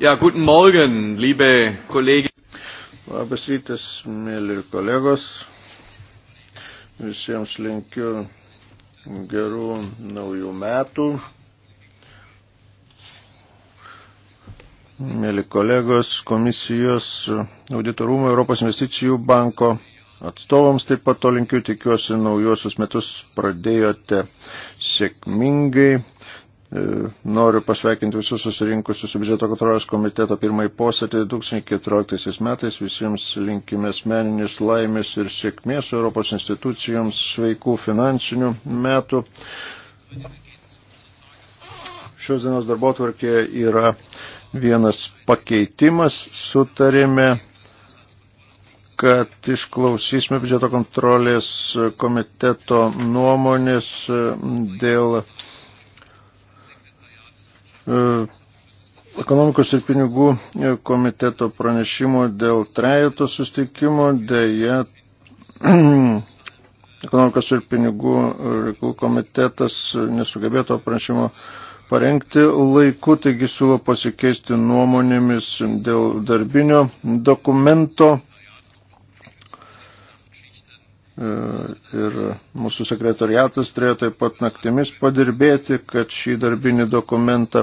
Ja, guten Morgen, liebe Kollegen. Labas rytas, mėly kolegos. Visiems linkiu gerų naujų metų. Mėly kolegos, komisijos auditorumo Europos investicijų banko atstovams taip pat to linkiu, tikiuosi, naujosius metus pradėjote sėkmingai E, noriu pasveikinti visus susirinkusius su biudžeto kontrolės komiteto pirmąjį posėdį 2014 metais. Visiems linkime asmeninės laimės ir sėkmės Europos institucijoms sveikų finansinių metų. Šios dienos darbo tvarkė yra vienas pakeitimas. Sutarėme kad išklausysime biudžeto kontrolės komiteto nuomonės dėl E, ekonomikos ir pinigų komiteto pranešimo dėl trejato sustikimo, dėja ekonomikos ir pinigų reikalų komitetas nesugebėjo to pranešimo parengti laiku, taigi siūlo pasikeisti nuomonėmis dėl darbinio dokumento E, ir mūsų sekretariatas turėjo taip pat naktimis padirbėti, kad šį darbinį dokumentą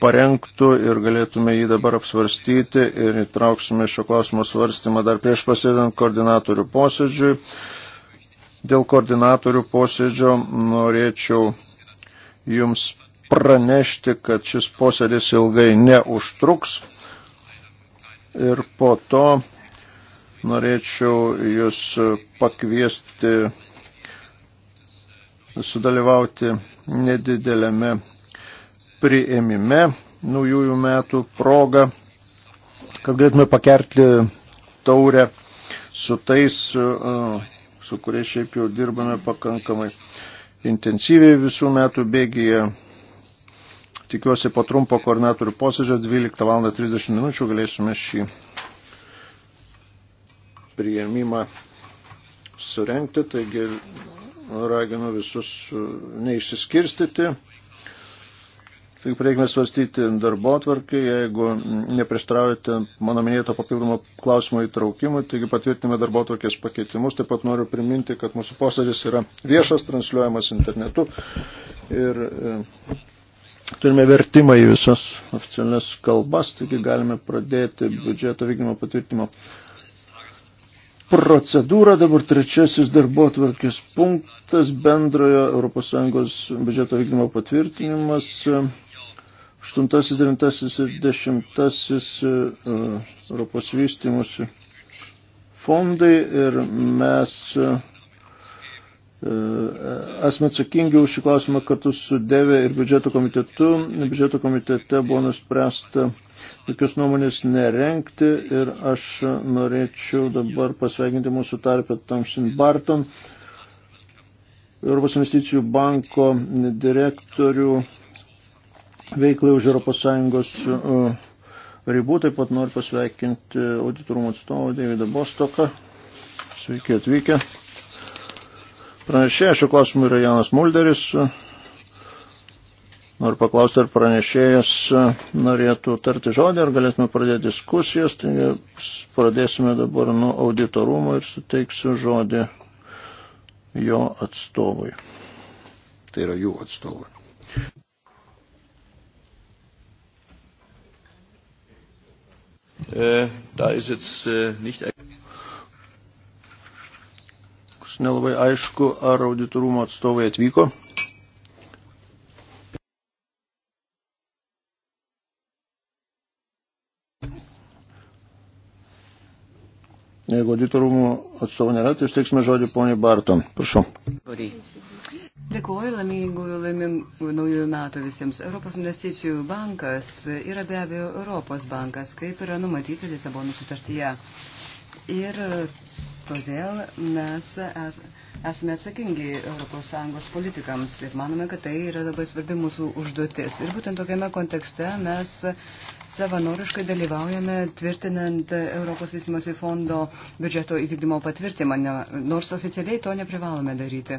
parengtų ir galėtume jį dabar apsvarstyti ir įtrauksime šio klausimo svarstymą dar prieš pasėdant koordinatorių posėdžiui. Dėl koordinatorių posėdžio norėčiau Jums pranešti, kad šis posėdis ilgai neužtruks ir po to Norėčiau Jūs pakviesti sudalyvauti nedidelėme priėmime naujųjų metų progą, kad galėtume pakerti taurę su tais, su kuriais šiaip jau dirbame pakankamai intensyviai visų metų bėgyje. Tikiuosi po trumpo koordinatorių posėdžio 12 val. 30 min. galėsime šį prieimimą surenkti, taigi raginu visus neišsiskirstyti. Tik reikime svarstyti darbo atvarkį, jeigu nepristraujate mano minėto papildomo klausimo įtraukimui, taigi patvirtinime darbo atvarkės pakeitimus. Taip pat noriu priminti, kad mūsų posėdis yra viešas, transliuojamas internetu ir e, turime vertimą į visas oficialias kalbas, taigi galime pradėti biudžeto vykdymo patvirtinimo procedūrą. Dabar trečiasis darbo atvarkės punktas bendrojo ES biudžeto vykdymo patvirtinimas. 8, 9 ir 10 e, Europos vystimusi fondai ir mes e, e, esame atsakingi už šį klausimą kartu su DEVE ir biudžeto komitetu. Biudžeto komitete buvo nuspręsta tokios nuomonės nerenkti ir aš norėčiau dabar pasveikinti mūsų tarpę Thompson Barton, Europos investicijų banko direktorių veiklai už ES uh, ribų. Taip pat noriu pasveikinti auditorumo atstovą Davidą Bostoką. Sveiki atvykę. Pranešė šio klausimu yra Janas Mulderis. Noriu paklausti, ar pranešėjas e, norėtų tarti žodį, ar galėtume pradėti diskusijas. Taigi pradėsime dabar nuo auditorumo ir suteiksiu žodį jo atstovui. Tai yra jų atstovui. E, da ist jetzt e, nicht nelabai aišku, ar auditorumo atstovai atvyko. Jeigu auditorumų atstovų nėra, tai išteiksime žodį poniai Barton. Prašau. Dėkuoju laimingų, laimingų naujųjų metų visiems. Europos investicijų bankas yra be abejo Europos bankas, kaip yra numatyta Lisabono sutartyje. Ir e, todėl mes esame atsakingi ES politikams ir manome, kad tai yra labai svarbi mūsų užduotis. Ir būtent tokiame kontekste mes savanoriškai dalyvaujame tvirtinant Europos vystimosi fondo biudžeto įvykdymo patvirtimą, nors oficialiai to neprivalome daryti.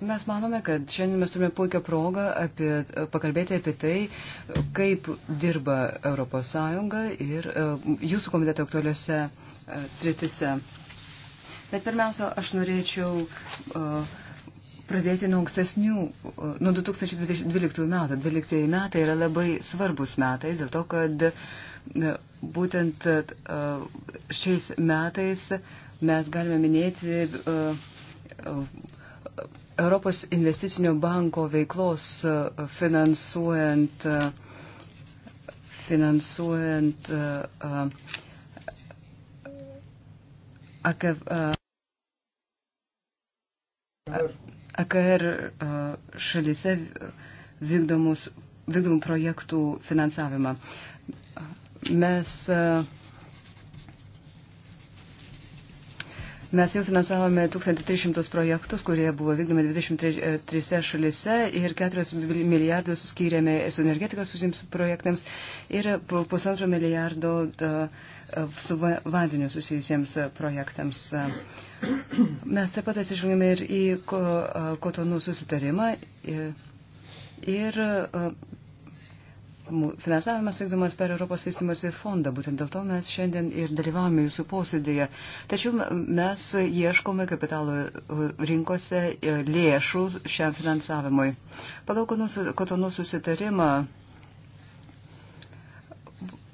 Mes manome, kad šiandien mes turime puikią progą apie, pakalbėti apie tai, kaip dirba ES ir e, jūsų komiteto aktualiuose e, sritise. Bet pirmiausia, aš norėčiau e, pradėti nuo ankstesnių, nuo 2012 metų. 12 metai yra labai svarbus metai, dėl to, kad būtent šiais metais mes galime minėti Europos investicinio banko veiklos e, finansuojant, e, finansuojant uh, e, AKV, uh, AKR uh, šalise vykdomus, vykdomų projektų finansavimą. Mes uh, Mes jau finansavome 1300 projektus, kurie buvo vykdomi 23 e, šalise ir 4 milijardus skyrėme su energetikos usims projektams ir pusantro milijardo e, e, su vandeniu susijusiems projektams. Mes taip pat atsižvelgėme ir į kotonų susitarimą. Ir, ir finansavimas vykdomas per Europos vystimosi fondą. Būtent dėl to mes šiandien ir dalyvavome jūsų posėdėje. Tačiau mes ieškome kapitalo e, rinkose e, lėšų šiam finansavimui. Pagal kotonų susitarimą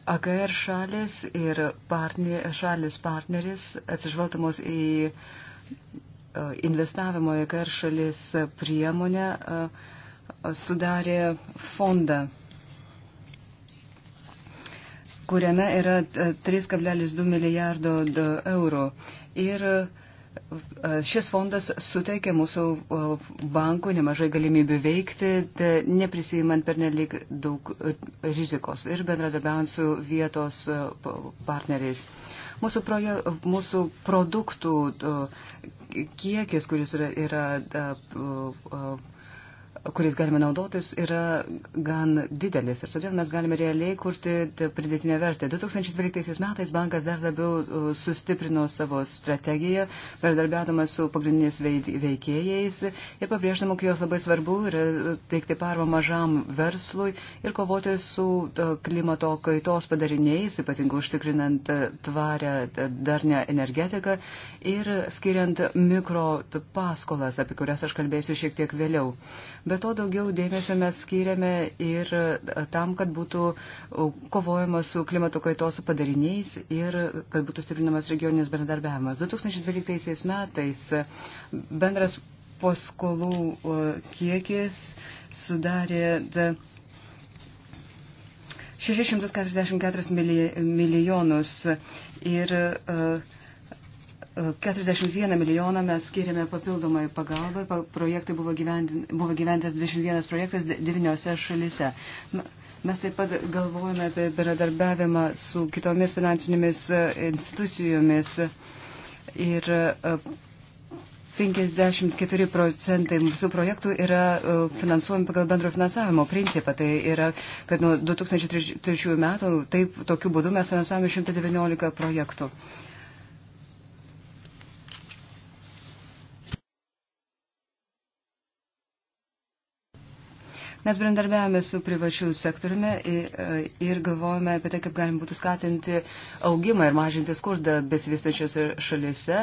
AKR šalis ir partner, šalis partneris atsižvelgtamos į e, investavimo į AKR šalis priemonę sudarė fondą kuriame yra 3,2 e, milijardo eurų. Ir e, Šis fondas suteikia mūsų e, bankų nemažai galimybių veikti, neprisijimant per nelik daug rizikos ir bendradarbiaujant su vietos partneriais. Mūsų, proje, mūsų produktų kiekis, kuris yra, yra kuris galime naudotis, yra gan didelis ir todėl mes galime realiai kurti pridėtinę vertę. 2012 metais bankas dar labiau sustiprino savo strategiją, bendradarbiavimas su pagrindiniais veikėjais ir pabrėždama, kad jos labai svarbu yra teikti parvą mažam verslui ir kovoti su klimato kaitos padariniais, ypatingai užtikrinant e, tvarę darnę energetiką ir skiriant mikro paskolas, apie kurias aš kalbėsiu šiek tiek vėliau. Be Be to daugiau dėmesio mes skiriame ir tam, kad būtų kovojama su klimato kaitos padariniais ir kad būtų stiprinamas regioninis bendradarbiavimas. 2012 metais bendras paskolų kiekis sudarė 644 milijonus ir uh, 41 milijoną mes skiriame papildomai pagalbai, projektai buvo, gyvendin, buvo gyventas 21 projektas 9 šalyse. Mes taip pat galvojame apie bendradarbiavimą su kitomis finansinėmis e, institucijomis ir 54 e, procentai mūsų projektų yra e, finansuojami pagal bendro finansavimo principą. Tai yra, kad nuo 2003 metų taip, tokiu būdu mes finansavome 119 projektų. Mes bendarbiavame su privačiu sektoriumi e, ir galvojame apie tai, kaip galim būtų skatinti augimą ir mažinti skurdą besivystančiose šalise.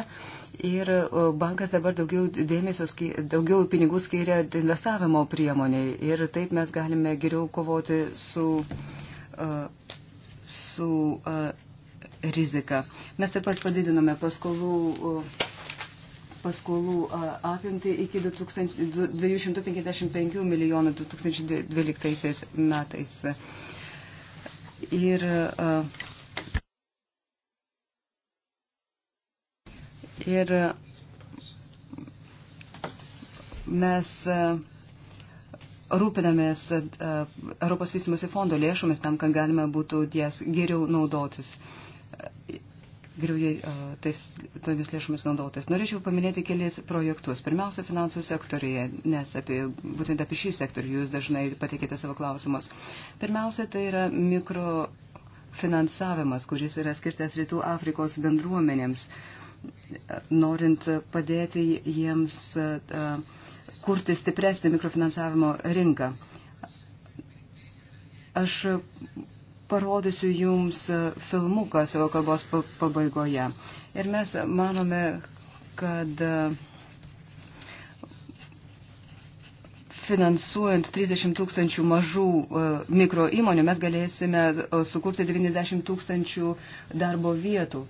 Ir e, bankas dabar daugiau, dėmesio, daugiau pinigų skiria investavimo priemoniai. Ir taip mes galime geriau kovoti su, e, su rizika. Mes taip pat padidinome paskolų paskolų apimti iki 255 milijonų 2012 metais. Ir, ir mes rūpinamės Europos vystimosi fondo lėšomis tam, kad galime būtų jas geriau naudotis geriau tais, tomis lėšomis naudotis. Norėčiau paminėti kelias projektus. Pirmiausia, finansų sektorija, nes apie, būtent apie šį sektorių jūs dažnai patikite savo klausimus. Pirmiausia, tai yra mikrofinansavimas, kuris yra skirtas Rytų Afrikos bendruomenėms, norint padėti jiems kurti stipresnį mikrofinansavimo rinką. Aš parodysiu jums e, filmuką savo kalbos pabaigoje. Ir mes manome, kad e, finansuojant 30 tūkstančių mažų e, mikro įmonių mes galėsime sukurti 90 tūkstančių darbo vietų.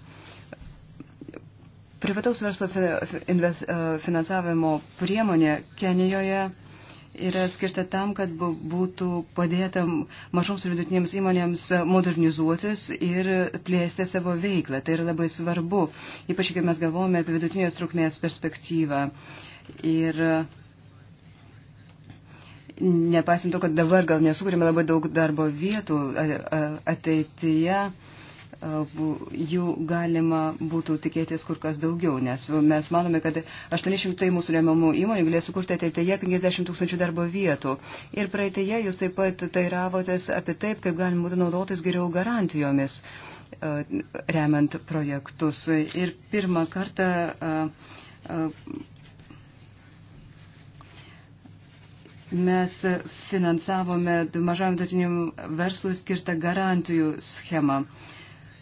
Privataus verslo finansavimo priemonė Kenijoje yra skirta tam, kad būtų padėta mažoms ir vidutinėms įmonėms modernizuotis ir plėsti savo veiklą. Tai yra labai svarbu, ypač kai mes galvojame apie vidutinės trukmės perspektyvą. Ir nepasim to, kad dabar gal nesukūrėme labai daug darbo vietų ateityje jų galima būtų tikėtis kur kas daugiau, nes mes manome, kad 800 mūsų remiamų įmonių galės sukurti ateityje 50 tūkstančių darbo vietų. Ir praeitėje jūs taip pat tairavotės apie taip, kaip galima būtų naudotis geriau garantijomis remiant projektus. Ir pirmą kartą mes finansavome mažam vidutiniam verslui skirtą garantijų schemą. Uh,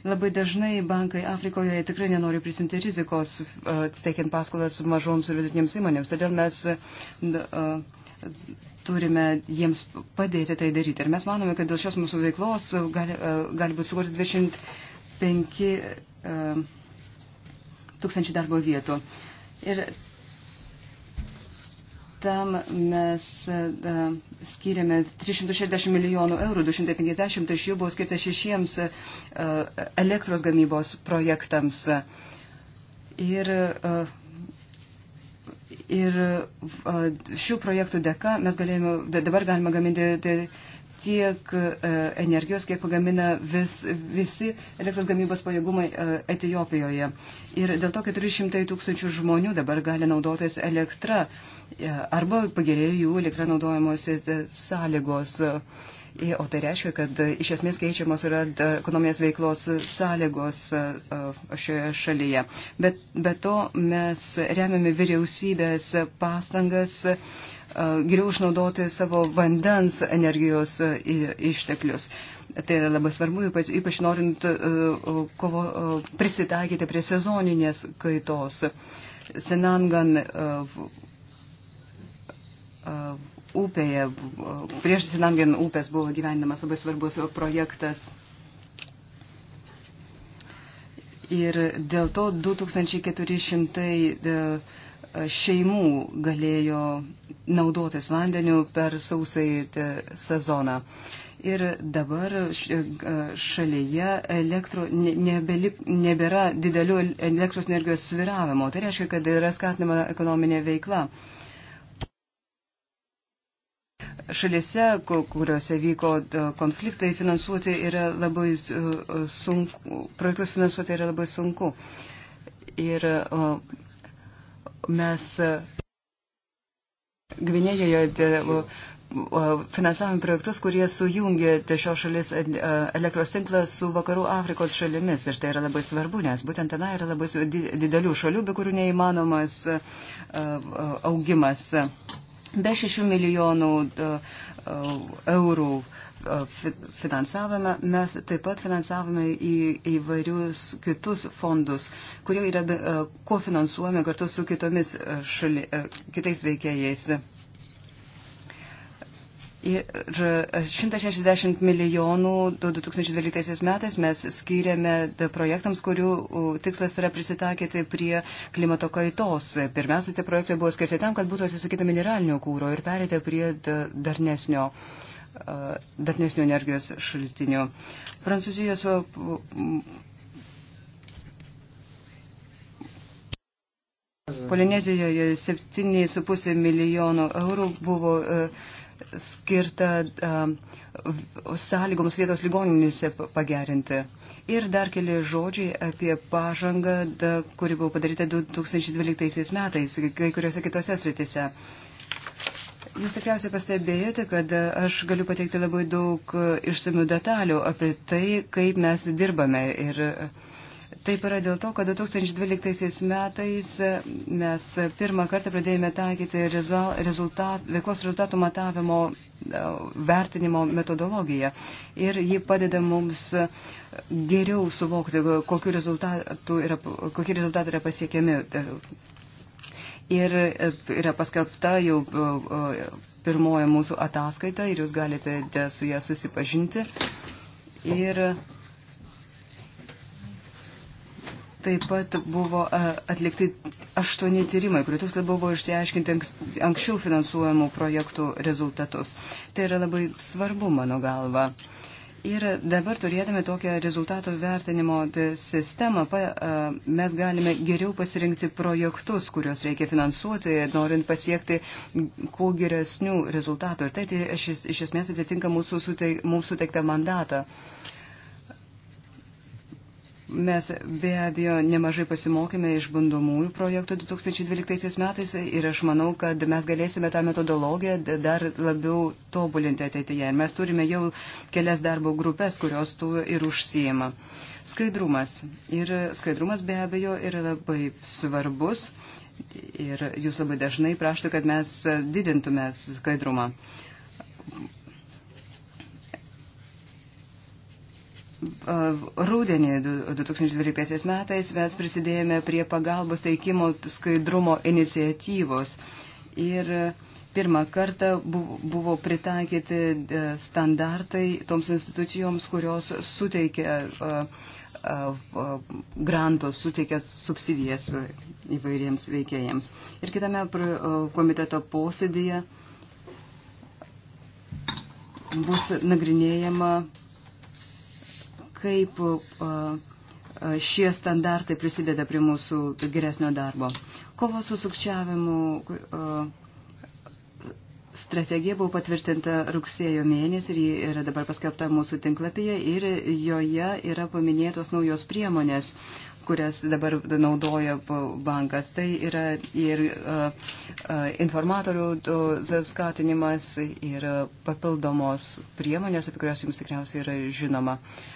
Labai dažnai bankai Afrikoje tikrai nenori prisimti rizikos, teikiant paskolas mažoms ir vidutinėms įmonėms. Todėl mes turime jiems padėti tai daryti. Ir mes manome, kad dėl šios mūsų veiklos gali, gali būti sukurti 25 tūkstančių darbo vietų. Ir Tam mes skiriame 360 milijonų eurų, 250 iš jų buvo skirta šešiems e, elektros gamybos projektams. Ir, e, ir e, šių projektų dėka mes galėjome, dabar galime gaminti tiek e, energijos, kiek pagamina vis, visi elektros gamybos pajėgumai e, Etijopijoje. Ir dėl to 400 tūkstančių žmonių dabar gali naudotis elektra e, arba pagerėjo jų elektra naudojimuose sąlygos. O tai reiškia, kad iš esmės keičiamos yra ekonominės veiklos sąlygos šioje šalyje. Bet be to mes remiame vyriausybės pastangas uh, geriau išnaudoti savo vandens energijos išteklius. Tai yra labai svarbu, ypač, ypač norint kovo, prisitaikyti prie sezoninės kaitos. Senangan upėje, prieš Senangan upės buvo gyvenimas labai svarbus projektas. Ir dėl to 2400 šeimų galėjo naudotis vandeniu per sausai e, sezoną. Ir dabar e, šalyje elektro, nebelik, nebėra didelių elektros energijos sviravimo. Tai reiškia, kad yra skatinama ekonominė veikla. Šalise, kuriuose vyko e, konfliktai, finansuoti yra labai sunku, projektus finansuoti yra labai sunku. Ir mes e, Gvinėjoje finansavome projektus, kurie sujungė šios šalis e, e, elektros tinklą su vakarų Afrikos šalimis. Ir tai yra labai svarbu, nes būtent ten yra labai didelių šalių, be kurių neįmanomas augimas. Be 6 milijonų eurų finansavome, mes taip pat finansavome į įvairius kitus fondus, kurie yra kofinansuojami kartu su kitomis šali, kitais veikėjais. Ir 160 milijonų 2012 metais mes skiriame projektams, kurių tikslas yra prisitaikyti prie klimato kaitos. Pirmiausia, tie projektai buvo skirti tam, kad būtų atsisakyta mineralinio kūro ir perėti prie darnesnio. Uh, darnesnių energijos šaltinių. Prancūzijos Polinezijoje 7,5 milijonų eurų buvo e, skirta sąlygoms vietos ligoninėse pagerinti. Ir dar keli žodžiai apie pažangą, kuri buvo padaryta 2012 metais, kai kuriuose kitose sritise. Jūs tikriausiai pastebėjote, kad aš galiu pateikti labai daug e, išsamių detalių apie tai, kaip mes dirbame. Ir e, taip yra dėl to, kad 2012 metais e, mes pirmą kartą pradėjome taikyti rezultat, veiklos rezultatų matavimo vertinimo metodologiją. Ir ji padeda mums geriau suvokti, kokiu rezultatu yra, kokie rezultatai yra pasiekiami ir e, yra paskelbta jau e, e, pirmoji mūsų ataskaita ir jūs galite su ją susipažinti. Ir taip pat buvo atlikti aštuoni tyrimai, kurių tikslas buvo išsiaiškinti anksčiau finansuojamų projektų rezultatus. Tai yra labai svarbu, mano galva. Ir dabar turėdami tokią rezultatų vertinimo tai sistemą, mes galime geriau pasirinkti projektus, kuriuos reikia finansuoti, norint pasiekti kuo geresnių rezultatų. Ir tai, tai iš, iš esmės atitinka mūsų suteik, mums suteiktą mandatą. Mes be abejo nemažai pasimokėme iš bandomųjų projektų 2012 metais ir aš manau, kad mes galėsime tą metodologiją dar labiau tobulinti ateityje. Ir mes turime jau kelias darbo grupės, kurios tų ir užsijama. Skaidrumas. Ir skaidrumas be abejo yra labai svarbus ir jūs labai dažnai prašote, kad mes didintume skaidrumą. Rūdienį 2012 metais mes prisidėjome prie pagalbos teikimo skaidrumo iniciatyvos ir pirmą kartą buvo pritaikyti e, standartai toms institucijoms, kurios suteikia grantus, suteikia subsidijas įvairiems veikėjams. Ir kitame komiteto posėdėje bus nagrinėjama kaip šie standartai prisideda prie mūsų geresnio darbo. Kovo su sukčiavimu strategija buvo patvirtinta rugsėjo mėnesį ir ji yra dabar paskelbta mūsų tinklapyje ir joje yra paminėtos naujos priemonės, kurias dabar naudoja bankas. Tai yra ir informatorių skatinimas ir papildomos priemonės, apie kurias jums tikriausiai yra žinoma. Uh,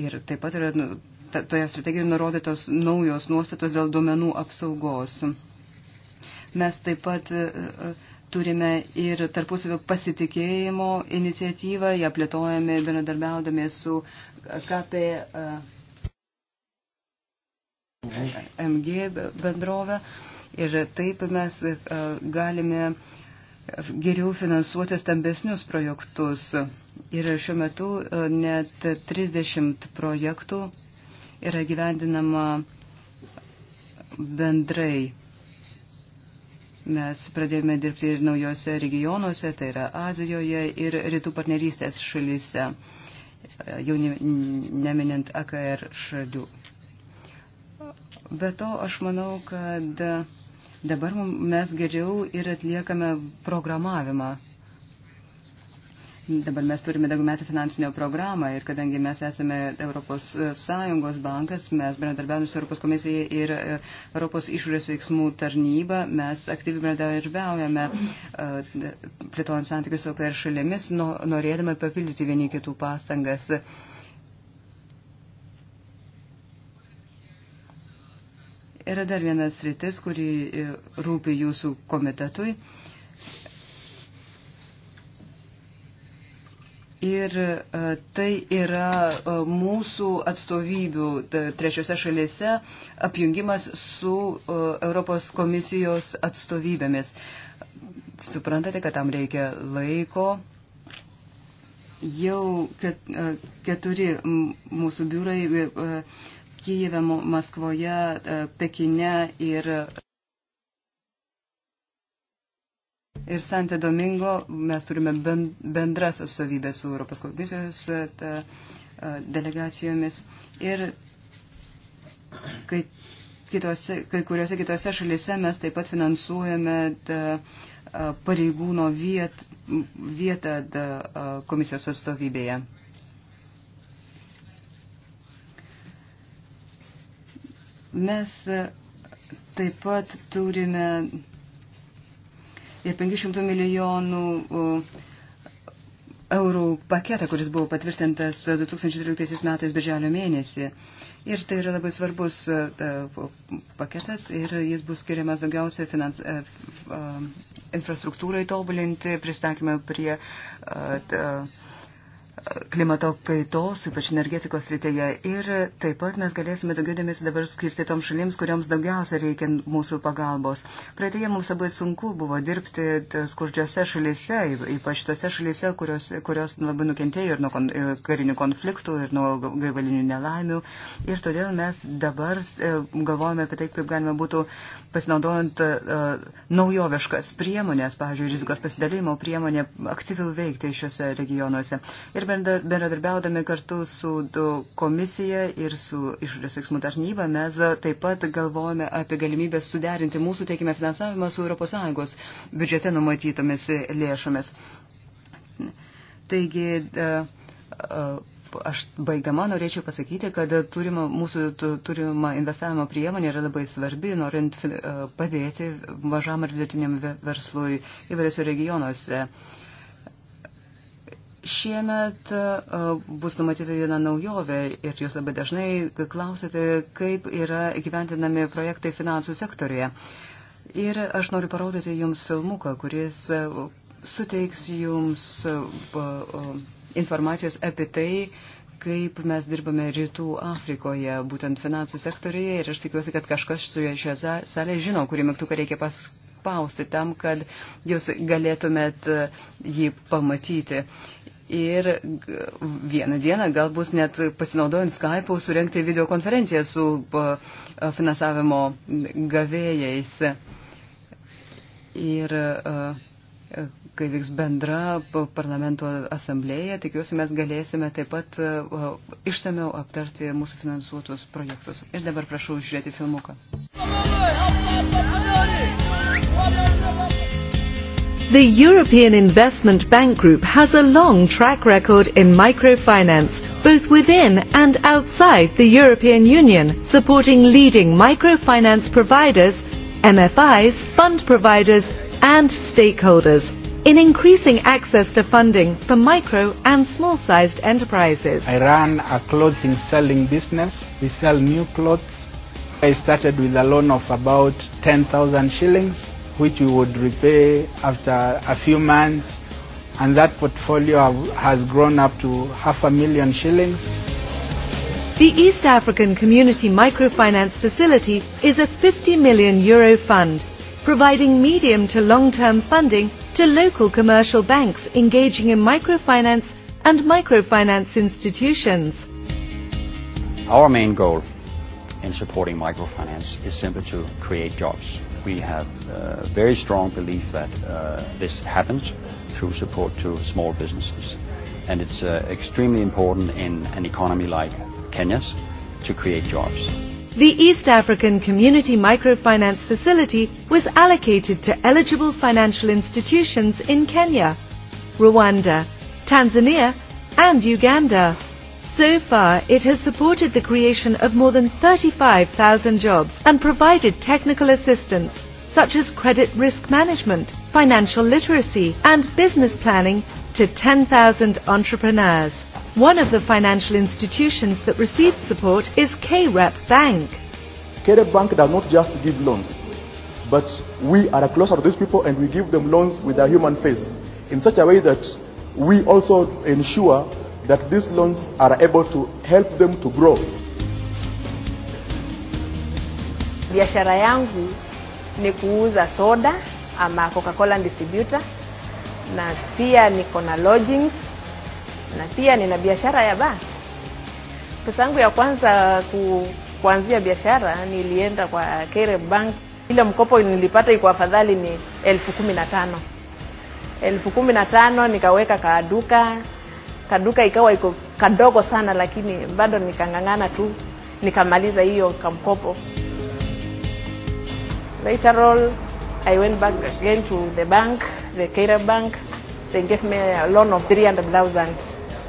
Ir taip pat yra nu, toje strategijoje nurodytos naujos nuostatos dėl duomenų apsaugos. Mes taip pat e, e, turime ir tarpusavio pasitikėjimo iniciatyvą, ją plėtojame bendradarbiaudami su KP e, MG bendrovė. Ir taip mes galime geriau finansuoti stambesnius projektus. Ir šiuo metu e, net 30 projektų yra gyvendinama bendrai. Mes pradėjome dirbti ir naujose regionuose, tai yra Azijoje ir rytų partnerystės šalyse, e, jau neminint AKR šalių. Be to, aš manau, kad Dabar mes geriau ir atliekame programavimą. Dabar mes turime daugiau metų finansinio programą ir kadangi mes esame Europos e, Sąjungos bankas, mes bendradarbiavame su Europos komisija ir e, Europos išorės veiksmų tarnyba, mes aktyviai bendradarbiaujame e, plėtojant santykius su OKR šalėmis, norėdami papildyti vieni kitų pastangas. Yra dar vienas rytis, kuri e, rūpi jūsų komitetui. Ir e, tai yra e, mūsų atstovybių trečiose šalyse apjungimas su Europos komisijos atstovybėmis. Suprantate, kad tam reikia laiko. Jau keturi mūsų biurai Kijeve, Maskvoje, e, Pekine ir, ir Sante Domingo mes turime bendras atstovybės su Europos komisijos e, e, delegacijomis ir kai, kitose, kai kuriuose kitose šalise mes taip pat finansuojame da, pareigūno viet, vietą da, komisijos atstovybėje. Mes e, taip pat turime ir 500 milijonų e, eurų paketą, kuris buvo patvirtintas 2013 e, metais birželio mėnesį. Ir tai yra labai svarbus paketas ir jis bus skiriamas daugiausia finans, infrastruktūrai tobulinti, pristatymą prie. Uh, uh, klimato kaitos, ypač energetikos rytėje. Ir taip pat mes galėsime daugiau dėmesio dabar skirti toms šalims, kuriams daugiausia reikia mūsų pagalbos. Praeitėje mums labai sunku buvo dirbti skurdžiose šalyse, ypač tose šalyse, kurios, kurios labai nukentėjo ir nuo kon, karinių konfliktų, ir nuo gaivalinių nelaimių. Ir todėl mes dabar e, galvojame apie tai, kaip galima būtų pasinaudojant uh, naujoviškas priemonės, pavyzdžiui, rizikos pasidalymo priemonė, aktyviau veikti šiuose regionuose. Ir bendradarbiaudami kartu su komisija ir su išorės veiksmų tarnyba, mes taip pat galvojame apie galimybę suderinti mūsų teikime finansavimą su ES biudžete numatytomis lėšomis. Taigi, e, e, aš baigdama norėčiau pasakyti, kad turima, mūsų turima investavimo priemonė yra labai svarbi, norint e, padėti mažam ir vidutiniam verslui įvairiose regionuose. Šiemet e, bus numatyta viena naujovė ir jūs labai dažnai klausite, kaip yra gyventinami projektai finansų sektorėje. Ir aš noriu parodyti jums filmuką, kuris e, suteiks jums e, informacijos apie tai, kaip mes dirbame Rytų Afrikoje, būtent finansų sektorėje. Ir aš tikiuosi, kad kažkas su šioje salėje žino, kurį mygtuką reikia paspausti tam, kad jūs galėtumėt jį pamatyti. Ir vieną dieną galbūt net pasinaudojant Skype'u surenkti videokonferenciją su finansavimo gavėjais. Ir kai vyks bendra parlamento asamblėja, tikiuosi mes galėsime taip pat išsameu aptarti mūsų finansuotus projektus. Ir dabar prašau žiūrėti filmuką. Help, help, help, help, help, help, help, help, help. The European Investment Bank Group has a long track record in microfinance, both within and outside the European Union, supporting leading microfinance providers, MFIs, fund providers and stakeholders in increasing access to funding for micro and small-sized enterprises. I run a clothing selling business. We sell new clothes. I started with a loan of about 10,000 shillings which we would repay after a few months, and that portfolio has grown up to half a million shillings. The East African Community Microfinance Facility is a 50 million euro fund, providing medium to long-term funding to local commercial banks engaging in microfinance and microfinance institutions. Our main goal in supporting microfinance is simply to create jobs We have a uh, very strong belief that uh, this happens through support to small businesses. It's uh, extremely important in an economy like Kenya's to create jobs. The East African Community Microfinance Facility was allocated to eligible financial institutions in Kenya, Rwanda, Tanzania, and Uganda. So far, it has supported the creation of more than 35,000 jobs and provided technical assistance such as credit risk management, financial literacy, and business planning to 10,000 entrepreneurs. One of the financial institutions that received support is KREP Bank. KREP Bank does not just give loans, but we are closer to these people and we give them loans with a human face in such a way that we also ensure that these loans are able to help them to grow. Biashara yangu ni kuuza soda ama Coca-Cola distributor, na pia niko na lodgings na pia nina biashara ya baa. Pesa yangu ya kwanza ku, kuanzia biashara nilienda kwa Kerem Bank. Ile mkopo nilipata iko afadhali ni elfu kumi na tano elfu kumi na tano nikaweka kaduka kaduka ikawa iko kadogo sana lakini bado nikang'ang'ana tu nikamaliza hiyo kamkopo later on i went back again to the bank the Kera bank they gave me a loan of 300000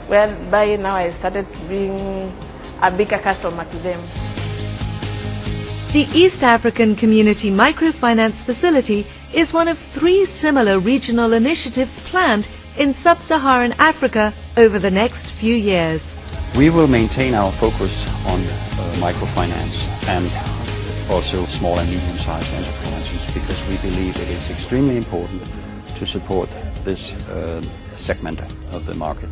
whereby now i started being a bigger customer to them The East African Community Microfinance Facility is one of three similar regional initiatives planned in sub-Saharan Africa over the next few years. We will maintain our focus on uh, microfinance and also small and medium-sized enterprises because we believe it is extremely important to support this uh, segment of the market.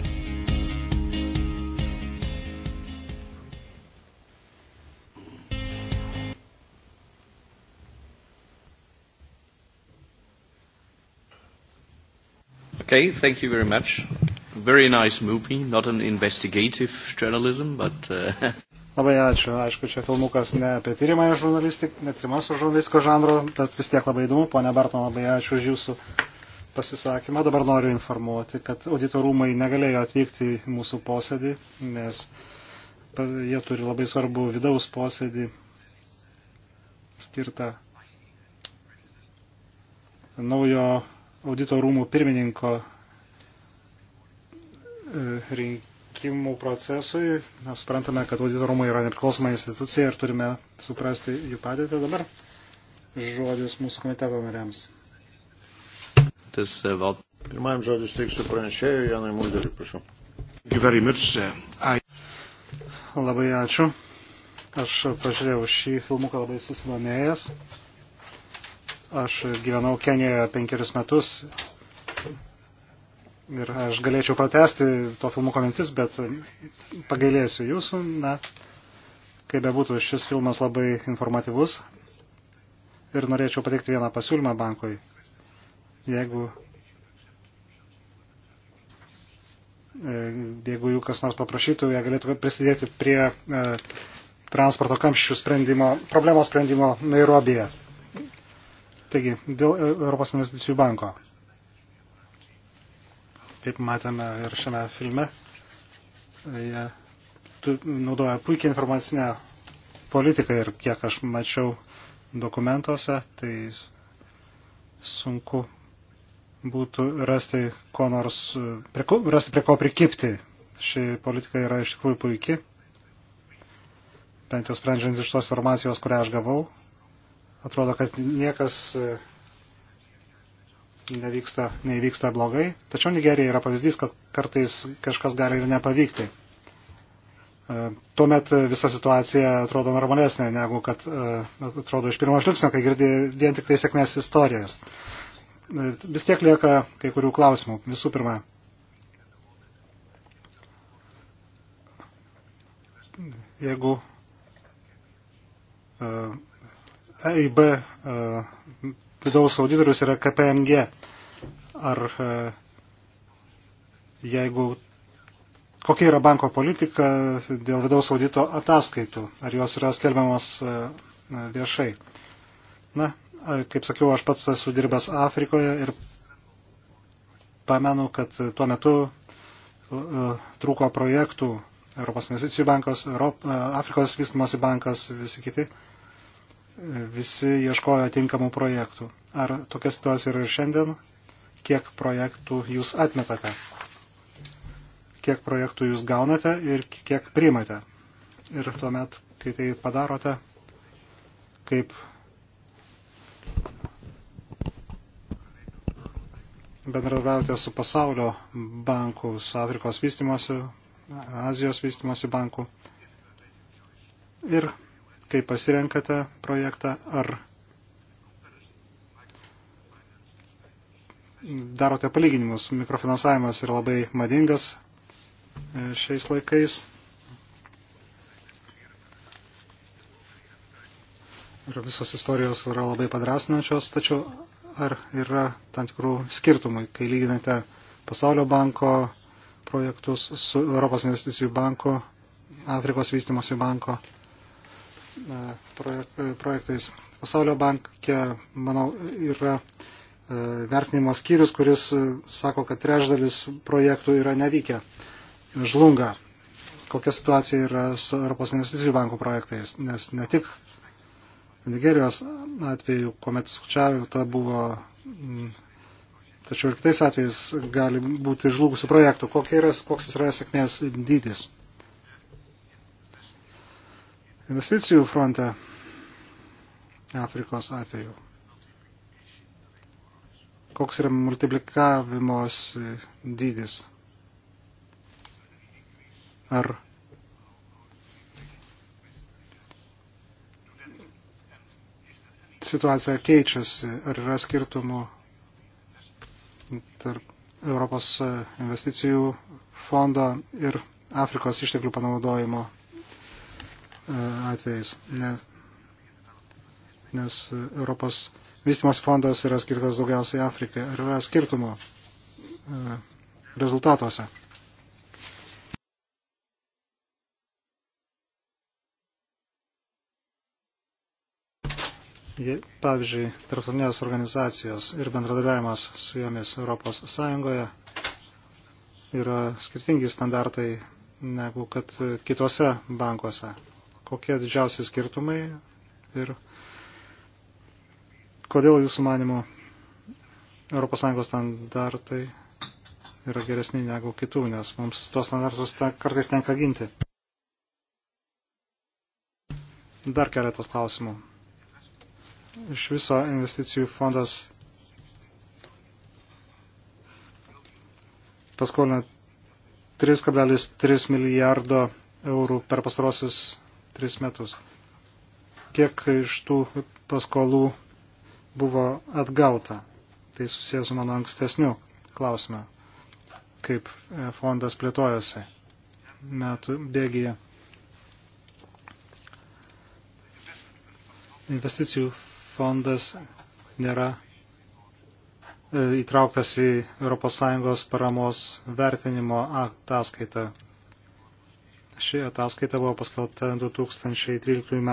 Okay, thank you very much. Very nice movie, not an investigative journalism, but... Uh... Labai ačiū. Aišku, čia filmukas ne apie tyrimąją žurnalistiką, ne tyrimas žurnalistiko žanro, bet vis tiek labai įdomu. Pone Barton, labai ačiū už jūsų pasisakymą. Dabar noriu informuoti, kad auditorumai negalėjo atvykti į mūsų posėdį, nes jie turi labai svarbu vidaus posėdį skirtą naujo audito rūmų pirmininko e, rinkimų procesui. Mes suprantame, kad audito rūmai yra nepriklausoma institucija ir turime suprasti jų padėtį dabar. Žodis mūsų komiteto nariams. E, Pirmajam žodis teiksiu pranešėjui, Janui Mulderiui, prašau. Labai ačiū. Aš pažiūrėjau šį filmuką labai susidomėjęs. Aš gyvenau Kenijoje penkerius metus ir aš galėčiau pratesti to filmuko mintis, bet pagailėsiu jūsų. Na, kaip bebūtų, šis filmas labai informatyvus ir norėčiau pateikti vieną pasiūlymą bankui. Jeigu, e, jeigu jų kas nors paprašytų, jie galėtų prisidėti prie e, transporto kamščių sprendimo, problemos sprendimo Nairobije. Taigi, dėl Europos investicijų banko. Kaip matėme ir šiame filme, jie naudoja puikiai informacinę politiką ir kiek aš mačiau dokumentuose, tai sunku būtų rasti, ko nors, prie ko, rasti prie ko prikipti. Ši politika yra iš tikrųjų puikiai bent jau sprendžiant iš tos informacijos, kurią aš gavau, Atrodo, kad niekas e, nevyksta, neįvyksta blogai. Tačiau Nigerija yra pavyzdys, kad kartais kažkas gali ir nepavykti. E, tuomet visa situacija atrodo normalesnė, negu kad e, atrodo iš pirmo žvilgsnio, kai girdi vien tik tai sėkmės istorijas. Vis tiek lieka kai kurių klausimų. Visų pirma, jeigu EIB e, vidaus auditorius yra KPMG. Ar e, jeigu kokia yra banko politika dėl vidaus audito ataskaitų, ar jos yra skelbiamos e, viešai. Na, kaip sakiau, aš pats esu dirbęs Afrikoje ir pamenu, kad tuo metu trūko projektų Europos investicijų bankas, Europ, Afrikos vystimosi bankas, visi kiti visi ieškojo tinkamų projektų. Ar tokia situacija yra ir šiandien? Kiek projektų jūs atmetate? Kiek projektų jūs gaunate ir kiek priimate? Ir tuomet, kai tai padarote, kaip bendradarbiavote su pasaulio banku, su Afrikos vystimosi, Azijos vystimosi banku. Ir kai pasirenkate projektą, ar darote palyginimus. Mikrofinansavimas yra labai madingas e, šiais laikais. Ir visos istorijos yra labai padrasnačios, tačiau ar yra tam tikrų skirtumai, kai lyginate Pasaulio banko projektus su Europos investicijų banko, Afrikos vystimosi banko projektais. Pasaulio bankė, manau, yra e, vertinimo skyrius, kuris e, sako, kad trečdalis projektų yra nevykę, žlunga. Kokia situacija yra su Europos investicijų bankų projektais, nes ne tik Nigerijos atveju, kuomet sukčiavimta buvo, tačiau ir kitais atvejais gali būti žlugusių projektų. Kokia yra, koks yra sėkmės dydis? investicijų fronte Afrikos atveju. Koks yra multiplikavimos dydis? Ar situacija keičiasi, ar yra skirtumų tarp Europos investicijų fondo ir Afrikos išteklių panaudojimo atvejais, ne, nes Europos vystimos fondas yra skirtas daugiausiai Afrikai. Ar yra skirtumo e, rezultatuose? pavyzdžiui, tarptautinės organizacijos ir bendradarbiavimas su jomis Europos Sąjungoje yra skirtingi standartai negu kad kitose bankuose kokie didžiausi skirtumai ir kodėl jūsų manimo ES standartai yra geresni negu kitų, nes mums tuos standartus kartais tenka ginti. Dar keletas klausimų. Iš viso investicijų fondas paskolino 3,3 milijardo eurų per pastarosius tris metus. Kiek iš tų paskolų buvo atgauta? Tai susijęs su mano ankstesniu klausimu, kaip e, fondas plėtojasi metų bėgyje. Investicijų fondas nėra e, įtrauktas į ES paramos vertinimo ataskaitą, Ši ataskaita buvo paskelbta 2013 m.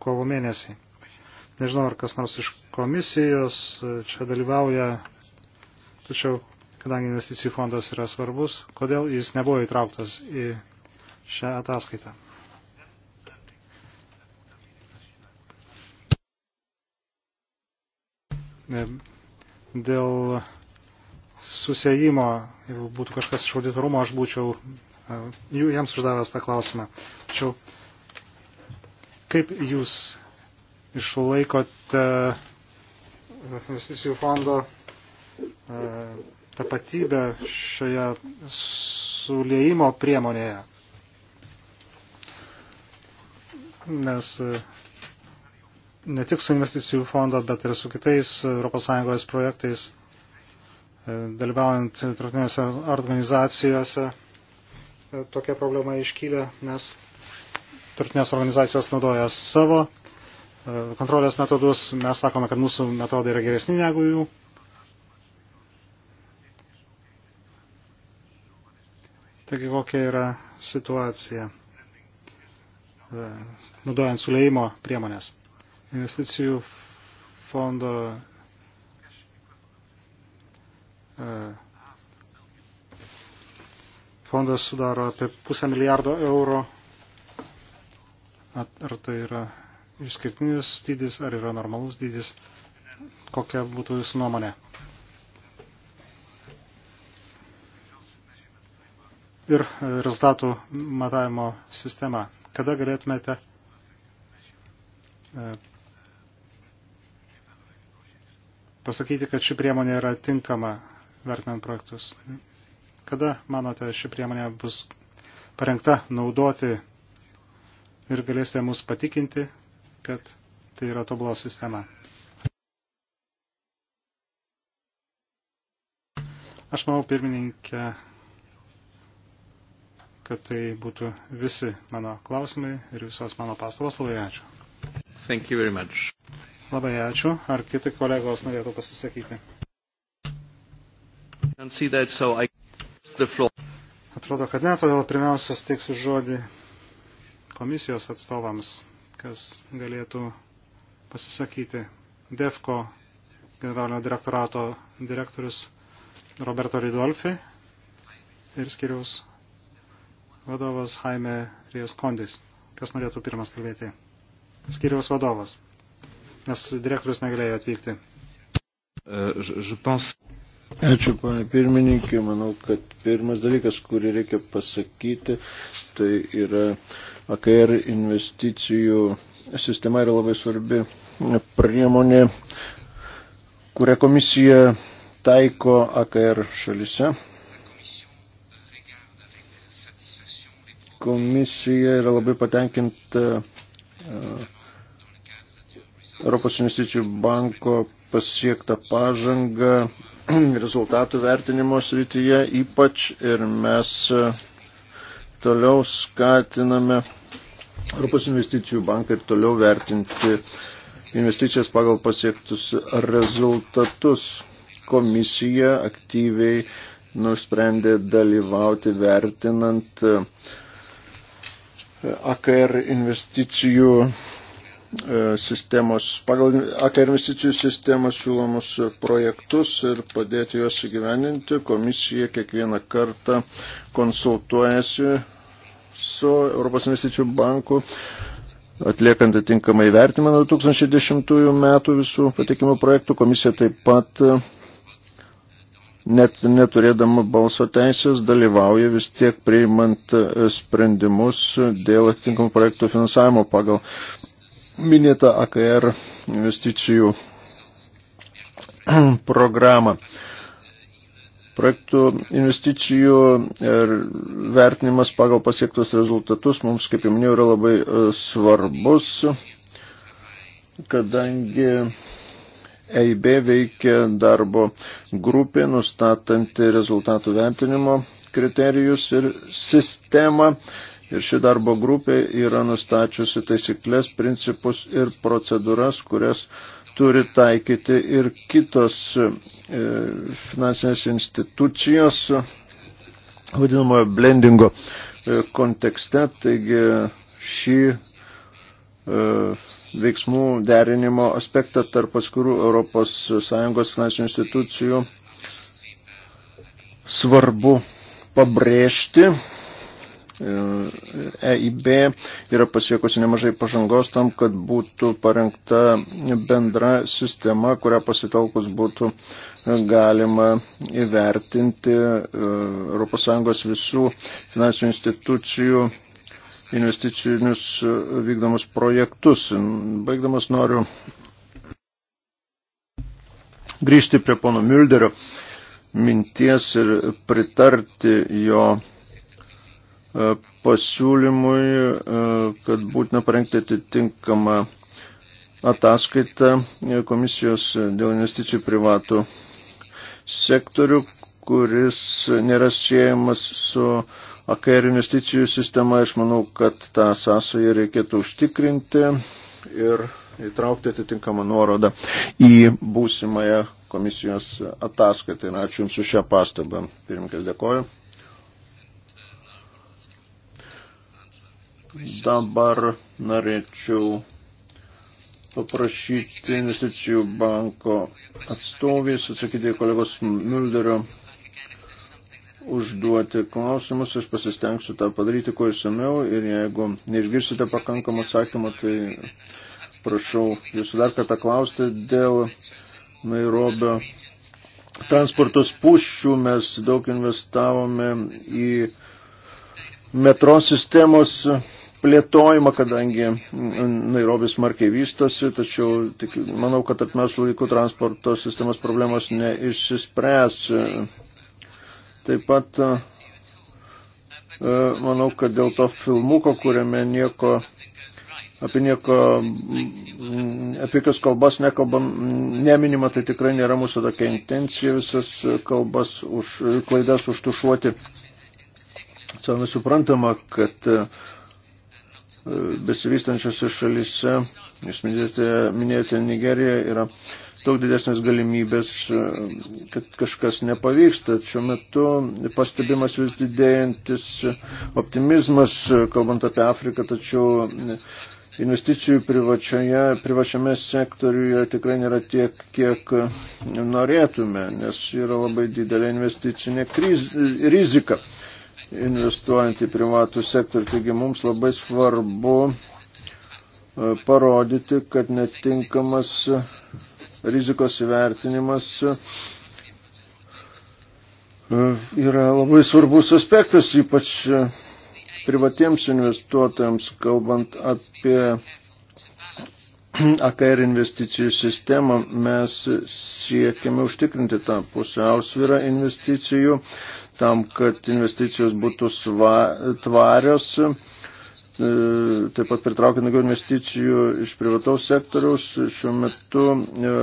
kovo mėnesį. Nežinau, ar kas nors iš komisijos čia dalyvauja, tačiau, kadangi investicijų fondas yra svarbus, kodėl jis nebuvo įtrauktas į šią ataskaitą. E, dėl susėjimo, jeigu būtų kažkas iš auditorumo, aš būčiau jų jiems uždavęs tą klausimą. Tačiau kaip jūs išlaikote e, investicijų fondo e, tapatybę šioje sulėjimo priemonėje? Nes e, ne tik su investicijų fondo, bet ir su kitais ES projektais, dalyvaujant tarptautinėse organizacijose, E, tokia problema iškylė, nes tarptinės organizacijos naudoja savo e, kontrolės metodus. Mes sakome, kad mūsų metodai yra geresni negu jų. Taigi kokia yra situacija e, naudojant sulėjimo priemonės. Investicijų fondo fondas sudaro apie pusę milijardo eurų. Ar tai yra išskirtinis dydis, ar yra normalus dydis? Kokia būtų jūsų nuomonė? Ir e, rezultatų matavimo sistema. Kada galėtumėte e, pasakyti, kad ši priemonė yra tinkama vertinant projektus? Kada, manote, ši priemonė bus parengta naudoti ir galėsite mus patikinti, kad tai yra tobula sistema? Aš manau, pirmininkė, kad tai būtų visi mano klausimai ir visos mano pastabos. Labai ačiū. Thank you very much. Labai ačiū. Ar kiti kolegos norėtų pasisakyti? So I... Atrodo, kad ne, todėl pirmiausia suteiksiu žodį komisijos atstovams, kas galėtų pasisakyti. DEFCO generalinio direktorato direktorius Roberto Ridolfi ir skiriaus vadovas Jaime Rijas Kondis. Kas norėtų pirmas kalbėti? Skiriaus vadovas, nes direktorius negalėjo atvykti. Uh, je, je pense... Ačiū, panė pirmininkė. Manau, kad pirmas dalykas, kurį reikia pasakyti, tai yra AKR investicijų sistema yra labai svarbi priemonė, kurią komisija taiko AKR šalise. Komisija yra labai patenkinta e, Europos investicijų banko pasiektą pažangą rezultatų vertinimo srityje ypač ir mes e, toliau skatiname Europos investicijų banką ir toliau vertinti investicijas pagal pasiektus rezultatus. Komisija aktyviai nusprendė dalyvauti vertinant e, AKR investicijų E, sistemos, pagal ATR investicijų sistemos siūlomus projektus ir padėti juos įgyveninti. Komisija kiekvieną kartą konsultuojasi su Europos investicijų banku, atliekant atinkamą įvertimą nuo 2010 metų visų patikimų projektų. Komisija taip pat e, net neturėdama balso teisės dalyvauja vis tiek priimant e, sprendimus dėl atitinkamų projektų finansavimo pagal minėtą AKR investicijų programą. Projektų investicijų ir vertinimas pagal pasiektus rezultatus mums, kaip jau minėjau, yra labai e, svarbus, kadangi EIB veikia darbo grupė, nustatanti rezultatų vertinimo kriterijus ir sistemą. Ir ši darbo grupė yra nustačiusi taisyklės, principus ir procedūras, kurias turi taikyti ir kitos e, finansinės institucijos vadinamojo blendingo e, kontekste. Taigi šį e, veiksmų derinimo aspektą tarp atskirų ES finansinių institucijų svarbu pabrėžti EIB e yra pasiekusi nemažai pažangos tam, kad būtų parengta bendra sistema, kurią pasitelkus būtų galima įvertinti e, ES visų finansinių institucijų investicinius vykdomus projektus. Baigdamas noriu grįžti prie pono Mülderio minties ir pritarti jo E, pasiūlymui, e, kad būtina parengti atitinkamą ataskaitą komisijos dėl investicijų privatų sektorių, kuris nėra siejamas su AKR investicijų sistema. Aš manau, kad tą sąsąją reikėtų užtikrinti ir įtraukti atitinkamą nuorodą į būsimąją komisijos ataskaitą. Ir ačiū Jums už šią pastabą. Pirmininkas dėkoju. Dabar norėčiau paprašyti investicijų banko atstovės atsakyti kolegos Mulderio užduoti klausimus, aš pasistengsiu tą padaryti kuo įsamiau ir jeigu neišgirsite pakankamą atsakymą, tai prašau jūsų dar kartą klausti dėl Nairobio transporto spūščių. Mes daug investavome į metro sistemos plėtojimą, kadangi Nairobis smarkiai vystosi, tačiau tik, manau, kad atmesų laikų transporto sistemos problemos neišsispręs. Taip pat e, manau, kad dėl to filmuko, kuriame nieko apie nieko, apie jokios kalbas nekalbam, neminima, tai tikrai nėra mūsų tokia intencija visas kalbas už klaidas užtušuoti. Savame suprantama, kad uh, besivystančiose šalise, jūs minėjote, minėjote Nigeriją, yra daug didesnės galimybės, kad kažkas nepavyksta. Šiuo metu pastebimas vis didėjantis optimizmas, kalbant apie Afriką, tačiau investicijų privačioje, privačiame sektoriuje tikrai nėra tiek, kiek norėtume, nes yra labai didelė investicinė kriz, rizika investuojant į privatų sektorių. Taigi mums labai svarbu e, parodyti, kad netinkamas e, rizikos įvertinimas e, yra labai svarbus aspektas, ypač privatiems investuotojams, kalbant apie AKR investicijų sistemą, mes siekiame užtikrinti tą pusiausvyrą investicijų tam, kad investicijos būtų tvarios, e, taip pat pritraukia daugiau investicijų iš privataus sektoriaus. Šiuo metu e,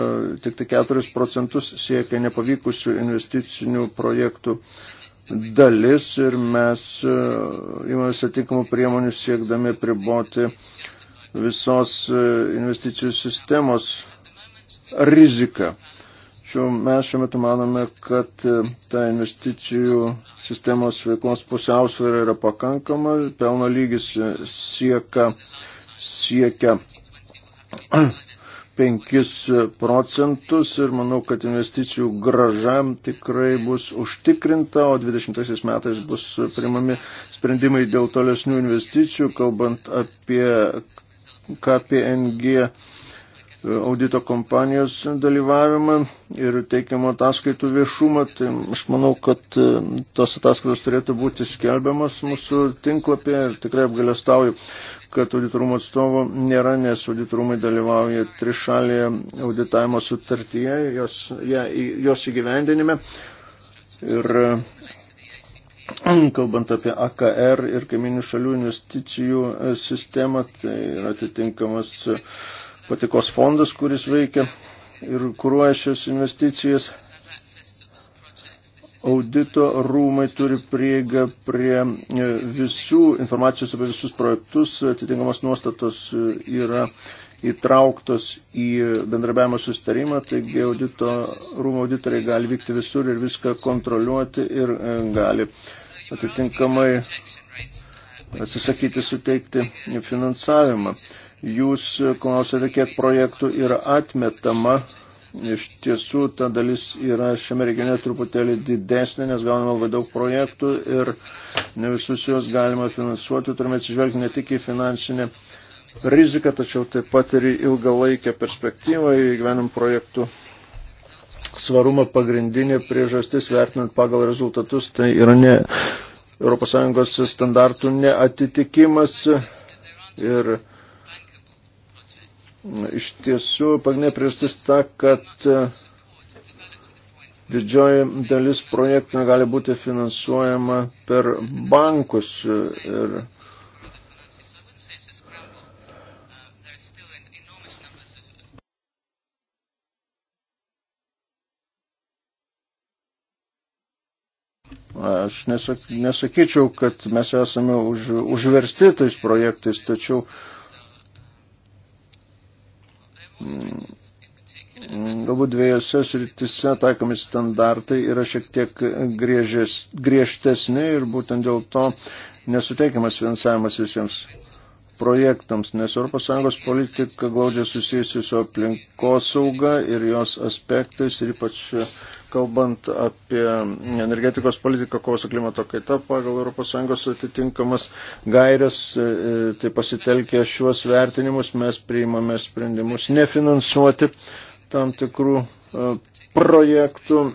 tik tai 4 procentus siekia nepavykusių investicinių projektų dalis ir mes e, imamės atitinkamų priemonių siekdami priboti visos investicijų sistemos riziką. Tačiau mes šiuo metu manome, kad e, ta investicijų sistemos veiklos pusiausvėra yra pakankama, pelno lygis e, sieka, siekia 5 procentus ir manau, kad investicijų graža tikrai bus užtikrinta, o 20 metais bus primami sprendimai dėl tolesnių investicijų, kalbant apie KPNG audito kompanijos dalyvavimą ir teikiamų ataskaitų viešumą. Tai aš manau, kad e, tos ataskaitos turėtų būti skelbiamas mūsų tinklapyje ir tikrai apgalėstauju, kad auditorumo atstovo nėra, nes auditorumai dalyvauja trišalėje auditavimo sutartyje, jos, ja, jos įgyvendinime. Ir kalbant apie AKR ir kaiminių šalių investicijų e, sistemą, tai yra atitinkamas patikos fondas, kuris veikia ir kūruoja šias investicijas. Audito rūmai turi prieigą prie e, visų informacijos apie visus projektus, atitinkamas nuostatos e, yra įtrauktos į bendrabiavimo sustarimą, taigi audito, rūmų auditoriai gali vykti visur ir viską kontroliuoti ir e, gali atitinkamai atsisakyti suteikti finansavimą. Jūs e, klausėte, kiek projektų yra atmetama. Iš tiesų, ta dalis yra šiame regione truputėlį didesnė, nes gauname labai daug projektų ir ne visus juos galima finansuoti. Turime atsižvelgti ne tik į finansinę riziką, tačiau taip pat ir į ilgalaikę perspektyvą įgyvenim projektų svarumą pagrindinė priežastis vertinant pagal rezultatus, tai yra ne ES standartų neatitikimas ir Iš tiesų, pagrindinė priežastis ta, kad e, didžioji dalis projektų negali būti finansuojama per bankus. Ir Aš nesak, nesakyčiau, kad mes esame už, užversti tais projektais, tačiau uh, Mm, galbūt dviejose sritise taikomi standartai yra šiek tiek griežės, griežtesni ir būtent dėl to nesuteikiamas finansavimas visiems projektams, nes ES politika glaudžiai susijusi su aplinkosauga ir jos aspektais, ir ypač kalbant apie energetikos politiką, kovos su klimato kaita pagal ES atitinkamas gairias, e, tai pasitelkę šiuos vertinimus mes priimame sprendimus nefinansuoti tam tikrų e, projektų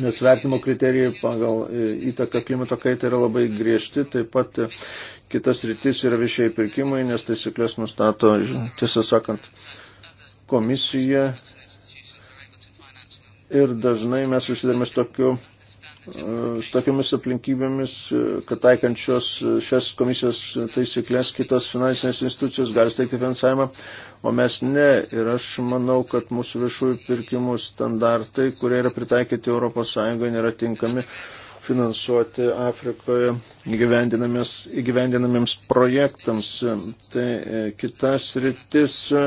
nes vertimo kriterijai pagal e, įtaką klimato kaitai yra labai griežti, taip pat kitas rytis yra viešieji pirkimai, nes taisyklės nustato, tiesą sakant, komisija. Ir dažnai mes susidarėme su tokiu su tokiamis aplinkybėmis, kad taikančios šias komisijos taisyklės kitos finansinės institucijos gali steigti finansavimą, o mes ne. Ir aš manau, kad mūsų viešųjų pirkimų standartai, kurie yra pritaikyti ES, nėra tinkami finansuoti Afrikoje įgyvendinamiems projektams. Tai e, kitas rytis, e,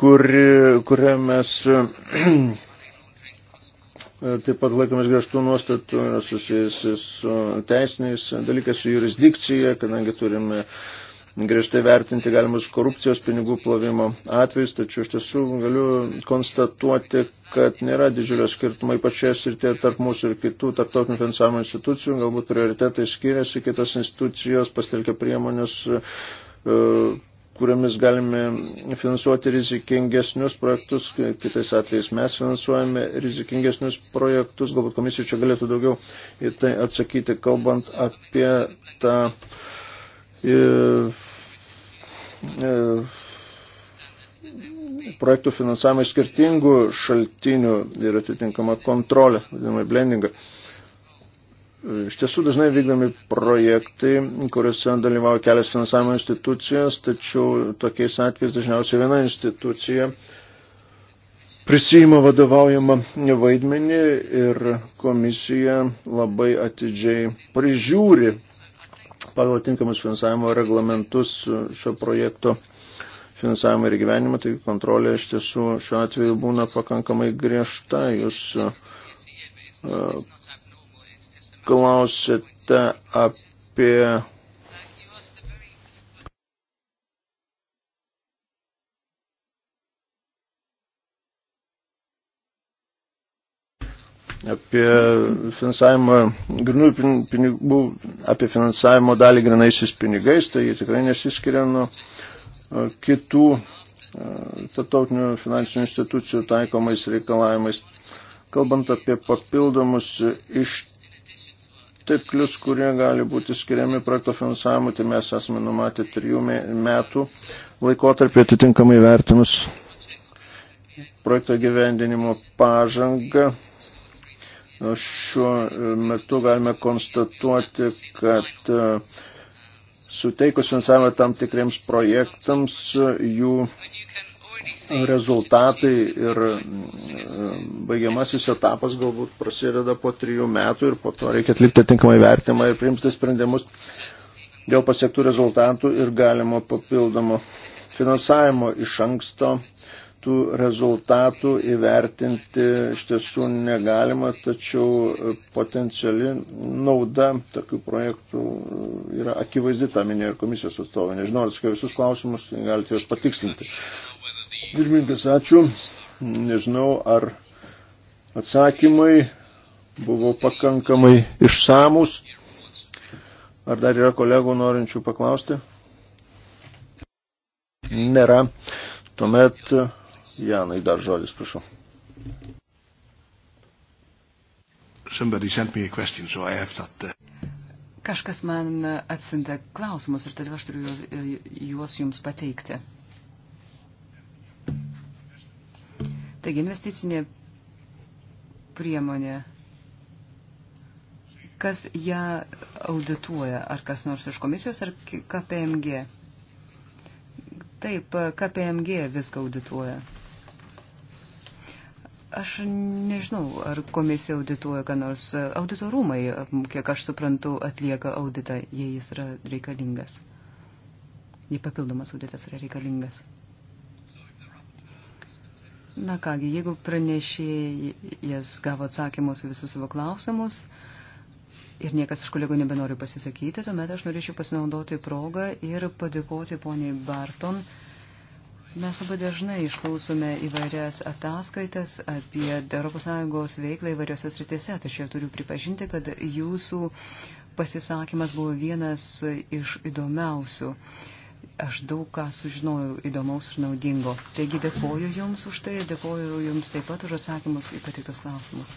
kuri, kurią mes e, taip pat laikomės griežtų nuostatų yra susijusi su teisiniais dalykais, su jurisdikcija, kadangi turime griežtai vertinti galimus korupcijos pinigų plovimo atvejus, tačiau iš tiesų galiu konstatuoti, kad nėra didžiulio skirtumo ypač šioje srityje tarp mūsų ir kitų tarptautinių finansavimo institucijų, galbūt prioritetai skiriasi, kitos institucijos pastelkia priemonės, e, kuriamis galime finansuoti rizikingesnius projektus, kitais atvejais mes finansuojame rizikingesnius projektus, galbūt komisija čia galėtų daugiau į tai atsakyti, kalbant apie tą. Ta E, e, projektų finansavimą iš skirtingų šaltinių ir atitinkama kontrolė, vadinamai blendingą. Iš tiesų dažnai vykdomi projektai, kuriuose dalyvauja kelias finansavimo institucijos, tačiau tokiais atvejais dažniausiai viena institucija prisijima vadovaujama vaidmenį ir komisija labai atidžiai prižiūri pagal tinkamus finansavimo reglamentus šio projekto finansavimą ir gyvenimą, tai kontrolė iš tiesų šiuo atveju būna pakankamai griežta. Jūs uh, klausėte apie apie finansavimą grinųjų pinigų, apie finansavimo dalį grinaisiais pinigais, tai jie tikrai nesiskiria nuo e, kitų e, tarptautinių finansinių institucijų taikomais reikalavimais. Kalbant apie papildomus išteklius, kurie gali būti skiriami projekto finansavimui, tai mes esame numatę trijų metų laikotarpį atitinkamai vertinus projekto gyvendinimo pažangą Šiuo e, metu galime konstatuoti, kad e, suteikus finansavimą tam tikriems projektams, e, jų rezultatai ir baigiamasis etapas galbūt prasideda po trijų metų ir po to reikia atlikti tinkamai vertimą ir priimti sprendimus dėl pasiektų rezultatų ir galimo papildomo finansavimo iš anksto uh, tų rezultatų įvertinti iš tiesų negalima, tačiau e, potenciali nauda tokių projektų e, yra akivaizdi, tą minėjo ir komisijos atstovai. Nežinau, ar atsakiau visus klausimus, galite juos patikslinti. Dirbininkas, ačiū. Nežinau, ar atsakymai buvo pakankamai išsamus. Ar dar yra kolegų norinčių paklausti? Nėra. Tuomet Janai dar žodis, prašau. Question, so that... Uh, Kažkas man atsinta klausimus ir todėl aš turiu juos jums pateikti. Taigi investicinė priemonė, kas ją audituoja, ar kas nors iš komisijos, ar KPMG. Taip, KPMG viską audituoja. Aš nežinau, ar komisija audituoja, ką nors e, auditorumai, kiek aš suprantu, atlieka auditą, jei jis yra reikalingas. Jei papildomas auditas yra reikalingas. Na kągi, jeigu pranešėjas gavo atsakymus visus savo klausimus ir niekas iš kolegų nebenori pasisakyti, tuomet aš norėčiau pasinaudoti progą ir padėkoti poniai Barton Mes labai dažnai išklausome įvairias ataskaitas apie ES veiklą įvairiose sritise, tačiau turiu pripažinti, kad jūsų pasisakymas buvo vienas iš įdomiausių. Aš daug ką sužinojau įdomaus ir naudingo. Taigi dėkoju Jums už tai ir dėkoju Jums taip pat už atsakymus į patiktus klausimus.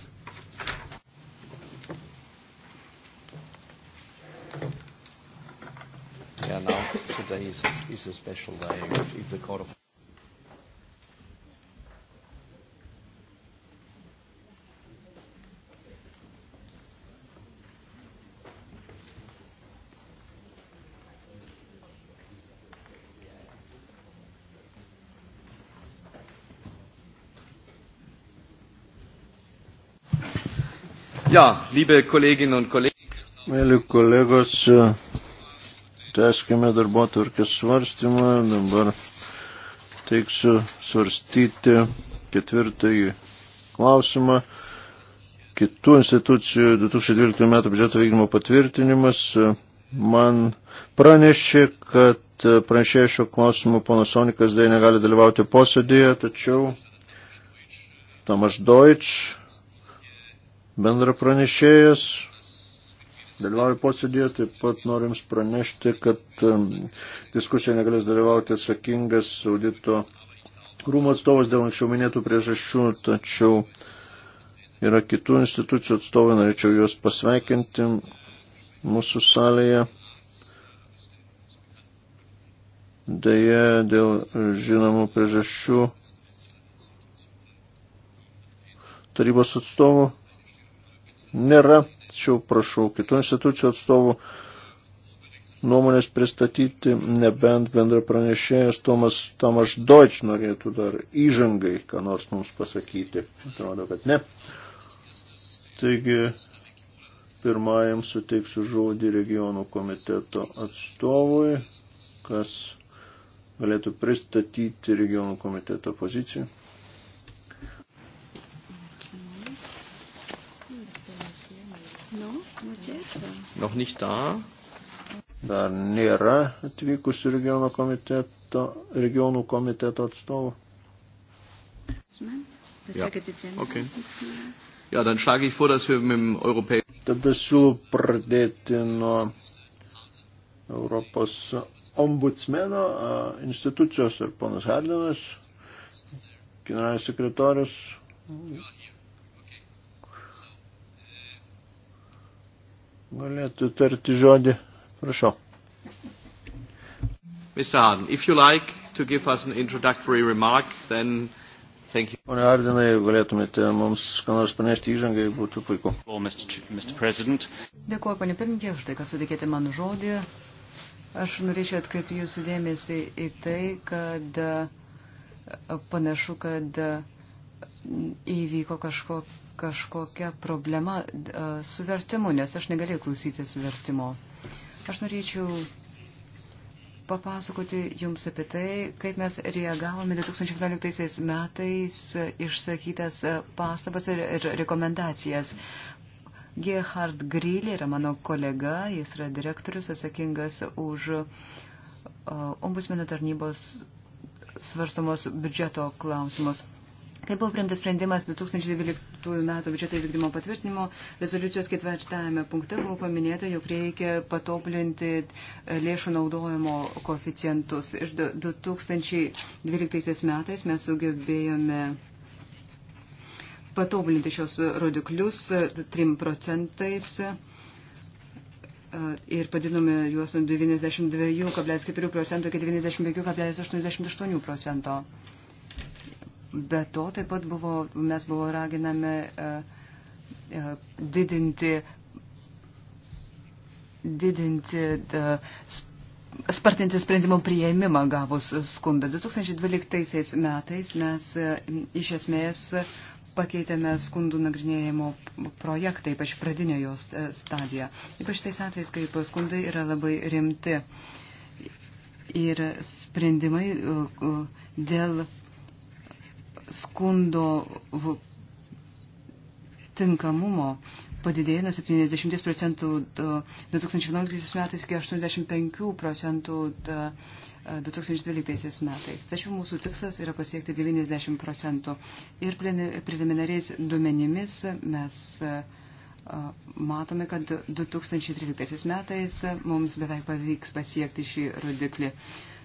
Yeah, now today is a, is a special day. If the court of Ja, liebe Kolleginnen und Kollegen. Mėly kolegos, teskime darbo tvarkės svarstymą. Dabar teiksiu svarstyti ketvirtąjį klausimą. Kitų institucijų 2012 m. biudžeto vykdymo patvirtinimas man pranešė, kad pranešėjo šio klausimu ponas Sonikas dėja negali dalyvauti posėdėje, tačiau Tamas Deutsch bendra pranešėjas. Dalyvauju posėdėje, taip pat noriu Jums pranešti, kad um, diskusija negalės dalyvauti atsakingas audito rūmų atstovas dėl anksčiau minėtų priežasčių, tačiau yra kitų institucijų atstovai, norėčiau juos pasveikinti mūsų salėje. Deja, dėl žinomų priežasčių tarybos atstovų nėra, tačiau prašau kitų institucijų atstovų nuomonės pristatyti, nebent bendra pranešėjas Tomas Tomas Deutsch norėtų dar įžangai, ką nors mums pasakyti. Atrodo, kad ne. Taigi, pirmajam suteiksiu žodį regionų komiteto atstovui, kas galėtų pristatyti regionų komiteto poziciją. Noch nicht da. Dar nėra atvykusių regiono komiteto, regionų komiteto atstovų. Ja. Okay. Ja, dann schlage ich vor, dass wir mit dem Europäischen. Tada siūlau pradėti nuo Europos ombudsmeno institucijos ir ponas Hadlinas, generalinis sekretorius galėtų tarti žodį. Prašau. Mr. Arden, if you like to give us an introductory remark, then thank you. Pone Ardenai, jeigu galėtumėte mums ką nors panešti įžangai, būtų puiku. Well, Mr. Mr. President. Dėkuoju, pane pirmininkė, už tai, kad sudėkėte man žodį. Aš norėčiau atkreipti jūsų dėmesį į tai, kad panašu, kad įvyko kažkokia kažkokia problema su vertimu, nes aš negalėjau klausytis vertimo. Aš norėčiau papasakoti jums apie tai, kaip mes reagavome 2011 metais e, išsakytas e, pastabas ir, ir rekomendacijas. Gerhard Grilė yra mano kolega, jis yra direktorius atsakingas už e, ombudsmeno tarnybos svarstomos biudžeto klausimus. Kai buvo priimtas sprendimas 2012 m. biudžeto įvykdymo patvirtinimo, rezoliucijos ketvirtajame punkte buvo paminėta, jog reikia patobulinti lėšų naudojimo koficientus. Ir 2012 metais mes sugebėjome patobulinti šios rodiklius 3 procentais e, ir padidinome juos nuo 92,4 procentų iki 95,88 procento. Be to taip pat buvo, mes buvo raginami e, e, didinti, didinti e, spartinti sprendimo prieimimą gavus skundą. 2012 metais mes iš esmės pakeitėme skundų nagrinėjimo projektą, ypač pradinio jos stadiją. Ypač tais atvejais, kai skundai yra labai rimti ir sprendimai dėl skundo tinkamumo padidėjo nuo 70 procentų 2011 metais iki 85 procentų 2012 e, metais. Tačiau mūsų tikslas yra pasiekti 90 procentų. Ir preliminariais duomenimis mes e, e, matome, kad 2013 metais mums beveik pavyks pasiekti šį rodiklį.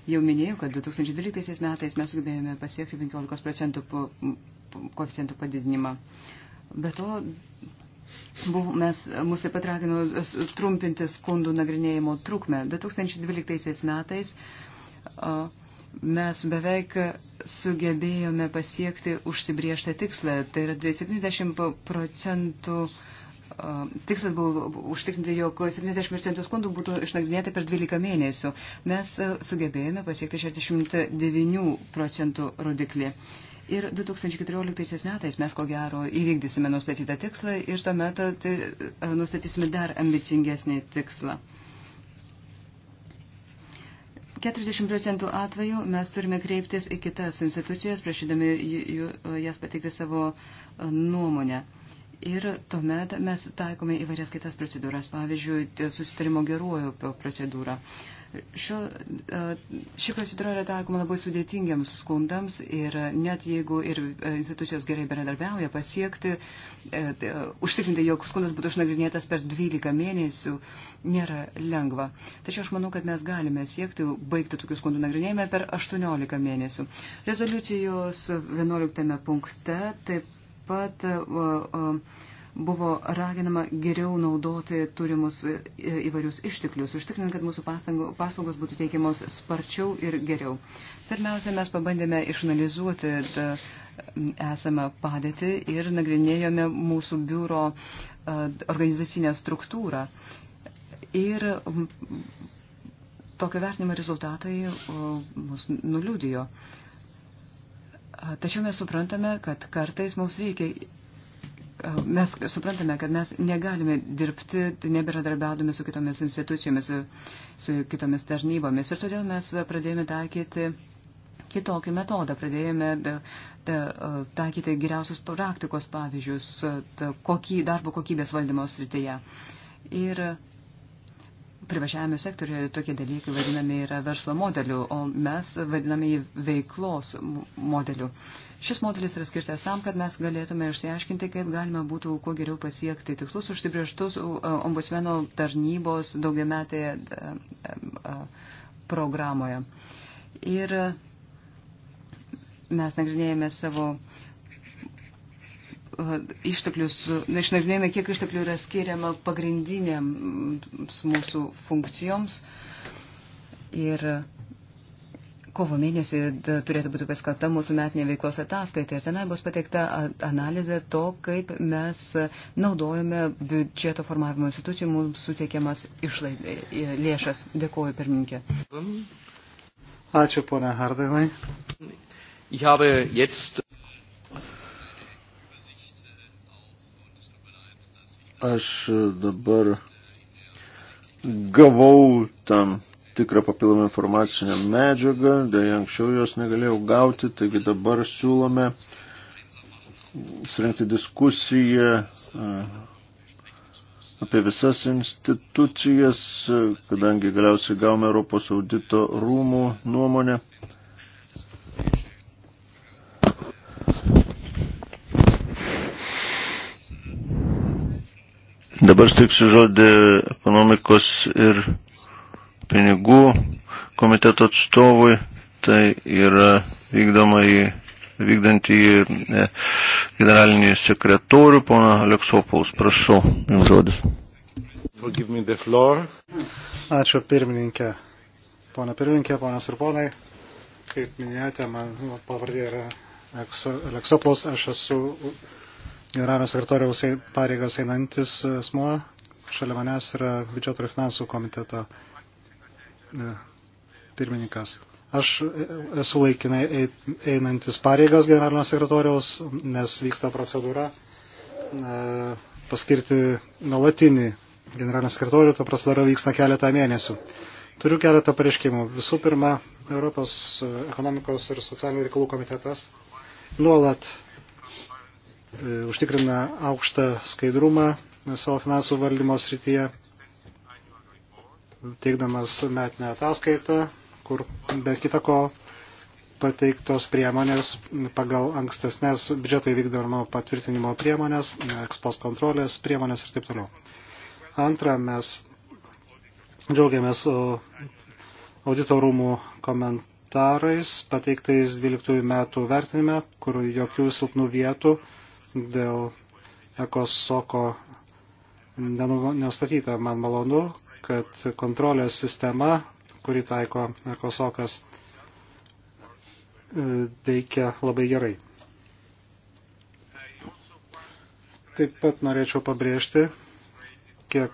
Jau minėjau, kad 2012 metais mes sugebėjome pasiekti 15 procentų koeficientų padidinimą. Be to, buv, mes, mus taip pat ragino trumpinti skundų nagrinėjimo trukmę. 2012 metais mes beveik sugebėjome pasiekti užsibriežtą tikslą, tai yra 70 procentų uh, tikslas buvo užtikrinti, jog 70 procentų skundų būtų išnagrinėta per 12 mėnesių. Mes sugebėjome pasiekti 69 procentų rodiklį. Ir 2014 metais mes ko gero įvykdysime nustatytą tikslą ir tuomet tai, nustatysime dar ambicingesnį tikslą. 40 procentų atvejų mes turime kreiptis į kitas institucijas, prašydami jas pateikti savo nuomonę. Ir tuomet mes taikome įvairias kitas procedūras, pavyzdžiui, susitarimo geruoju procedūrą. Šio, ši procedūra yra taikoma labai sudėtingiams skundams ir net jeigu ir e, institucijos gerai bendradarbiauja, pasiekti, e, e, užtikrinti, jog skundas būtų išnagrinėtas per 12 mėnesių, nėra lengva. Tačiau aš manau, kad mes galime siekti baigti tokių skundų nagrinėjimą per 18 mėnesių. Rezoliucijos 11 punkte taip pat e, buvo raginama geriau naudoti turimus e, įvairius išteklius, užtikrinant, kad mūsų paslaugos būtų teikiamos sparčiau ir geriau. Pirmiausia, mes pabandėme išanalizuoti e, esamą padėtį ir nagrinėjome mūsų biuro organizacinę struktūrą. Ir tokio vertinimo rezultatai mus nuliūdijo. Tačiau mes suprantame, kad kartais mums reikia, mes suprantame, kad mes negalime dirbti nebendradarbiaudami su kitomis institucijomis, su, su kitomis tarnybomis. Ir todėl mes pradėjome taikyti kitokį metodą, pradėjome da, da, taikyti geriausius praktikos pavyzdžius da, kokį, darbo kokybės valdymo srityje. Ir privažiavimo sektoriuje tokie dalykai vadinami yra verslo modeliu, o mes vadiname jį veiklos modeliu. Šis modelis yra skirtas tam, kad mes galėtume išsiaiškinti, kaip galima būtų kuo geriau pasiekti tikslus užsibrieštus e, ombudsmeno tarnybos daugiametėje e, e, programoje. Ir mes nagrinėjame savo išteklius, išnagrinėjome, kiek išteklių yra skiriama pagrindinėms mūsų funkcijoms. Ir kovo mėnesį turėtų būti paskelbta mūsų metinė veiklos ataskaita ir tenai bus pateikta analizė to, kaip mes naudojame biudžeto formavimo institucijų mums suteikiamas išlaidai, e, lėšas. Dėkuoju, pirmininkė. Ačiū, ponia Hardinai. Ich habe jetzt Aš dabar gavau tam tikrą papildomą informacinę medžiagą, dėja anksčiau jos negalėjau gauti, taigi dabar siūlome surinkti diskusiją e, apie visas institucijas, kadangi galiausiai gavome Europos audito rūmų nuomonę. Dabar steiksiu žodį ekonomikos ir pinigų komiteto atstovui. Tai yra vykdoma į vykdantį e, generalinį sekretorių, pana Aleksopaus. Prašau, jums žodis. Ačiū pirmininkė. Pone pirmininkė, ponas ir ponai, kaip minėjote, man pavardė yra Aleksopaus, aš esu generalinio sekretoriaus pareigas einantis asmuo. Šalia manęs yra biudžeto ir finansų komiteto e, pirmininkas. Aš e, esu laikinai einantis pareigas generalinio sekretoriaus, nes vyksta procedūra e, paskirti nuolatinį generalinio sekretorių, ta procedūra vyksta keletą mėnesių. Turiu keletą pareiškimų. Visų pirma, Europos ekonomikos ir socialinių reikalų komitetas nuolat E, užtikrina aukštą skaidrumą savo finansų valdymo srityje, teikdamas metinę ataskaitą, kur be kitako pateiktos priemonės pagal ankstesnės biudžeto įvykdomo patvirtinimo priemonės, ekspos kontrolės priemonės ir taip toliau. Antra, mes džiaugiamės auditorumų komentarais pateiktais 12 metų vertinime, kur jokių silpnų vietų dėl ekosoko nenustatyta. Man malonu, kad kontrolės sistema, kuri taiko ekosokas, e, veikia labai gerai. Taip pat norėčiau pabrėžti, kiek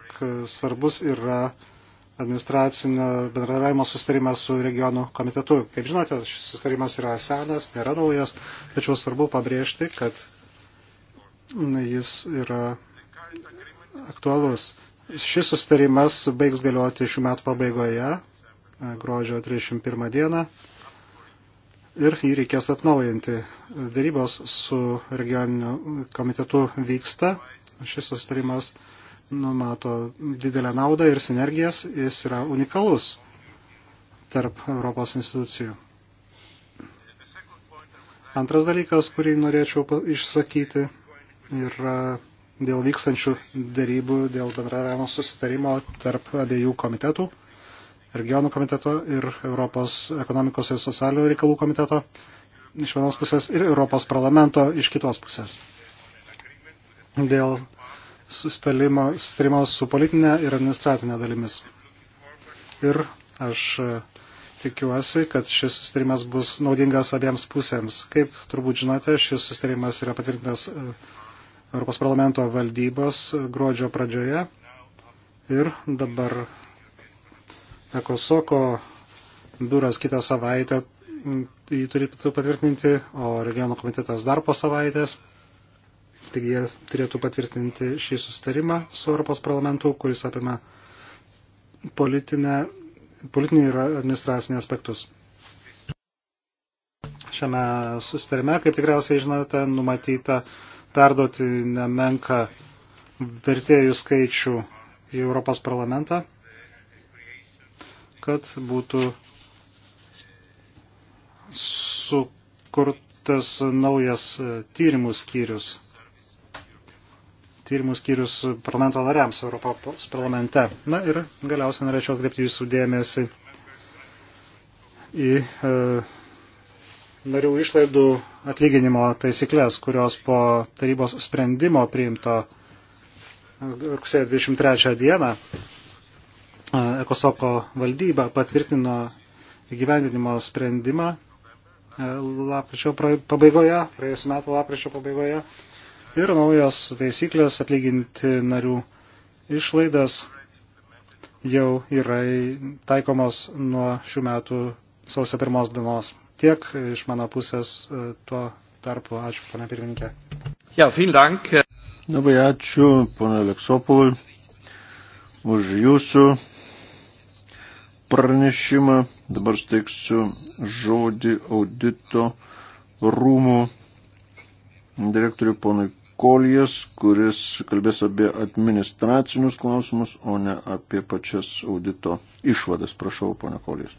svarbus yra administracinio bendradarbiavimo sustarimas su regionų komitetu. Kaip žinote, šis sustarimas yra senas, nėra naujas, tačiau svarbu pabrėžti, kad jis yra aktualus. Šis sustarimas baigs galioti šių metų pabaigoje, gruodžio 31 dieną, ir jį reikės atnaujinti. Darybos su regioniniu komitetu vyksta. Šis sustarimas numato didelę naudą ir sinergijas, jis yra unikalus tarp Europos institucijų. Antras dalykas, kurį norėčiau išsakyti, yra dėl vykstančių dėrybų, dėl bendraravimo susitarimo tarp abiejų komitetų, regionų komiteto ir Europos ekonomikos ir socialinių reikalų komiteto iš vienos pusės ir Europos parlamento iš kitos pusės. Dėl susitarimo su politinė ir administracinė dalimis. Ir aš tikiuosi, kad šis susitarimas bus naudingas abiems pusėms. Kaip turbūt žinote, šis susitarimas yra patvirtintas Europos parlamento valdybos gruodžio pradžioje ir dabar Ekosoko biuras kitą savaitę jį turėtų patvirtinti, o regionų komitetas dar po savaitės. Taigi jie turėtų patvirtinti šį sustarimą su Europos parlamentu, kuris apima politinę, politinį ir administracinį aspektus. Šiame sustarime, kaip tikriausiai žinote, numatyta uh, perduoti nemenka vertėjų skaičių į Europos parlamentą, kad būtų sukurtas naujas tyrimų skyrius. Tyrimų skyrius parlamento nariams Europos parlamente. Na ir galiausiai norėčiau atkreipti jūsų dėmesį į e, narių išlaidų atlyginimo taisyklės, kurios po tarybos sprendimo priimto rugsėjo 23 dieną Ekosoko valdyba patvirtino įgyvendinimo sprendimą lapkričio pabaigoje, praėjusiu metu lapkričio pabaigoje ir naujos taisyklės atlyginti narių išlaidas jau yra taikomos nuo šių metų sausio pirmos dienos. Tiek iš mano pusės e, tuo tarpu. Ačiū, pana pirmininkė. Ja, dank. Labai ačiū, pana Aleksopului, už jūsų pranešimą. Dabar steiksiu žodį audito rūmų direktoriui ponui Kolijas, kuris kalbės apie administracinius klausimus, o ne apie pačias audito išvadas. Prašau, ponė Kolijas.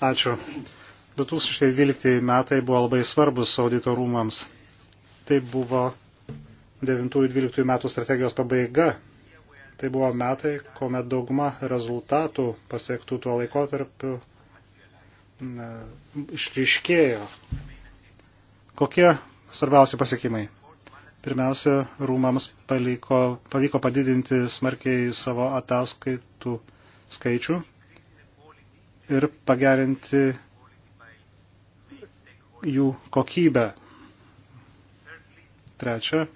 Ačiū. 2012 metai buvo labai svarbus auditorumams. Tai buvo 9-12 metų strategijos pabaiga. Tai buvo metai, kuomet dauguma rezultatų pasiektų tuo laikotarpiu na, išryškėjo. Kokie svarbiausi pasiekimai? Pirmiausia, rūmams paliko, pavyko padidinti smarkiai savo ataskaitų skaičių ir pagerinti jų kokybę. Trečia,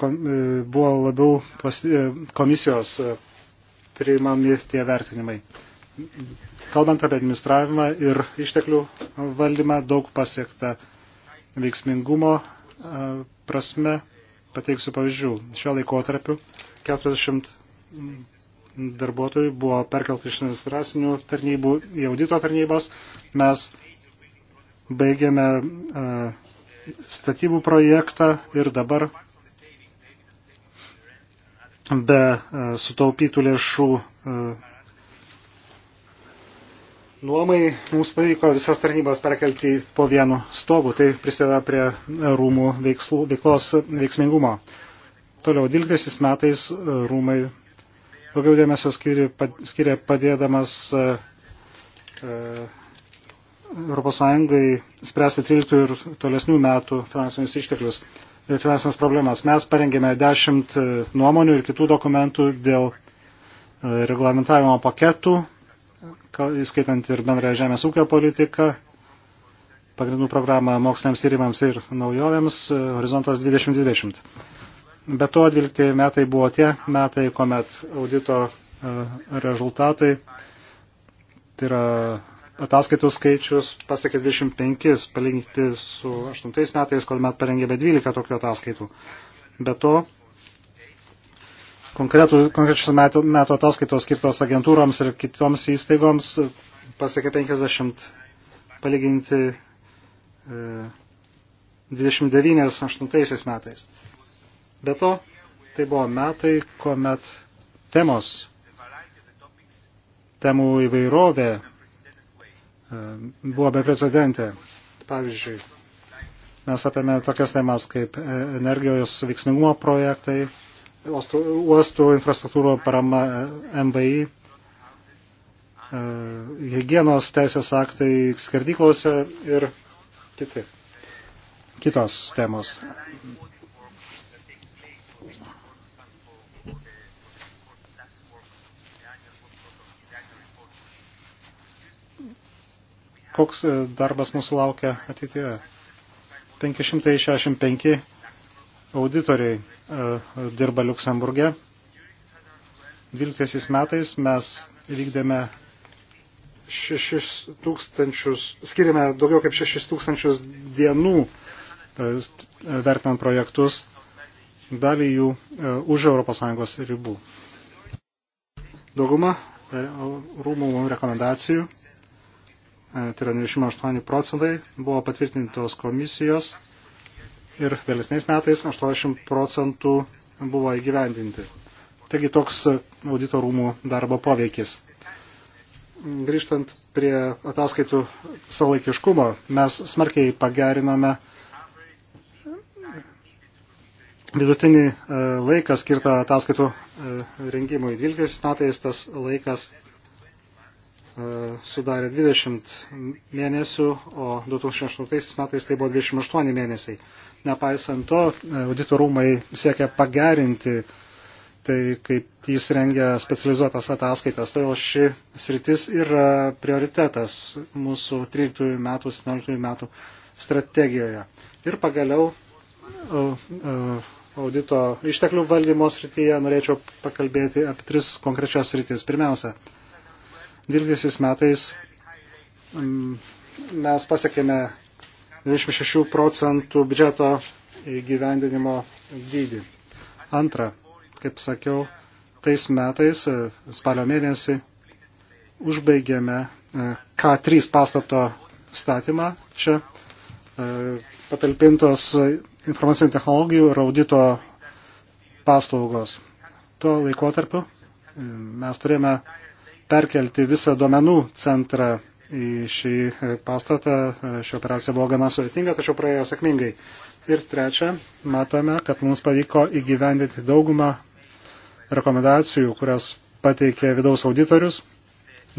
kom, e, buvo labiau pas, e, komisijos e, priimami tie vertinimai. Kalbant apie administravimą ir išteklių valdymą, daug pasiekta veiksmingumo prasme. Pateiksiu pavyzdžių. Šiuo laikotarpiu 40 darbuotojų buvo perkelti iš administracinių tarnybų į audito tarnybos. Mes baigėme e, statybų projektą ir dabar be e, sutaupytų lėšų e, nuomai mums pavyko visas tarnybas perkelti po vienu stogu. Tai prisideda prie rūmų veikslų, veiklos veiksmingumo. Toliau 12 metais rūmai daugiau dėmesio skiria padėdamas ES e, spręsti 13 ir tolesnių metų finansinius išteklius ir finansinės problemas. Mes parengėme 10 e, nuomonių ir kitų dokumentų dėl e, reglamentavimo paketų, įskaitant ir bendrąją žemės ūkio politiką, pagrindų programą moksliniams tyrimams ir naujovėms, horizontas 2020. Be to, 12 metai buvo tie metai, kuomet audito e, rezultatai, tai yra ataskaitų skaičius pasiekė 25, palyginti su 8 metais, kuomet parengėme 12 tokių ataskaitų. Be to, konkrečios metų, metų ataskaitos skirtos agentūroms ir kitoms įstaigoms pasiekė 50, palyginti e, 29 8 metais. Be to, tai buvo metai, kuomet temos, temų įvairovė e, buvo beprecedentė. Pavyzdžiui, mes apėmė tokias temas kaip e, energijos veiksmingumo projektai, uostų infrastruktūro parama e, MBI, hygienos teisės aktai skerdyklose ir kiti. Kitos temos. koks e, darbas mūsų laukia ateityje. 565 auditoriai e, dirba Luksemburge. 12 metais mes vykdėme 6 tūkstančius, skiriame daugiau kaip 6 tūkstančius dienų e, vertinant projektus, dalį jų už ES ribų. Dauguma rūmų rekomendacijų E, tai yra 98 procentai, buvo patvirtintos komisijos ir vėlesniais metais 80 procentų buvo įgyvendinti. Taigi toks audito rūmų darbo poveikis. Grįžtant prie ataskaitų savaikiškumo, mes smarkiai pagerinome vidutinį e, laiką skirtą ataskaitų e, rengimui. 12 metais tas laikas E, sudarė 20 mėnesių, o 2008 metais tai buvo 28 mėnesiai. Nepaisant to, e, auditorumai siekia pagerinti tai, kaip jis rengia specializuotas ataskaitas. Todėl ši sritis yra prioritetas mūsų 13 metų, 17 metų strategijoje. Ir pagaliau e, audito išteklių valdymo srityje norėčiau pakalbėti apie tris konkrečias sritis. Pirmiausia, 12 metais mm, mes pasiekėme 26 procentų biudžeto įgyvendinimo dydį. Antra, kaip sakiau, tais metais, e, spalio mėnesį, užbaigėme e, K3 pastato statymą čia e, patalpintos informacinių technologijų ir audito paslaugos. Tuo laikotarpiu mes turėjome perkelti visą duomenų centrą į šį pastatą. Ši operacija buvo gana sudėtinga, tačiau praėjo sėkmingai. Ir trečia, matome, kad mums pavyko įgyvendinti daugumą rekomendacijų, kurias pateikė vidaus auditorius,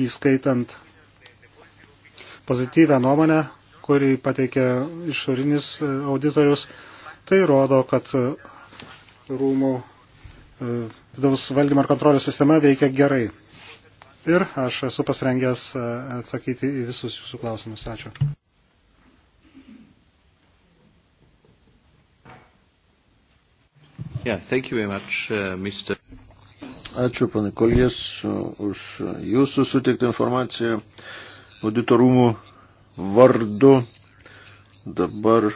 įskaitant pozityvę nuomonę, kurį pateikė išorinis auditorius. Tai rodo, kad rūmų e, vidaus valdymo ir kontrolės sistema veikia gerai ir aš esu pasirengęs e, atsakyti į visus jūsų klausimus. Ačiū. Yeah, thank you very much, uh, Mr. Ačiū, pana Kolės, už jūsų suteiktą informaciją auditorumų vardu. Dabar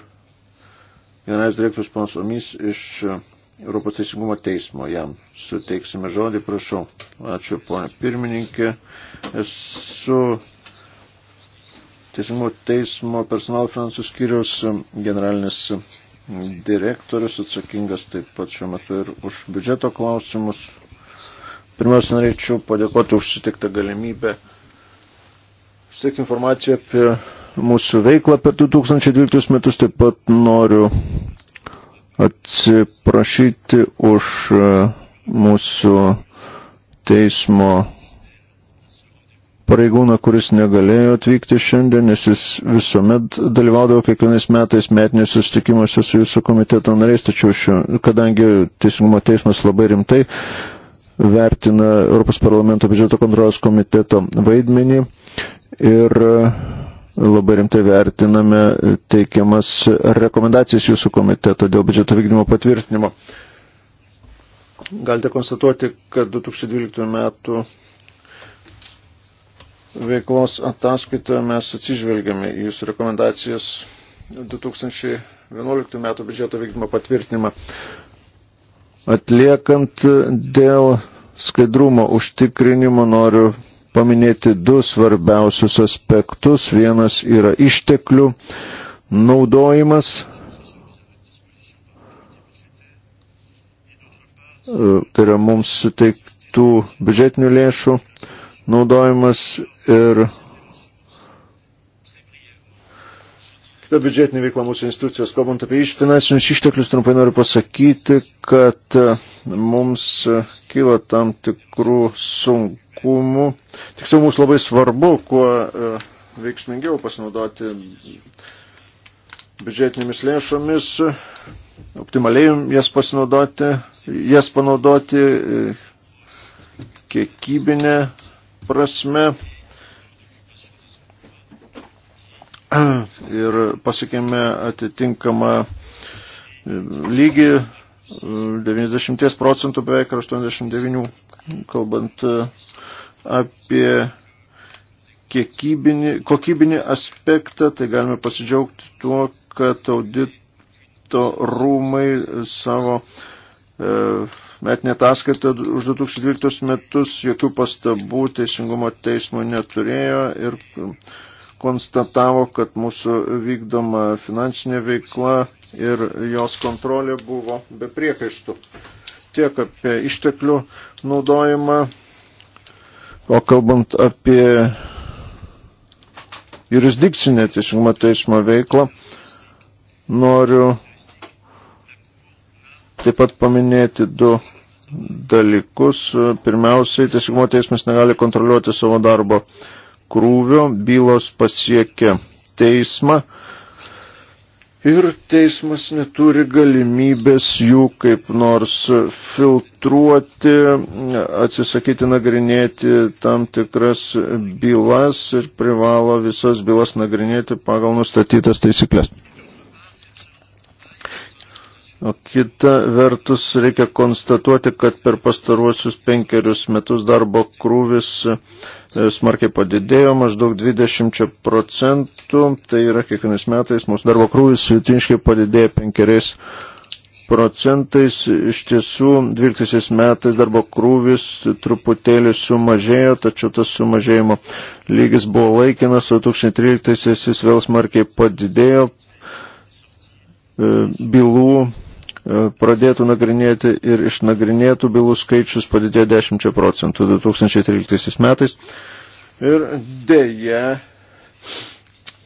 vienas direktorius panas Omis iš Europos teisingumo teismo. Jam suteiksime žodį, prašau. Ačiū, ponė pirmininkė. Esu teisingumo teismo personalo finansų skyrius generalinis direktorius, atsakingas taip pat šiuo metu ir už biudžeto klausimus. Pirmiausia, norėčiau padėkoti už sutiktą galimybę siekti informaciją apie mūsų veiklą per 2012 metus. Taip pat noriu atsiprašyti už e, mūsų teismo pareigūną, kuris negalėjo atvykti šiandien, nes jis visuomet dalyvaudavo kiekvienais metais metinės sustikimuose su jūsų komiteto nariais, tačiau šio, kadangi Teisingumo teismas labai rimtai vertina Europos parlamento biudžeto kontrolės komiteto vaidmenį ir labai rimtai vertiname teikiamas rekomendacijas jūsų komiteto dėl biudžeto vykdymo patvirtinimo. Galite konstatuoti, kad 2012 metų veiklos ataskaitoje mes atsižvelgiame į jūsų rekomendacijas 2011 metų biudžeto vykdymo patvirtinimą. Atliekant dėl skaidrumo užtikrinimo noriu paminėti du svarbiausius aspektus. Vienas yra išteklių naudojimas, tai yra mums suteiktų biudžetinių lėšų naudojimas ir kitą biudžetinį veiklą mūsų institucijos. Kalbant apie iš finansinius išteklius, trumpai noriu pasakyti, kad e, mums e, kyla tam tikrų sunkumų. Tiksliau, mums labai svarbu, kuo e, veiksmingiau pasinaudoti biudžetinėmis lėšomis, optimaliai jas pasinaudoti, jas panaudoti kiekybinę prasme ir pasiekėme atitinkamą lygį 90 procentų beveik 89, kalbant e, apie kiekybinį, kokybinį aspektą, tai galime pasidžiaugti tuo, kad audito rūmai savo e, metinė ataskaita už 2012 metus jokių pastabų teisingumo teismo neturėjo ir konstatavo, kad mūsų vykdoma finansinė veikla ir jos kontrolė buvo be priekaištų. Tiek apie išteklių naudojimą, o kalbant apie jurisdikcinę teisingumo teismo veiklą, noriu taip pat paminėti du dalykus. Pirmiausiai, teisingumo teismas negali kontroliuoti savo darbo krūvio, bylos pasiekia teismą ir teismas neturi galimybės jų kaip nors filtruoti, atsisakyti nagrinėti tam tikras bylas ir privalo visas bylas nagrinėti pagal nustatytas taisyklės. O kita vertus reikia konstatuoti, kad per pastaruosius penkerius metus darbo krūvis E, smarkiai padidėjo maždaug 20 procentų, tai yra kiekvienais metais mūsų darbo krūvis vidutiniškai padidėjo 5 procentais, iš tiesų 12 metais darbo krūvis truputėlį sumažėjo, tačiau tas sumažėjimo lygis buvo laikinas, o 2013 jis vėl smarkiai padidėjo e, bylų E, pradėtų nagrinėti ir išnagrinėtų bylų skaičius padidėjo 10 procentų 2013 metais. Ir dėja,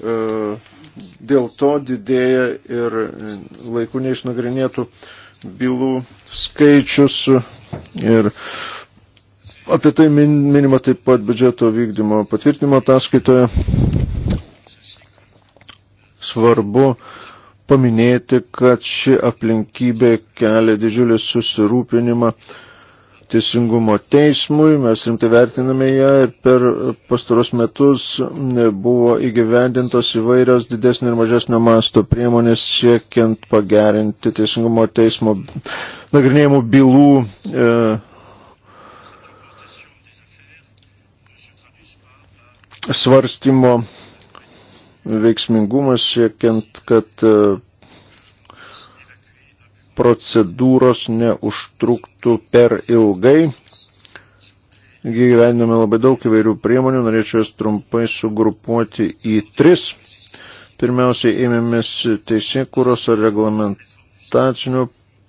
e, dėl to didėja ir laikų neišnagrinėtų bylų skaičius ir apie tai minima taip pat biudžeto vykdymo patvirtinimo ataskaitoje. Svarbu, uh, paminėti, kad ši aplinkybė kelia didžiulį susirūpinimą teisingumo teismui, mes rimtai vertiname ją ir per pastaros metus buvo įgyvendintos įvairios didesnio ir mažesnio masto priemonės siekiant pagerinti teisingumo teismo nagrinėjimų bylų e, svarstymo veiksmingumas siekiant, kad e, procedūros neužtruktų per ilgai. Gyvenime labai daug įvairių priemonių, norėčiau jas trumpai sugrupuoti į tris. Pirmiausiai ėmėmės teisėkūros ar reglamentacinio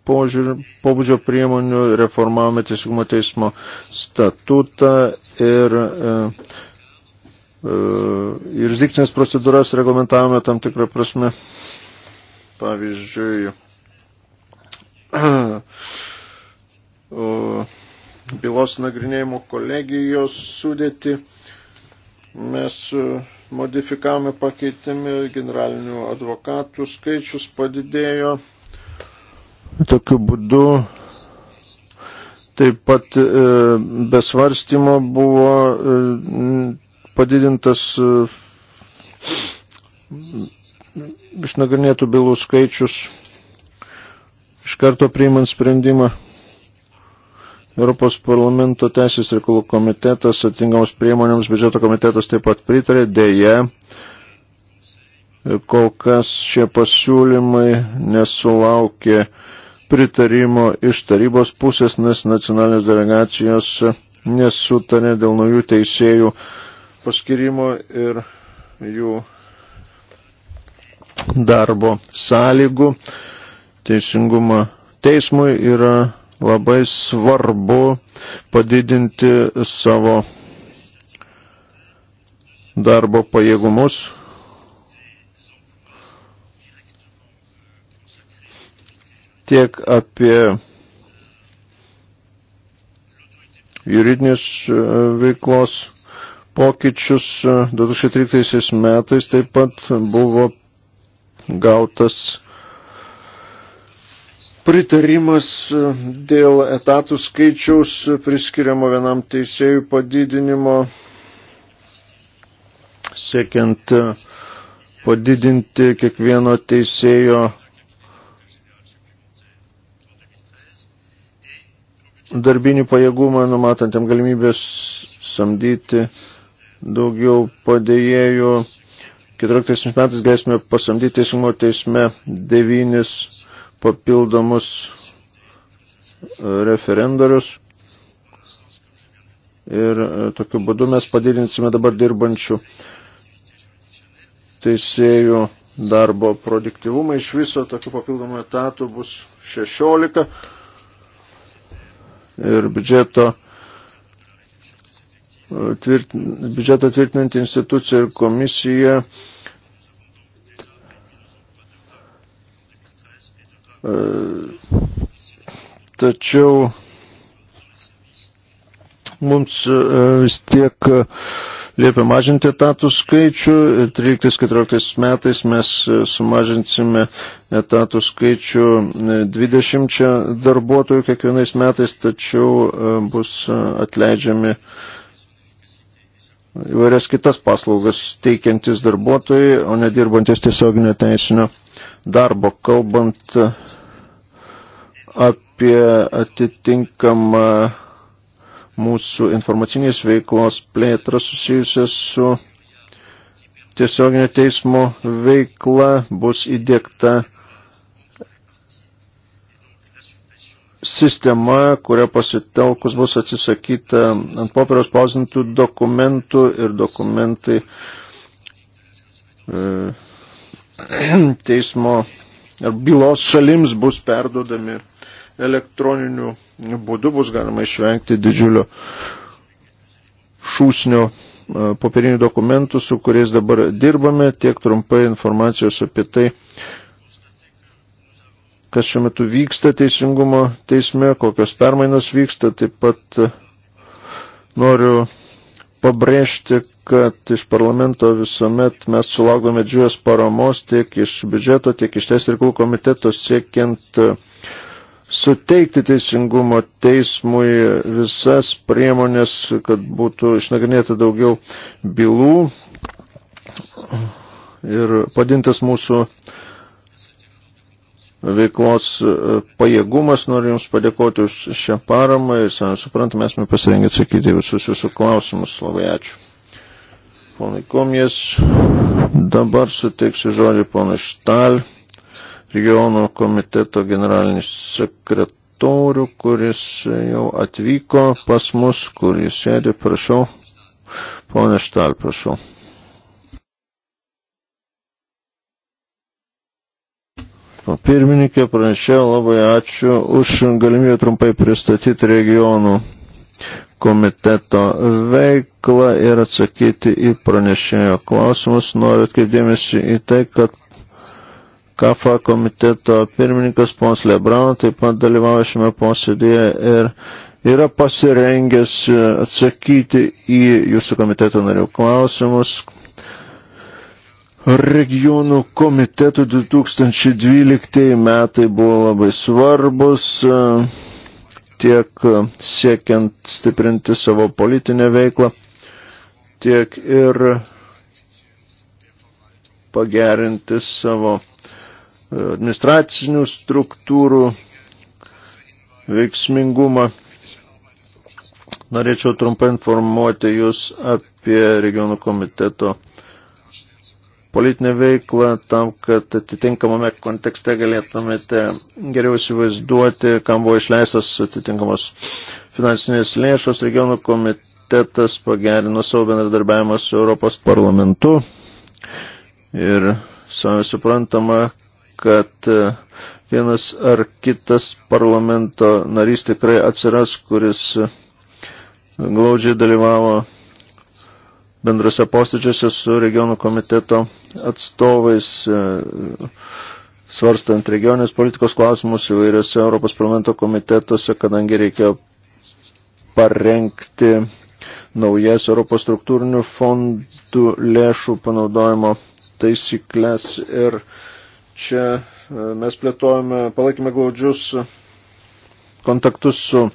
pobūdžio priemonių, reformavome teisingumo teismo statutą ir e, E, jurisdikcinės procedūras reglamentavome tam tikrą prasme. Pavyzdžiui, bylos nagrinėjimo kolegijos sudėti mes e, modifikavome, pakeitėme generalinių advokatų skaičius padidėjo. Tokiu būdu taip pat e, besvarstymo buvo padidintas e, išnagrinėtų bylų skaičius iš karto priimant sprendimą. Europos parlamento teisės reikalų komitetas atingams priemonėms biudžeto komitetas taip pat pritarė, dėje kol kas šie pasiūlymai nesulaukė pritarimo iš tarybos pusės, nes nacionalinės delegacijos nesutarė dėl naujų teisėjų paskirimo ir jų darbo sąlygų. Teisingumo teismui yra labai svarbu padidinti savo darbo pajėgumus. Tiek apie juridinės veiklos pokyčius 2013 e, metais taip pat buvo gautas pritarimas e, dėl etatų skaičiaus priskiriamo vienam teisėjų padidinimo siekiant e, padidinti kiekvieno teisėjo darbinį pajėgumą, numatant jam galimybės samdyti daugiau padėjėjų. 14 metais galėsime pasamdyti teisingumo teisme devynis papildomus e, referendarius. Ir e, tokiu būdu mes padidinsime dabar dirbančių teisėjų darbo produktivumą. Iš viso tokių papildomų etatų bus 16 ir biudžeto tvirtin, biudžetą tvirtinanti institucija ir komisija e, tačiau mums e, vis tiek liepia mažinti etatų skaičių ir 13-14 metais mes e, sumažinsime etatų skaičių 20 darbuotojų kiekvienais metais, tačiau bus atleidžiami įvairias kitas paslaugas teikiantis darbuotojai, o nedirbantis tiesioginio teisinio darbo. Kalbant apie atitinkamą mūsų informacinės veiklos plėtrą susijusią su tiesioginio teismo veikla, bus įdėkta sistema, kuria pasitelkus bus atsisakyta ant popieriaus pausintų dokumentų ir dokumentai e, teismo ar bylos šalims bus perdodami elektroniniu būdu, bus galima išvengti didžiulio šūsnio e, popierinių dokumentų, su kuriais dabar dirbame, tiek trumpai informacijos apie tai, kas šiuo metu vyksta teisingumo teisme, kokios permainos vyksta. Taip pat e, noriu pabrėžti, kad iš parlamento visuomet mes sulaukdome džiuos paramos tiek iš biudžeto, tiek iš teisės reikalų komiteto siekiant e, suteikti teisingumo teismui visas priemonės, kad būtų išnagrinėta daugiau bylų ir padintas mūsų uh, veiklos e, pajėgumas. Noriu Jums padėkoti už šią paramą ir, savai suprant, mes mes pasirengę atsakyti visus Jūsų klausimus. Labai ačiū. Ponai Komijas, dabar suteiksiu žodį ponai Štal, regiono komiteto generalinis sekretorių, kuris jau atvyko pas mus, kuris sėdi, prašau. Pone Štal, prašau. Pirmininkė pranešė, labai ačiū už galimybę trumpai pristatyti regionų komiteto veiklą ir atsakyti į pranešėjo klausimus. Noriu atkreipdėmėsi į tai, kad KAFA komiteto pirmininkas Pons Lebrano taip pat dalyvauja šiame posėdėje ir yra pasirengęs atsakyti į jūsų komiteto narių klausimus regionų komitetų 2012 metai buvo labai svarbus e, tiek siekiant stiprinti savo politinę veiklą, tiek ir pagerinti savo e, administracinių struktūrų veiksmingumą. Norėčiau trumpai informuoti Jūs apie regionų komiteto politinę veiklą tam, kad atitinkamame kontekste galėtumėte geriau įsivaizduoti, kam buvo išleistas atitinkamos finansinės lėšos. Regionų komitetas pagerino savo bendradarbiavimą su Europos parlamentu ir savai suprantama, kad e, vienas ar kitas parlamento narys tikrai atsiras, kuris glaudžiai dalyvavo bendrose posėdžiuose su regionų komiteto atstovais, e, svarstant regionės politikos klausimus įvairiose Europos parlamento komitetuose, kadangi reikėjo parengti naujas Europos struktūrinių fondų lėšų panaudojimo taisyklės ir čia e, mes plėtojame, palaikėme glaudžius kontaktus su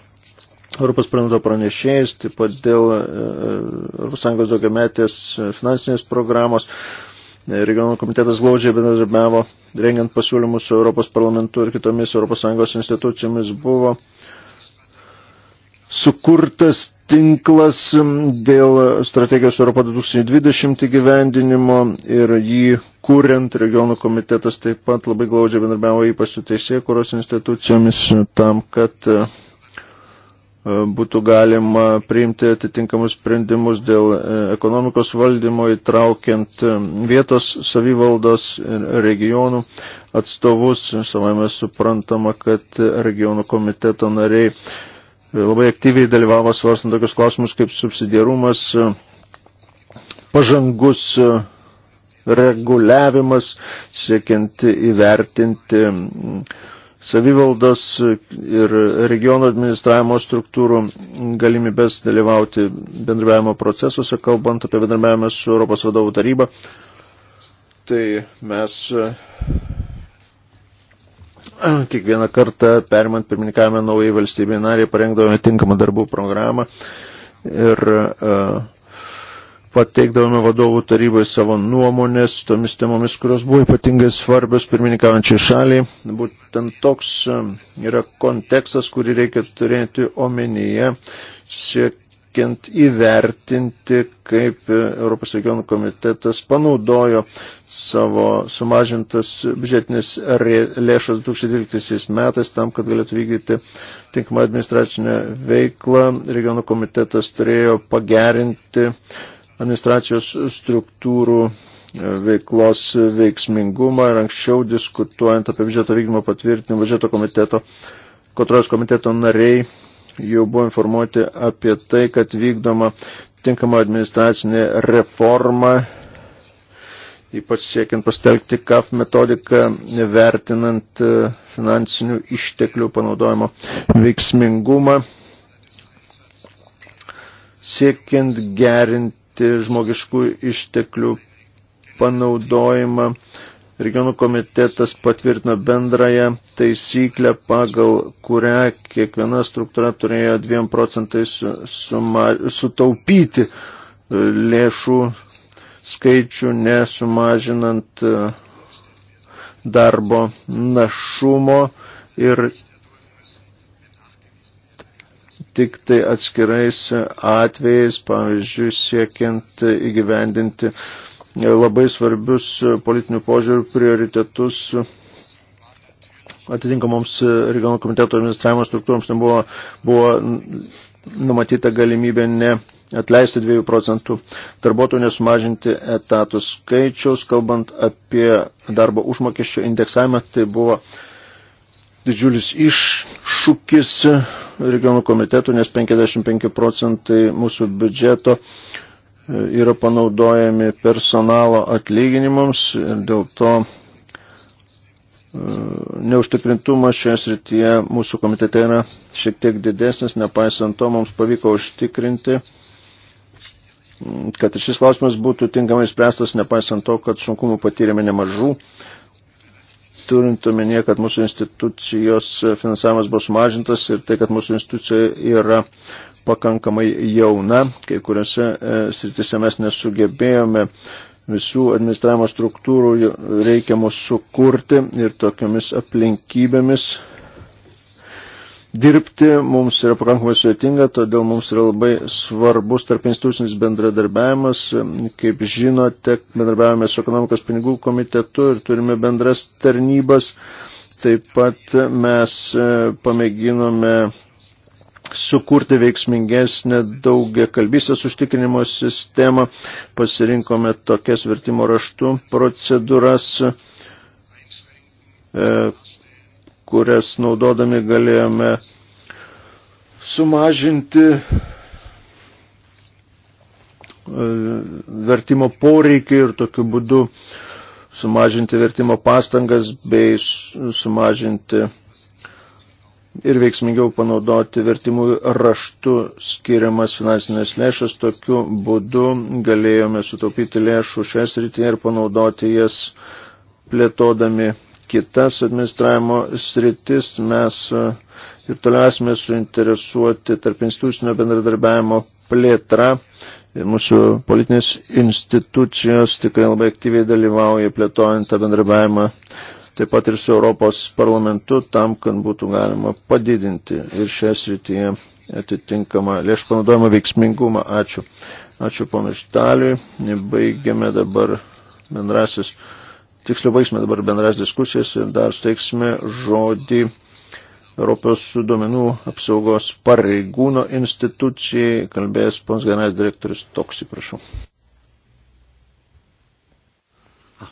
Europos parlamento pranešėjais, taip pat dėl ES e, daugiametės e, finansinės programos. E, regionų komitetas glaudžiai bendradarbiavo, rengiant pasiūlymus su Europos parlamentu ir kitomis ES institucijomis buvo sukurtas tinklas dėl strategijos Europo 2020 gyvendinimo ir jį kuriant regionų komitetas taip pat labai glaudžiai bendarbiavo ypač su teisėkuros institucijomis tam, kad E, būtų galima priimti atitinkamus sprendimus dėl e, ekonomikos valdymo, įtraukiant e, vietos savivaldos ir regionų atstovus. Savai mes suprantama, kad regionų komiteto nariai labai aktyviai dalyvavo svarstant tokius klausimus kaip subsidiarumas, pažangus reguliavimas, siekiant įvertinti savivaldos ir regiono administravimo struktūrų galimybės dalyvauti bendravimo procesuose, kalbant apie bendravimą su Europos vadovų taryba. Tai mes kiekvieną kartą perimant pirmininkavimą naujai valstybei nariai parengdavome tinkamą darbų programą ir uh, pateikdavome vadovų tarybai savo nuomonės tomis temomis, kurios buvo ypatingai svarbios pirmininkaujančiai šaliai. Būtent toks e, yra kontekstas, kurį reikia turėti omenyje, siekiant įvertinti, kaip e, Europos regionų komitetas panaudojo savo sumažintas biudžetinės lėšas 2012 metais tam, kad galėtų vykdyti tinkamą administracinę veiklą. Regionų komitetas turėjo pagerinti administracijos struktūrų e, veiklos veiksmingumą ir anksčiau diskutuojant apie biudžeto vykdymo patvirtinimą biudžeto komiteto, kontrolės komiteto nariai jau buvo informuoti apie tai, kad vykdoma tinkama administracinė reforma, ypač siekiant pastelgti KAF metodiką, vertinant e, finansinių išteklių panaudojimo veiksmingumą, siekiant gerinti vertinti žmogiškų išteklių panaudojimą. Regionų komitetas patvirtino bendrąją taisyklę, pagal kurią kiekviena struktūra turėjo 2 procentais suma, sutaupyti lėšų skaičių, nesumažinant e, darbo našumo ir tik tai atskirais atvejais, pavyzdžiui, siekiant įgyvendinti labai svarbius politinių požiūrių prioritetus atitinkamoms regionų komiteto administravimo struktūroms nebuvo buvo numatyta galimybė ne atleisti 2 procentų darbuotojų, nesumažinti etatų skaičiaus, kalbant apie darbo užmokesčio indeksavimą, tai buvo didžiulis iššūkis regionų komitetų, nes 55 procentai mūsų biudžeto e, yra panaudojami personalo atlyginimams ir dėl to e, neužtikrintumas šioje srityje mūsų komitete yra šiek tiek didesnis, nepaisant to mums pavyko užtikrinti, kad ir šis klausimas būtų tinkamai spręstas, nepaisant to, kad sunkumų patyrėme nemažų turint omenyje, kad mūsų institucijos finansavimas buvo sumažintas ir tai, kad mūsų institucija yra pakankamai jauna, kai kuriuose e, sritise mes nesugebėjome visų administravimo struktūrų reikiamus sukurti ir tokiamis aplinkybėmis dirbti mums yra pakankamai sudėtinga, todėl mums yra labai svarbus tarp institucinis bendradarbiavimas. Kaip žinote, bendradarbiavame su ekonomikos pinigų komitetu ir turime bendras tarnybas. Taip pat mes e, pamėginome sukurti veiksmingesnę daugia kalbysės užtikrinimo sistemą, pasirinkome tokias vertimo raštų procedūras, e, kurias naudodami galėjome sumažinti e, vertimo poreikį ir tokiu būdu sumažinti vertimo pastangas bei sumažinti ir veiksmingiau panaudoti vertimų raštu skiriamas finansinės lėšas. Tokiu būdu galėjome sutaupyti lėšų šią srityje ir panaudoti jas plėtodami kitas administravimo sritis mes e, ir toliau esame suinteresuoti tarp institucinio bendradarbiavimo plėtra. Ir mūsų politinės institucijos tikrai labai aktyviai dalyvauja plėtojant tą bendradarbiavimą taip pat ir su Europos parlamentu tam, kad būtų galima padidinti ir šią srityje atitinkamą lėšų panaudojimą veiksmingumą. Ačiū. Ačiū ponui Štaliui. Baigiame dabar bendrasis tiksliau baigsime dabar bendras diskusijas ir dar steiksime žodį Europos duomenų apsaugos pareigūno institucijai, kalbės pons generalinis direktorius Toksi, prašau. Ah,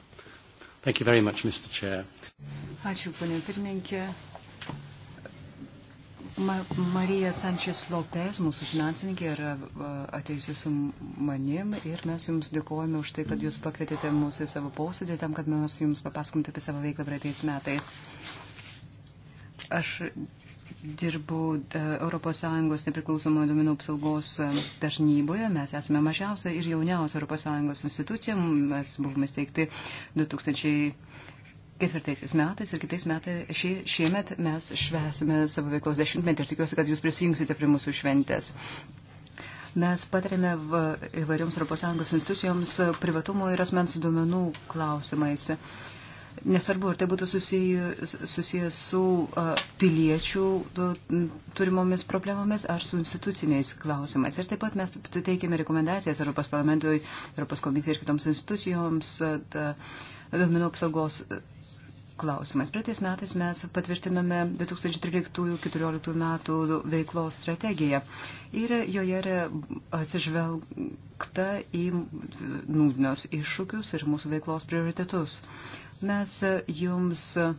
thank you very much, Mr. Chair. Ačiū, ponė pirmininkė. Marija Sančias Lopez, mūsų finansininkė, yra atėjusi su manim ir mes jums dėkojame už tai, kad jūs pakvietėte mūsų į savo posėdį, tam, kad mes jums papasakomte apie savo veiklą praeitais metais. Aš dirbu ES nepriklausomo duomenų apsaugos e, tarnyboje, mes esame mažiausia ir jauniausia ES institucija, mes buvome steigti 2000 ketvirtaisiais metais ir kitais metais šie, šiemet mes švesime savo veiklos dešimtmetį ir tikiuosi, kad jūs prisijungsite prie mūsų šventės. Mes patarėme įvairioms ES institucijoms privatumo ir asmens duomenų klausimais. Nesvarbu, ar tai būtų susijęs susiję su uh, piliečių du, turimomis problemomis ar su instituciniais klausimais. Ir taip pat mes teikėme rekomendacijas Europos parlamentui, Europos komisijai ir kitoms institucijoms. Uh, duomenų apsaugos klausimas. Praeitais metais mes patvirtinome 2013-2014 metų veiklos strategiją ir joje yra atsižvelgta į nūdienos iššūkius ir mūsų veiklos prioritetus. Mes jums uh,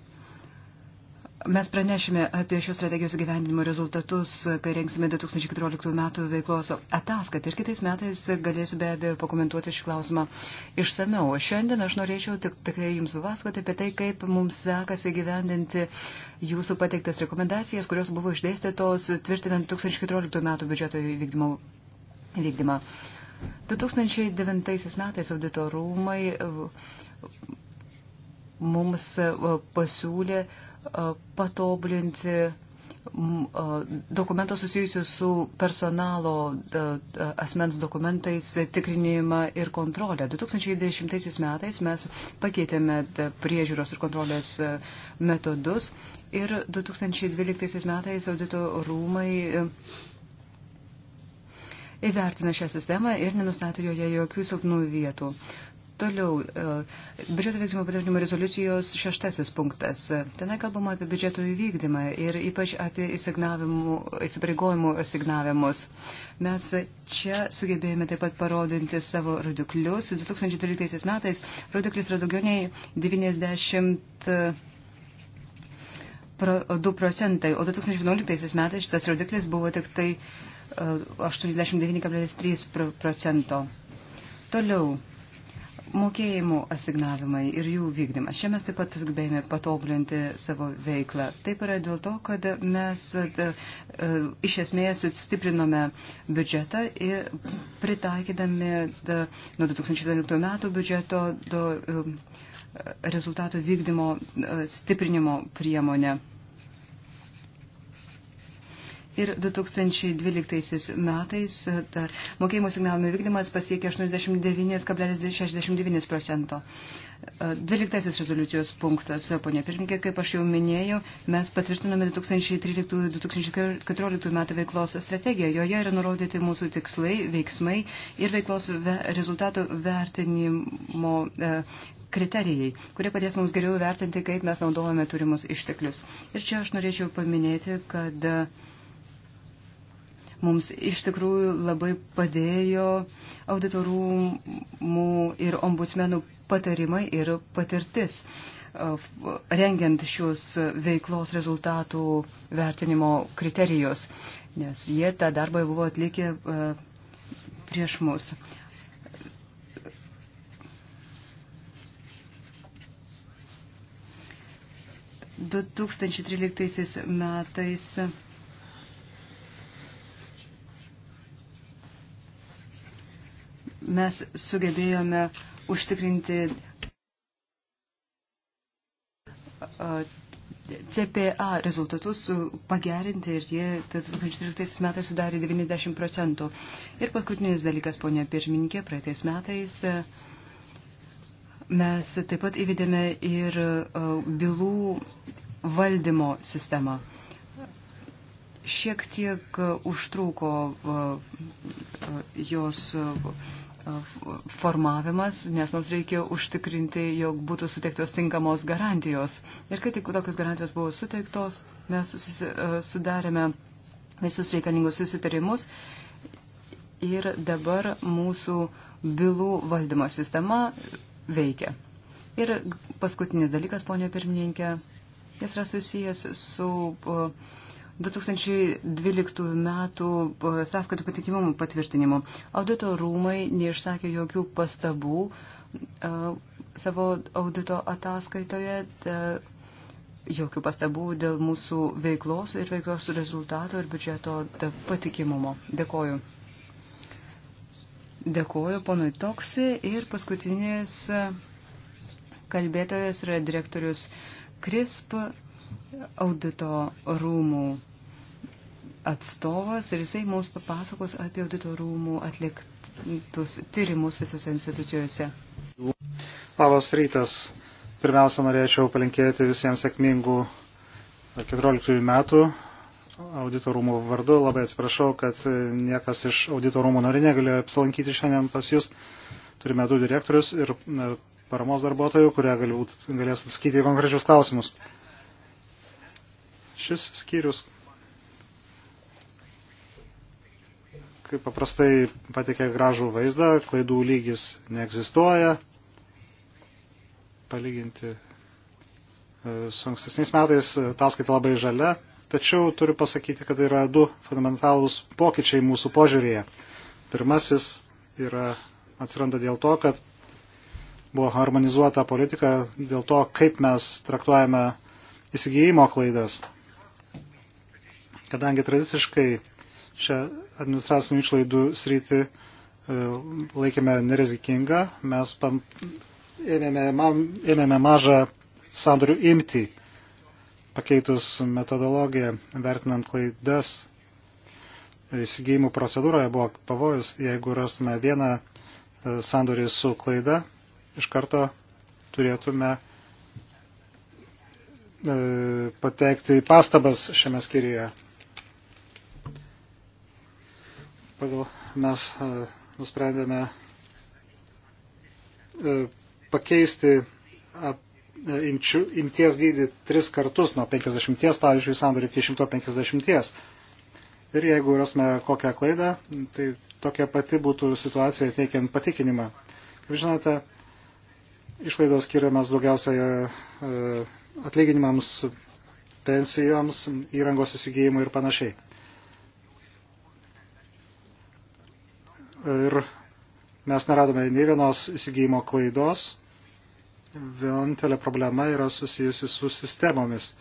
Mes pranešime apie šios strategijos gyvenimo rezultatus, kai rengsime 2014 metų veiklos ataskaitą ir kitais metais galėsiu be abejo pakomentuoti šį klausimą išsameu. Šiandien aš norėčiau tik, tik jums papasakoti apie tai, kaip mums sekasi gyvendinti jūsų pateiktas rekomendacijas, kurios buvo išdėstytos tvirtinant 2014 metų biudžeto įvykdymo, įvykdymą. 2009 metais auditorumai e, mums e, pasiūlė patobulinti dokumentus susijusius su personalo asmens dokumentais tikrinimą ir kontrolę. 2010 metais mes pakeitėme priežiūros ir kontrolės metodus ir 2012 metais audito rūmai įvertina šią sistemą ir nenustato joje jokių silpnų vietų. Uh, Toliau, e, biudžeto vykdymo patvirtinimo rezoliucijos šeštasis punktas. Tenai kalbama apie biudžeto įvykdymą ir ypač apie įsipareigojimų asignavimus. Mes čia sugebėjome taip pat parodinti savo rodiklius. 2013 metais rodiklis yra daugiau nei 90. 2 procentai, o 2011 metais šitas rodiklis buvo tik tai 89,3 e, procento. Toliau, mokėjimų asignavimai ir jų vykdymas. Čia mes taip pat sugebėjome patobulinti savo veiklą. Taip yra dėl to, kad mes e, e, iš esmės sustiprinome biudžetą pritaikydami e, nuo 2011 metų biudžeto do, rezultatų vykdymo stiprinimo priemonę. Ir 2012 metais mokėjimo signalų vykdymas pasiekė 89,69 procento. 12 rezoliucijos punktas, ponė pirmininkė, kaip aš jau minėjau, mes patvirtinome 2013-2014 metų veiklos strategiją. Joje yra nurodyti mūsų tikslai, veiksmai ir veiklos ve rezultatų vertinimo e, kriterijai, kurie padės mums geriau vertinti, kaip mes naudojame turimus išteklius. Ir čia aš norėčiau paminėti, kad uh, Mums iš tikrųjų labai padėjo auditorumų ir ombudsmenų patarimai ir patirtis, rengiant šios veiklos rezultatų vertinimo kriterijus, nes jie tą darbą buvo atlikę prieš mus. Du 2013 metais mes sugebėjome užtikrinti CPA rezultatus pagerinti ir jie 2013 metais sudarė 90 procentų. Ir paskutinis dalykas, ponė pirmininkė, praeitais metais mes taip pat įvedėme ir bylų valdymo sistemą. Šiek tiek užtruko jos formavimas, nes mums reikėjo užtikrinti, jog būtų suteiktos tinkamos garantijos. Ir kai tik tokios garantijos buvo suteiktos, mes e, sudarėme visus reikalingus susitarimus ir dabar mūsų bylų valdymo sistema veikia. Ir paskutinis dalykas, ponio pirmininkė, jis yra susijęs su. Uh, 2012 metų e, sąskaitų patikimumų patvirtinimu. Audito rūmai neišsakė jokių pastabų e, savo audito ataskaitoje, e, jokių pastabų dėl mūsų veiklos ir veiklos rezultato ir biudžeto patikimumo. Dėkoju. Dėkoju ponui Toksi ir paskutinis kalbėtojas yra direktorius CRISP audito rūmų atstovas ir jisai mums papasakos apie audito rūmų atliktus tyrimus visose institucijose. Labas rytas. Pirmiausia, norėčiau palinkėti visiems sėkmingų 14 metų auditorumų vardu. Labai atsiprašau, kad niekas iš auditorumų nori negalėjo apsilankyti šiandien pas jūs. Turime du direktorius ir e, paramos darbuotojų, kurie galbūt galės atsakyti konkrečius klausimus. Šis skyrius, kaip paprastai patikė gražų vaizdą, klaidų lygis neegzistuoja. Palyginti e, su ankstesniais metais e, ataskaita labai žalia, tačiau turiu pasakyti, kad yra du fundamentalūs pokyčiai mūsų požiūrėje. Pirmasis yra, atsiranda dėl to, kad buvo harmonizuota politika dėl to, kaip mes traktuojame įsigijimo klaidas kadangi tradiciškai šią administracinių išlaidų sritį e, laikėme nerizikingą, mes pam, ėmėme, man, ėmėme mažą sandorių imtį, pakeitus metodologiją, vertinant klaidas. Įsigijimų procedūroje buvo pavojus, jeigu rasime vieną e, sandorį su klaida, iš karto turėtume e, patekti pastabas šiame skyriuje. pagal mes e, nusprendėme e, pakeisti e, imčių, imties dydį tris kartus nuo 50, pavyzdžiui, sandorių iki 150. Ir jeigu rasme kokią klaidą, tai tokia pati būtų situacija teikiant patikinimą. Kaip žinote, išlaidos skiriamas daugiausiai atlyginimams, pensijoms, įrangos įsigijimui ir panašiai. ir mes neradome nei vienos įsigijimo klaidos. Vienintelė problema yra susijusi su sistemomis.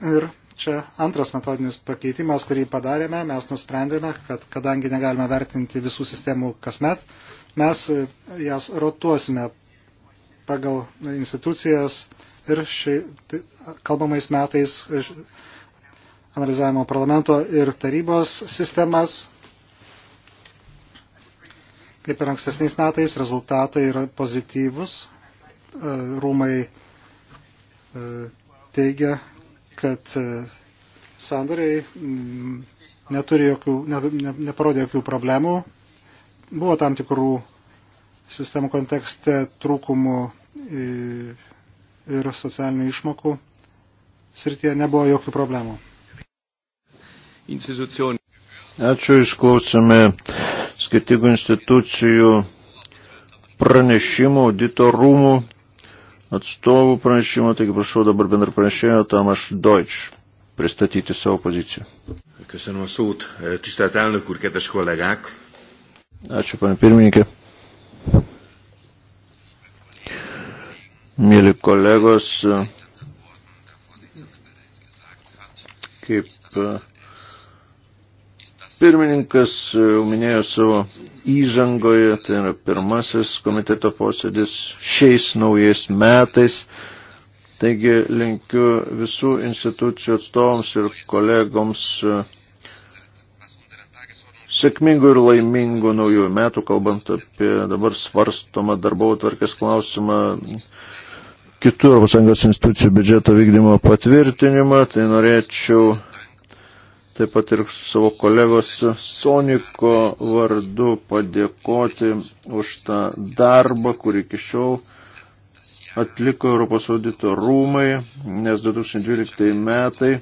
Ir čia antras metodinis pakeitimas, kurį padarėme, mes nusprendėme, kad kadangi negalime vertinti visų sistemų kasmet, mes jas rotuosime pagal institucijas ir ši, tai, kalbamais metais analizavimo parlamento ir tarybos sistemas, Kaip ir ankstesniais metais, rezultatai yra pozityvus. E, rūmai e, teigia, kad e, sandoriai neturi jokių, ne, ne, neparodė jokių problemų. Buvo tam tikrų sistemų kontekste trūkumų ir socialinių išmokų srityje nebuvo jokių problemų. Ačiū, išklausėme skirtingų institucijų pranešimų, audito rūmų atstovų pranešimų, taigi prašau dabar bendra pranešėjo Tamas Deutsch pristatyti savo poziciją. Köszönöm a szót, tisztelt elnök úr, kedves kollégák! Ačiū, pane pirmininkė. Mėly kolegos, kaip Pirmininkas e, minėjo savo įžangoje, tai yra pirmasis komiteto posėdis šiais naujais metais. Taigi linkiu visų institucijų atstovams ir kolegoms e, sėkmingų ir laimingų naujų metų, kalbant apie dabar svarstomą darbau tvarkės klausimą kitų ES institucijų biudžeto vykdymo patvirtinimą. Tai norėčiau taip pat ir savo kolegos Soniko vardu padėkoti už tą darbą, kurį iki šiol atliko Europos audito rūmai, nes 2012 metai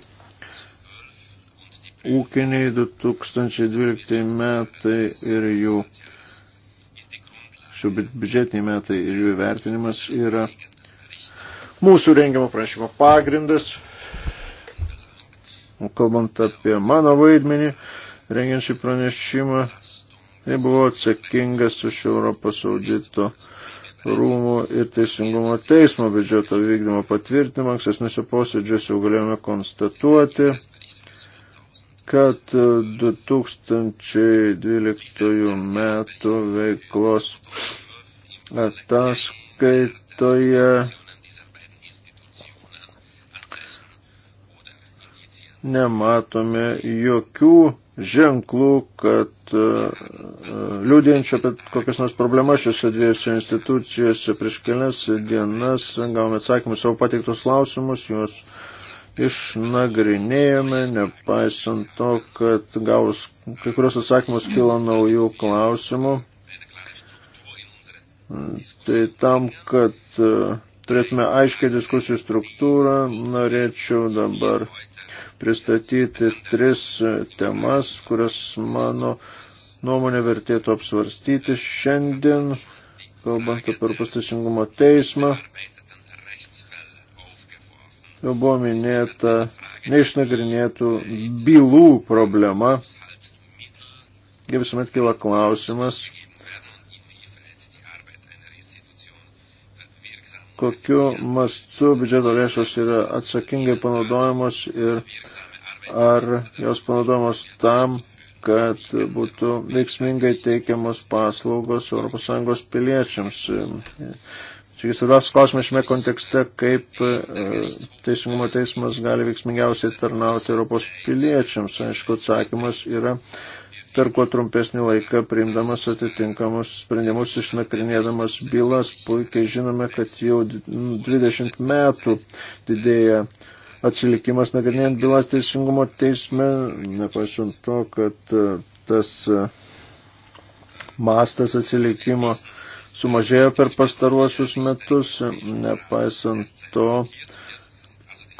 ūkiniai 2012 metai ir jų šių biudžetiniai metai ir jų vertinimas yra mūsų rengiamo prašymo pagrindas kalbant apie mano vaidmenį, rengiant šį pranešimą, tai buvo atsakingas už Europos audito rūmų ir teisingumo teismo biudžeto vykdymo patvirtinimą. Ankstesniuose posėdžiuose jau galėjome konstatuoti, kad 2012 metų veiklos ataskaitoje nematome jokių ženklų, kad e, e, liūdinčio apie kokias nors problemas šiuose dviejose institucijose prieš kelias dienas gavome atsakymus savo pateiktus klausimus, juos išnagrinėjome, nepaisant to, kad gaus kai kurios atsakymus kilo naujų klausimų. Tai tam, kad e, turėtume aiškiai diskusijų struktūrą, norėčiau dabar uh, pristatyti tris temas, kurias mano nuomonė vertėtų apsvarstyti šiandien, kalbant apie Europos teisingumo teismą. Jau buvo minėta neišnagrinėtų bylų problema. Ir visuomet kyla klausimas, kokiu mastu biudžeto lėšos yra atsakingai panaudojamos ir ar jos panaudojamos tam, kad būtų veiksmingai teikiamos paslaugos ES piliečiams. Čia svarbiausias klausimas šiame kontekste, kaip e, Teisingumo teismas gali veiksmingiausiai tarnauti Europos piliečiams. Aišku, atsakymas yra per kuo trumpesnį laiką priimdamas atitinkamus sprendimus, išnagrinėdamas bylas. Puikiai žinome, kad jau 20 metų didėja atsilikimas nagrinėjant bylas teisingumo teisme, nepaisant to, kad e, tas e, mastas atsilikimo sumažėjo per pastaruosius metus, nepaisant to,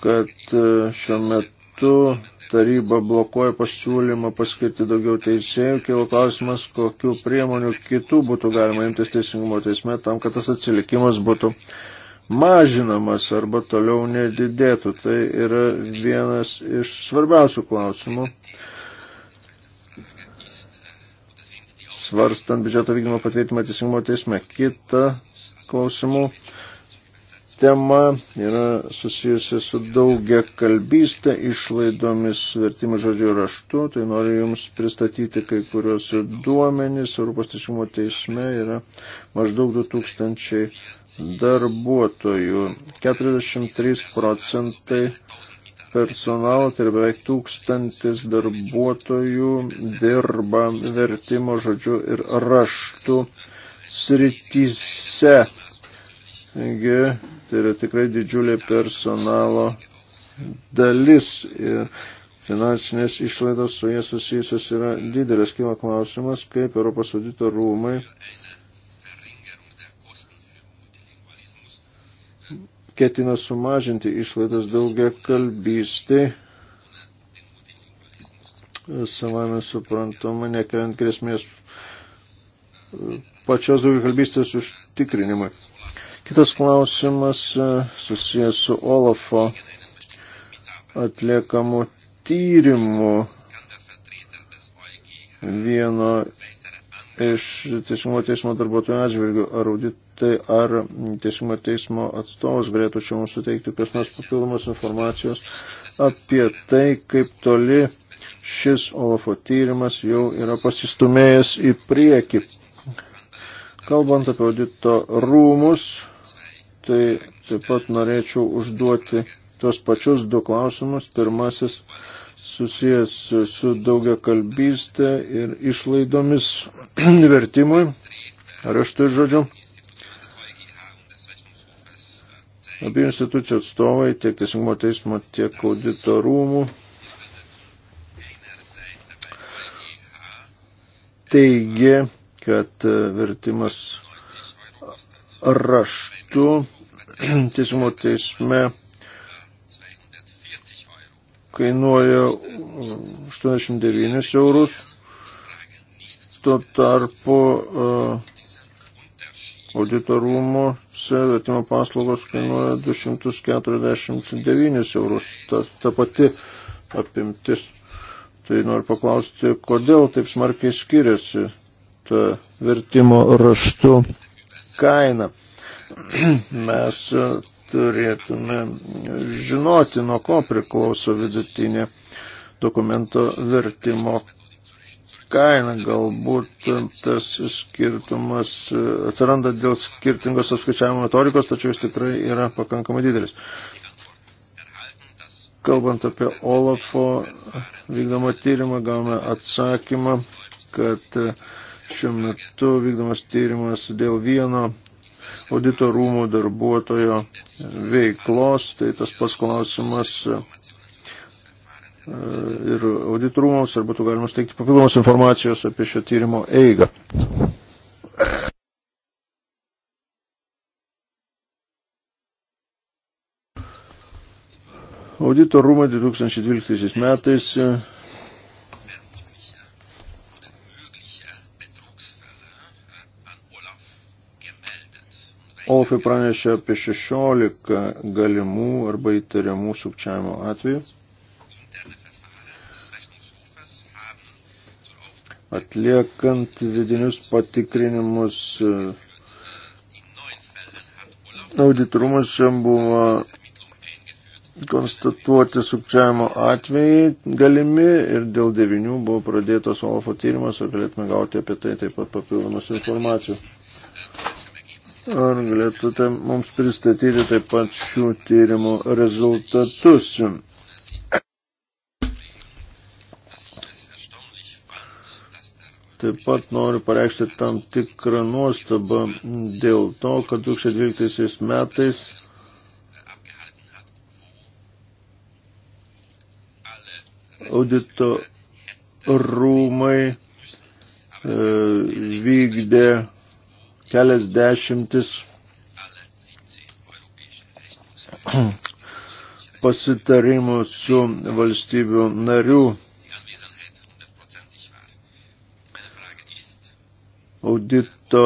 kad e, šiuo metu taryba blokuoja pasiūlymą paskirti daugiau teisėjų, kilo klausimas, kokiu priemonių kitų būtų galima imtis teisingumo teisme tam, kad tas atsilikimas būtų mažinamas arba toliau nedidėtų. Tai yra vienas iš svarbiausių klausimų. Svarstant biudžeto vykdymo patvirtimą teisingumo teisme. Kita klausimų tema yra susijusi su daugia kalbystė išlaidomis vertimų žodžių raštu, tai noriu Jums pristatyti kai kurios duomenys. Europos teisingumo teisme yra maždaug 2000 darbuotojų, 43 procentai personalo, tai yra beveik tūkstantis darbuotojų dirba vertimo žodžiu ir raštu srityse Taigi, tai yra tikrai didžiulė personalo dalis ir finansinės išlaidos su jie susijusios yra didelės. Kila klausimas, kaip Europos audito rūmai ketina sumažinti išlaidas daugia kalbystai. Savame suprantama, nekeliant grėsmės pačios daugia kalbystės užtikrinimui. Kitas klausimas e, susijęs su Olafo atliekamu tyrimu vieno iš teisingumo teismo darbuotojų atžvilgių ar auditai, ar teisingumo teismo atstovas galėtų čia mums suteikti kas nors papildomos informacijos apie tai, kaip toli šis Olafo tyrimas jau yra pasistumėjęs į priekį. Kalbant apie audito rūmus, tai taip pat norėčiau užduoti tuos pačius du klausimus. Pirmasis susijęs su daugia kalbystė ir išlaidomis vertimui, raštų ir žodžiu. Abiejų institucijų atstovai, tiek teisingumo teismo, tiek audito rūmų teigė, kad e, vertimas raštu teismo teisme kainuoja 89 eurus. Tuo tarpu e, auditorumuose vertimo paslaugos kainuoja 249 eurus. Ta, ta pati apimtis. Tai noriu paklausti, kodėl taip smarkiai skiriasi E, vertimo raštu kainą. Mes e, turėtume žinoti, nuo ko priklauso vidutinė dokumento vertimo kaina. Galbūt tas skirtumas e, atsiranda dėl skirtingos apskaičiavimo metodikos, tačiau jis tikrai yra pakankamai didelis. Kalbant apie Olafo vykdomą tyrimą, gavome atsakymą, kad uh, Šiuo metu vykdomas tyrimas dėl vieno audito rūmų darbuotojo veiklos, tai tas pats klausimas e, ir auditorumams, ar būtų galima steigti papildomos informacijos apie šio tyrimo eigą. Audito rūmai 2012 metais Olfai pranešė apie 16 galimų arba įtariamų sukčiavimo atvejų. Atliekant vidinius patikrinimus, auditrumuose buvo konstatuoti sukčiavimo atvejai galimi ir dėl devinių buvo pradėtos OLFO tyrimas, o galėtume gauti apie tai taip pat papildomas informacijos. Ar galėtumėte mums pristatyti taip pat šių tyrimų rezultatus? Taip pat noriu pareikšti tam tikrą nuostabą dėl to, kad 2012 metais audito rūmai e, vykdė kelias dešimtis pasitarimų su valstybių narių audito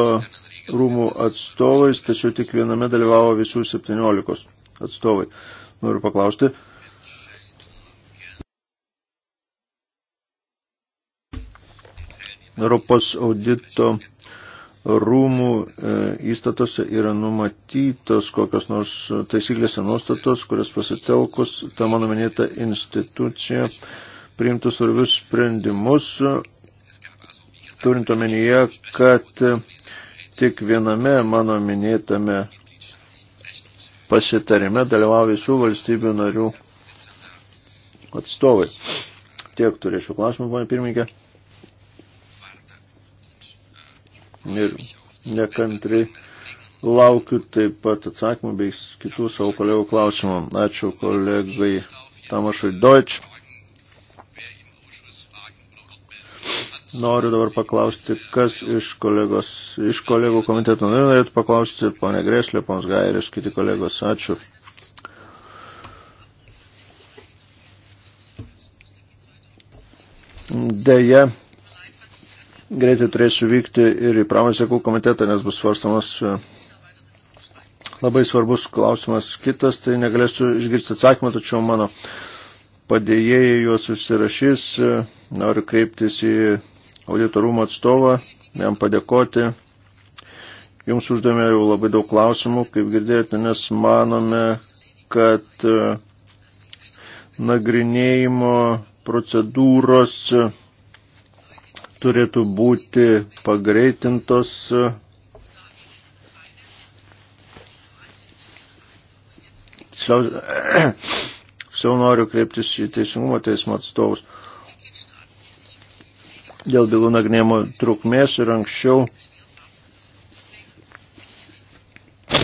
rūmų atstovais, tačiau tik viename dalyvavo visų 17 atstovai. Noriu paklausti. Europos audito rūmų e, įstatose yra numatytos kokios nors taisyklės ir nuostatos, kurias pasitelkus ta mano minėta institucija priimtų svarbius sprendimus, turint omenyje, kad tik viename mano minėtame pasitarime dalyvauja visų valstybių narių atstovai. Tiek turėčiau klausimų, ponė pirmininkė. ir nekantrai laukiu taip pat atsakymų bei kitų savo kolegų klausimų. Ačiū kolegai Tamašui Deutsch. Noriu dabar paklausti, kas iš, kolegos, iš kolegų komiteto narių norėtų paklausti, ponė Greslė, pons Gairis, kiti kolegos. Ačiū. Deja, greitai turėsiu vykti ir į pramonės reikalų komitetą, nes bus svarstamas e, labai svarbus klausimas kitas, tai negalėsiu išgirsti atsakymą, tačiau mano padėjėjai juos susirašys, e, noriu kreiptis į auditorumo atstovą, jam padėkoti. Jums uždėmė jau labai daug klausimų, kaip girdėjote, nes manome, kad e, nagrinėjimo procedūros turėtų būti pagreitintos Tiksliau noriu kreiptis į Teisingumo teismo atstovus. Dėl bylų nagrinėjimo trukmės ir anksčiau e,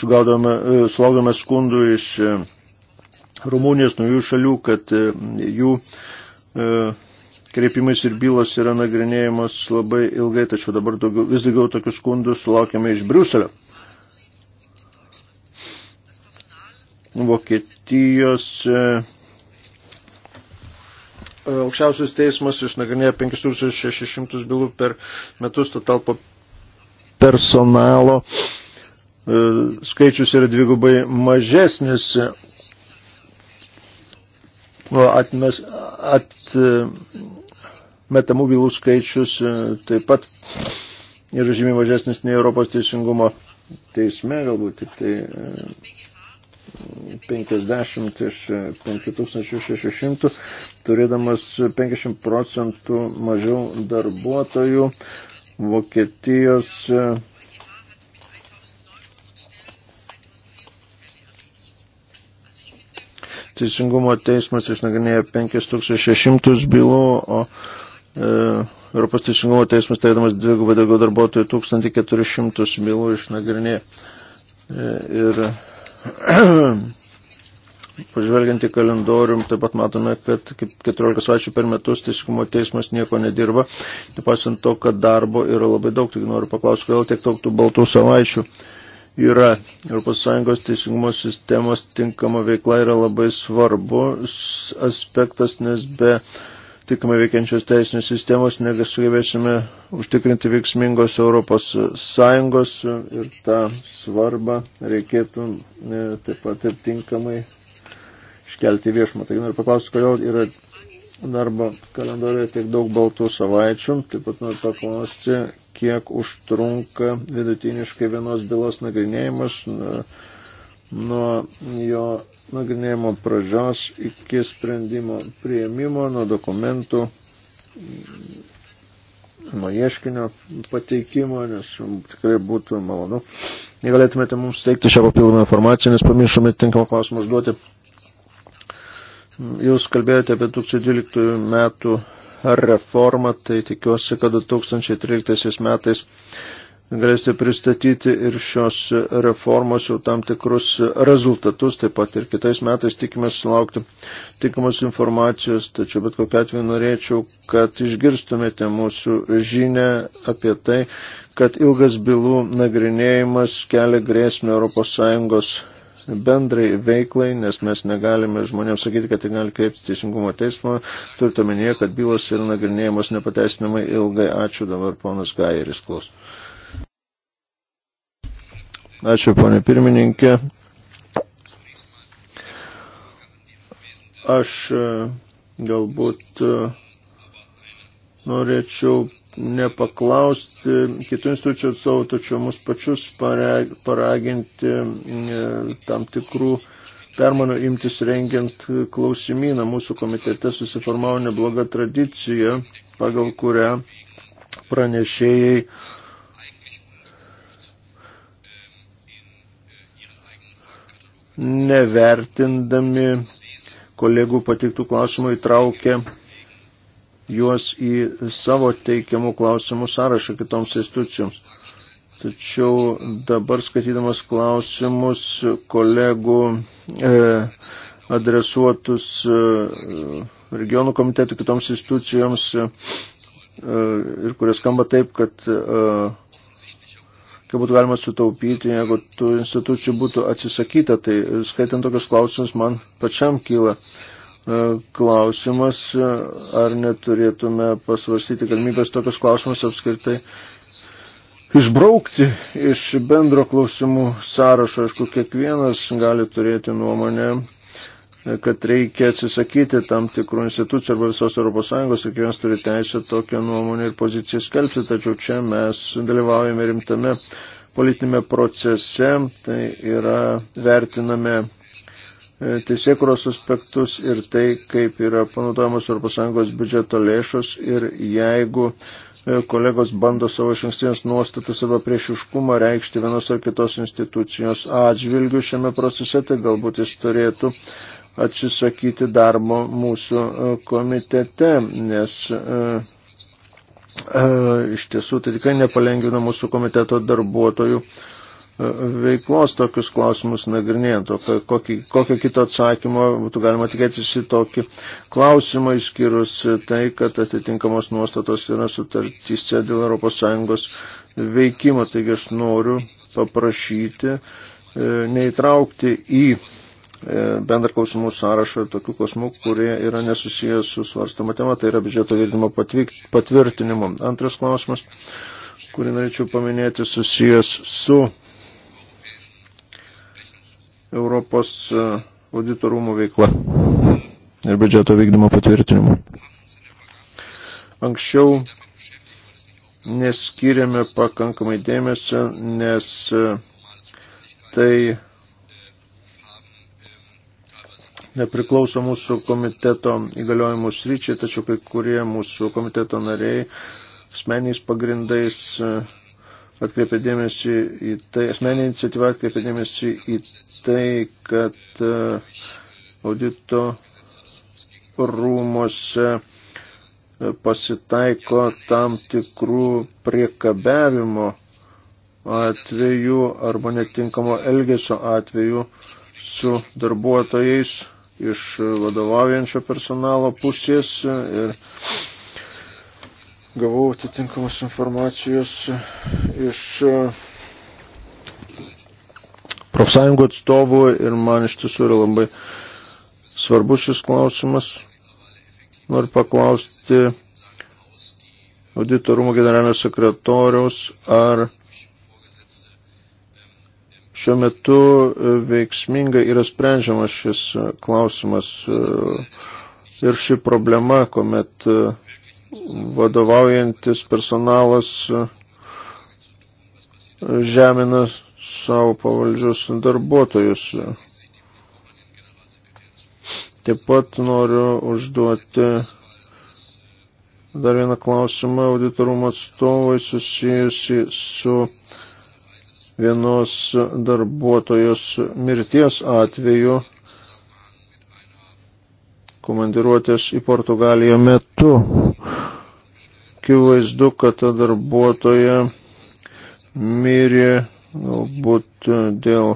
sulaukdome skundų iš e, Rumunijos naujų šalių, kad e, jų kreipimais ir bylos yra nagrinėjamos labai ilgai, tačiau dabar daugiau, vis daugiau tokių skundų sulaukiame iš Briuselio. Vokietijos e, e, aukščiausias teismas išnagrinėjo 5600 bylų per metus, to talpo personalo e, skaičius yra dvigubai mažesnis nuo atmes, atmetamų bylų skaičius e, taip pat yra žymiai mažesnis nei Europos teisingumo teisme, galbūt tik tai 50 e, iš 5600, turėdamas 50 procentų mažiau darbuotojų, Vokietijos e, teisingumo teismas išnagrinėjo 5600 bylų, o e, Europos teisingumo teismas, turėdamas dvigubai daugiau darbuotojų, 1400 bylų išnagrinėjo. E, ir pažvelgiant į kalendorium, taip pat matome, kad 14 savaičių per metus teisingumo teismas nieko nedirba, nepasiant to, kad darbo yra labai daug, tik noriu paklausti, kodėl tiek daug tų baltų savaičių. E, yra ES teisingumo sistemos tinkama veikla yra labai svarbus aspektas, nes be tikimai veikiančios teisinės sistemos nesugebėsime užtikrinti veiksmingos ES ir tą svarbą reikėtų e, taip pat ir tinkamai iškelti viešumą. Taigi noriu paklausti, kodėl yra darbo kalendoriuje tiek daug baltų savaičių. Taip pat noriu paklausti, kiek užtrunka vidutiniškai vienos bylos nagrinėjimas nuo jo nagrinėjimo pradžios iki sprendimo prieimimo, nuo dokumentų, nuo ieškinio pateikimo, nes tikrai būtų malonu. Jei galėtumėte mums teikti šią papildomą informaciją, nes pamiršome tinkamą klausimą užduoti. Jūs kalbėjote apie 2012 metų reformą, tai tikiuosi, kad 2013 metais galėsite pristatyti ir šios reformos jau tam tikrus rezultatus, taip pat ir kitais metais tikimės sulaukti tinkamos informacijos, tačiau bet kokiu atveju norėčiau, kad išgirstumėte mūsų žinę apie tai, kad ilgas bylų nagrinėjimas kelia grėsmę ES bendrai veiklai, nes mes negalime žmonėms sakyti, kad jie gali kreiptis teisingumo teismo, turite omenyje, kad bylos yra nagrinėjamos nepateisinamai ilgai. Ačiū dabar ponas Gairis klaus. Ačiū ponė pirmininkė. Aš e, galbūt e, norėčiau nepaklausti kitų institucijų atstovų, tačiau mus pačius paraginti e, tam tikrų permanų imtis rengiant klausimyną. Mūsų komitete susiformavo nebloga tradicija, pagal kurią pranešėjai nevertindami kolegų patiktų klausimų įtraukė juos į savo teikiamų klausimų sąrašą kitoms institucijoms. Tačiau dabar skaitydamas klausimus kolegų e, adresuotus e, regionų komitetų kitoms institucijoms e, ir kurias skamba taip, kad e, kaip būtų galima sutaupyti, jeigu tų institucijų būtų atsisakyta, tai skaitant tokius klausimus man pačiam kyla e, E, klausimas, e, ar neturėtume pasvarstyti galimybės tokius klausimus apskritai išbraukti iš bendro klausimų sąrašo. Aišku, kiekvienas gali turėti nuomonę, e, kad reikia atsisakyti tam tikrų institucijų arba visos ES, kiekvienas turi teisę tokią nuomonę ir poziciją skelbti, tačiau čia mes dalyvaujame rimtame politinėme procese, tai yra vertiname E, teisėkuros aspektus ir tai, kaip yra panaudojamos ES biudžeto lėšos ir jeigu e, kolegos bando savo išankstinės nuostatas arba priešiškumą reikšti vienos ar kitos institucijos atžvilgių šiame procese, tai galbūt jis turėtų atsisakyti darbo mūsų e, komitete, nes iš tiesų tai tikrai nepalengvina mūsų komiteto darbuotojų uh, E, veiklos tokius klausimus nagrinėjant, o kokį, kokio kito atsakymo būtų galima tikėtis į tokį klausimą, išskyrus tai, kad atitinkamos nuostatos yra sutartyse dėl ES veikimo. Taigi aš noriu paprašyti e, neįtraukti į e, bendrą klausimų sąrašą tokių klausimų, kurie yra nesusijęs su svarstama tema, tai yra biudžeto vykdymo patvirtinimu. Antras klausimas kurį norėčiau paminėti susijęs su Europos e, auditorumų veikla ir biudžeto vykdymo patvirtinimu. Anksčiau neskiriame pakankamai dėmesio, nes e, tai nepriklauso mūsų komiteto įgaliojimų sryčiai, tačiau kai kurie mūsų komiteto nariai asmeniais pagrindais e, atkreipė dėmesį į tai, asmeninė iniciatyva atkreipė dėmesį į tai, kad e, audito rūmose e, pasitaiko tam tikrų priekabiavimo atvejų arba netinkamo elgesio atvejų su darbuotojais iš vadovaujančio personalo pusės ir Gavau atitinkamos informacijos iš e, profsąjungų atstovų ir man iš tiesų yra labai svarbus šis klausimas. Noriu paklausti auditorumo generalinio sekretoriaus, ar šiuo metu veiksmingai yra sprendžiamas šis klausimas e, ir ši problema, kuomet e, vadovaujantis personalas e, žemina savo pavaldžius darbuotojus. Taip pat noriu užduoti dar vieną klausimą auditorumo atstovai susijusi su vienos darbuotojos mirties atveju komandiruotės į Portugaliją metu akivaizdu, kad ta darbuotoja mirė galbūt dėl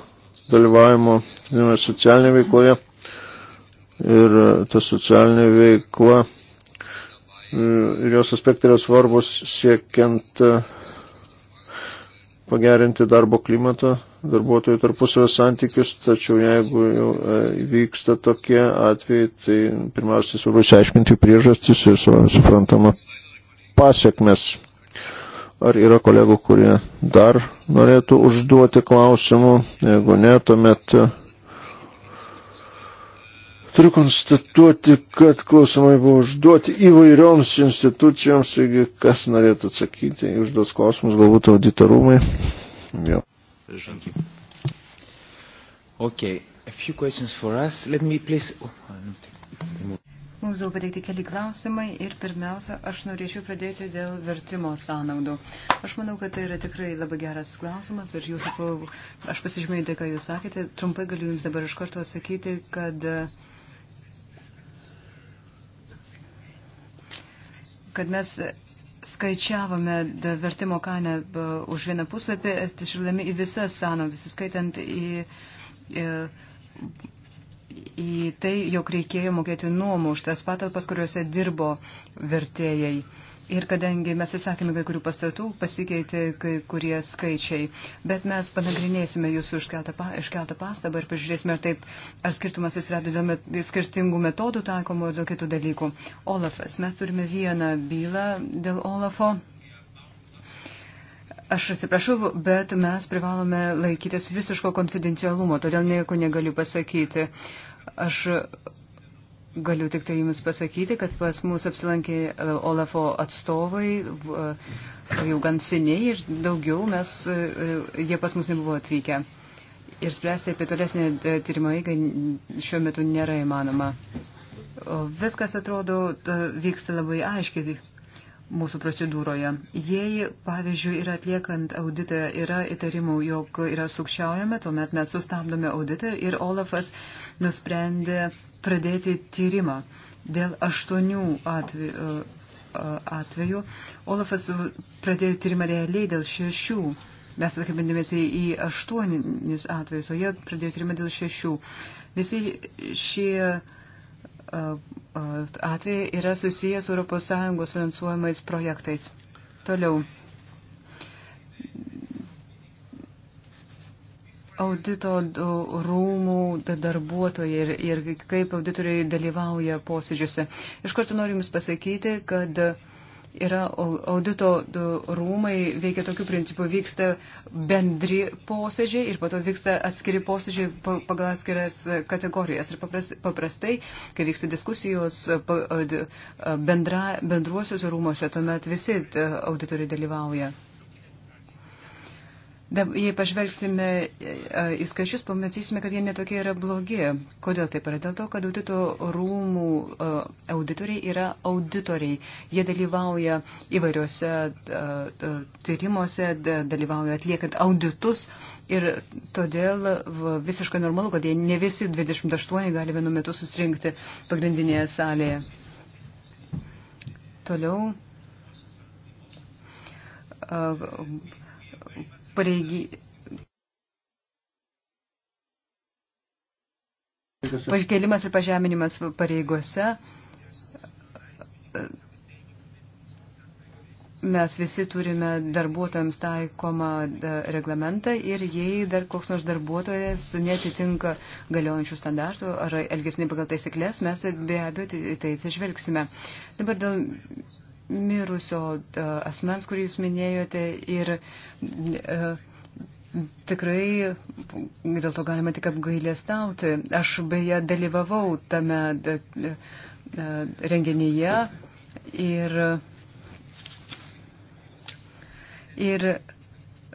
dalyvavimo socialinė veikloje ir ta socialinė veikla ir jos aspektai yra svarbus siekiant pagerinti darbo klimatą, darbuotojų tarpusavio santykius, tačiau jeigu jau e, vyksta tokie atvejai, tai pirmiausia svarbu išsiaiškinti priežastis ir suprantama pasiekmes. Ar yra kolegų, kurie dar norėtų užduoti klausimų? Jeigu ne, tuomet e, turiu konstatuoti, kad klausimai buvo užduoti įvairioms institucijoms, taigi kas norėtų atsakyti, užduos klausimus galbūt auditorumai. Jo. Okay, a few questions for us. Let me please... Oh, I'm... Mums jau pateikti keli klausimai ir pirmiausia, aš norėčiau pradėti dėl vertimo sąnaudų. Aš manau, kad tai yra tikrai labai geras klausimas ir jūsų, aš pasižymėjau tai, ką jūs sakėte. Trumpai galiu jums dabar iš karto atsakyti, kad kad mes skaičiavome vertimo kainą už vieną puslapį, atsižvelgdami į visas sąnaudas, įskaitant į, į į tai, jog reikėjo mokėti nuomą už tas patalpas, kuriuose dirbo vertėjai. Ir kadangi mes įsakėme kai kurių pastatų, pasikeitė kai kurie skaičiai, bet mes panagrinėsime jūsų iškeltą, pa, iškeltą pastabą ir pažiūrėsime, ar, taip, ar skirtumas atsirado dėl met, skirtingų metodų taikomų ir dėl kitų dalykų. Olafas, mes turime vieną bylą dėl Olafo. Aš atsiprašau, bet mes privalome laikytis visiško konfidencialumo, todėl nieko negaliu pasakyti. Aš galiu tik tai Jums pasakyti, kad pas mus apsilankė e, Olafo atstovai e, jau gan seniai ir daugiau mes, e, jie pas mus nebuvo atvykę. Ir spręsti apie tolesnį tyrimą eigą šiuo metu nėra įmanoma. Viskas atrodo vyksta labai aiškiai mūsų procedūroje. Jei, pavyzdžiui, yra atliekant auditą, yra įtarimų, jog yra sukčiaujama, tuomet mes sustabdome auditą ir Olafas nusprendė pradėti tyrimą. Dėl aštuonių atvejų, atvejų Olafas pradėjo tyrimą realiai dėl šešių. Mes atkreipėmėsi į aštuonis atvejus, o jie pradėjo tyrimą dėl šešių. Visi šie atvejai yra susijęs ES finansuojamais projektais. Toliau. Audito rūmų darbuotojai ir, ir kaip auditoriai dalyvauja posėdžiuose. Iš karto noriu Jums pasakyti, kad uh, yra audito rūmai, veikia tokiu principu, vyksta bendri posėdžiai ir po to vyksta atskiri posėdžiai pagal atskiras kategorijas. Ir paprastai, kai vyksta diskusijos bendra, bendruosiuose rūmose, tuomet visi auditoriai dalyvauja. Jei pažvelgsime e, e, į skaičius, pamatysime, kad jie netokie yra blogi. Kodėl taip yra? Dėl to, kad audito rūmų e, auditoriai yra auditoriai. Jie dalyvauja įvairiuose tyrimuose, dalyvauja atliekant auditus ir todėl visiškai normalu, kad jie ne visi 28 gali vienu metu susirinkti pagrindinėje salėje. Toliau. Uh, pareigy... pažkelimas ir pažeminimas pareigose. Mes visi turime darbuotojams taikomą e, reglamentą ir jei dar koks nors darbuotojas netitinka galiojančių standartų ar elgesni pagal taisyklės, mes be abejo tai atsižvelgsime. Dabar dėl mirusio e, asmens, kurį jūs minėjote, ir e, tikrai dėl to galima tik apgailėstauti. Aš beje dalyvavau tame e, renginyje ir, ir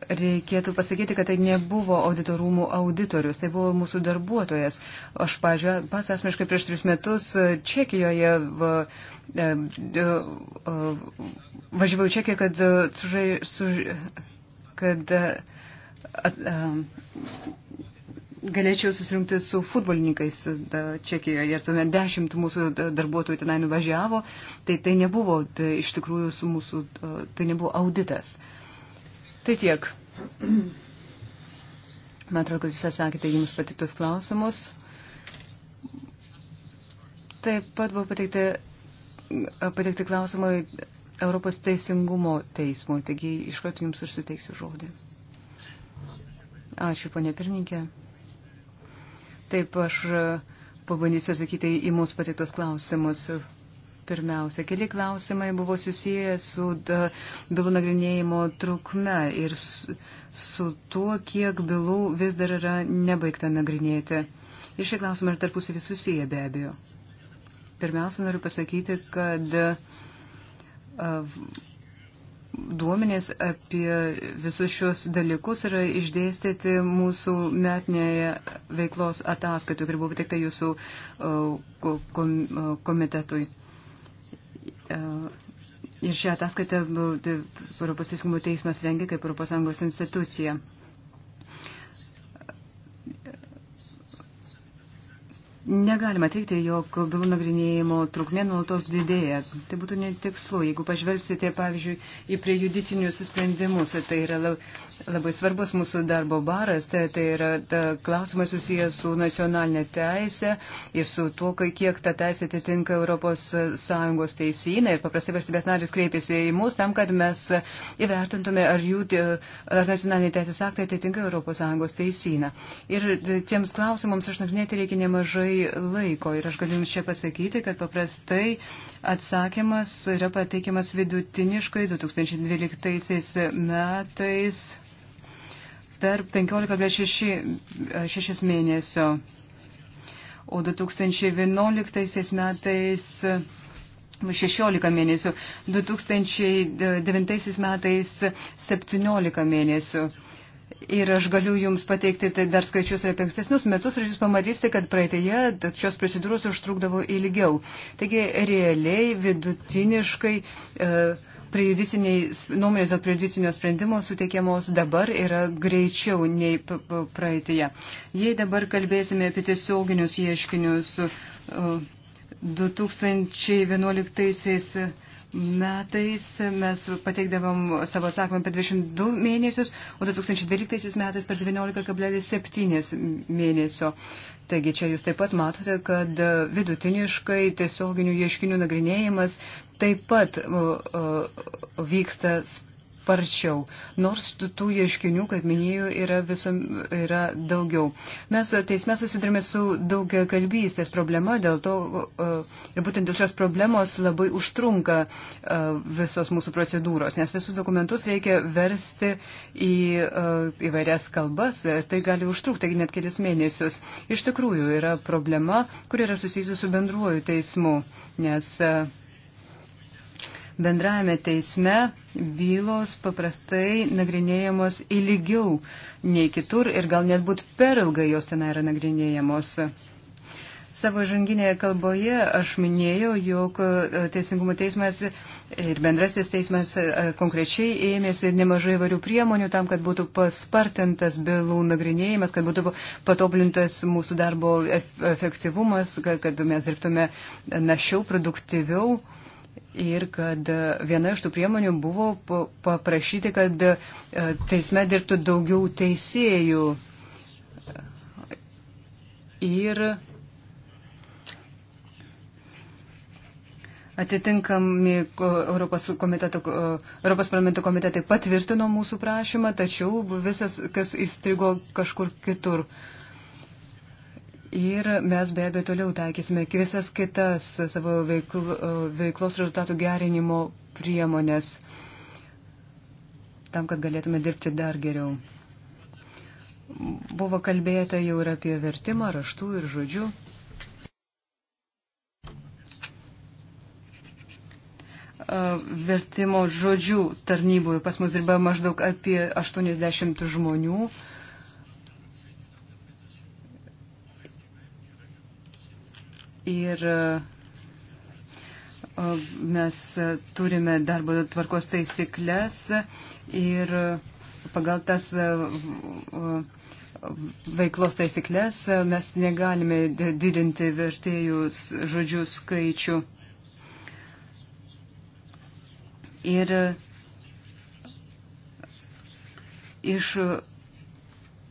reikėtų pasakyti, kad tai nebuvo auditorumų auditorius, tai buvo mūsų darbuotojas. Aš, pažiūrėjau, pas asmeniškai prieš tris metus Čekijoje. V, E, e, važiavau į Čekiją, kad, e, sužai, suž, kad at, galėčiau susirinkti su futbolininkais Čekijoje ir tuomet dešimt mūsų darbuotojų tenai nuvažiavo, tai tai nebuvo tai, iš tikrųjų su mūsų, tai nebuvo auditas. Tai tiek. Man atrodo, kad jūs atsakėte jums patiktus klausimus. Taip pat buvo pateikta patekti klausimą Europos teisingumo teismui. Taigi iš karto jums ir suteiksiu žodį. Ačiū, ponė pirmininkė. Taip, aš pabandysiu atsakyti į mūsų patiktos klausimus. Pirmiausia, keli klausimai buvo susiję su bylų nagrinėjimo trukme ir su, su tuo, kiek bylų vis dar yra nebaigta nagrinėti. Ir šie klausimai yra tarpusavį susiję be abejo. Pirmiausia, noriu pasakyti, kad e, duomenės apie visus šios dalykus yra išdėstyti mūsų metinėje veiklos ataskaitų, kuri buvo pateikta jūsų e, e, komitetui. Ir šią ataskaitą tai Europos teisingumo teismas rengia kaip Europos Sąjungos institucija. Negalima teikti, jog bylų nagrinėjimo trukmė nuolatos didėja. Tai būtų netikslu. Jeigu pažvelgsite, pavyzdžiui, į prejudicinius sprendimus, tai yra labai svarbus mūsų darbo baras, tai, tai yra ta klausimas susijęs su nacionalinė teisė ir su tuo, kiek ta teisė atitinka ES teisynai. Paprastai valstybės narys kreipiasi į mus tam, kad mes įvertintume, ar jų ar nacionaliniai teisės aktai atitinka ES teisyną. Ir tiems klausimams aš nagrinėti reikia nemažai nemažai laiko ir aš galiu jums čia pasakyti, kad paprastai atsakymas yra pateikiamas vidutiniškai 2012 metais per 15,6 mėnesio, o 2011 metais 16 mėnesių, 2009 metais 17 mėnesių. Ir aš galiu Jums pateikti tai dar skaičius ir apie ankstesnius metus, ir Jūs pamatysite, kad praeitėje šios procedūros užtrukdavo ilgiau. Taigi, realiai, vidutiniškai. E, prejudiciniai nuomonės dėl prejudicinio sprendimo suteikiamos dabar yra greičiau nei praeitėje. Jei dabar kalbėsime apie tiesioginius ieškinius 2011 e, metais mes pateikdavom savo atsakymą per 22 mėnesius, o 2012 metais per 19,7 mėnesio. Taigi čia jūs taip pat matote, kad vidutiniškai tiesioginių ieškinių nagrinėjimas taip pat vyksta sparčiau, nors tų ieškinių, kaip minėjau, yra, visom, yra daugiau. Mes teisme susidurime su daugia kalbystės problema, dėl to ir būtent dėl šios problemos labai užtrunka visos mūsų procedūros, nes visus dokumentus reikia versti į įvairias kalbas, tai gali užtrukti net kelias mėnesius. Iš tikrųjų yra problema, kuri yra susijusi su bendruoju teismu, nes uh, bendrajame teisme bylos paprastai nagrinėjamos ilgiau nei kitur ir gal net būt per ilgai jos ten yra nagrinėjamos. Savo žanginėje kalboje aš minėjau, jog e, Teisingumo teismas ir bendrasis teismas e, konkrečiai ėmėsi nemažai varių priemonių tam, kad būtų paspartintas bylų nagrinėjimas, kad būtų patobulintas mūsų darbo efektyvumas, kad mes dirbtume našiau, produktyviau. Ir kad viena iš tų priemonių buvo paprašyti, kad e, teisme dirbtų daugiau teisėjų. Ir Atitinkami Europos, komiteto, Europos parlamento komitetai patvirtino mūsų prašymą, tačiau visas, kas įstrigo kažkur kitur. Uh, Ir mes be abejo toliau taikysime visas kitas savo veikl, veiklos rezultatų gerinimo priemonės, tam, kad galėtume dirbti dar geriau. Buvo kalbėta jau ir apie vertimą raštų ir žodžių. Vertimo žodžių tarnyboje pas mus dirba maždaug apie 80 žmonių. Uh, ir e, mes turime darbo tvarkos taisyklės ir pagal tas e, veiklos taisyklės mes negalime didinti vertėjų žodžių skaičių. Ir iš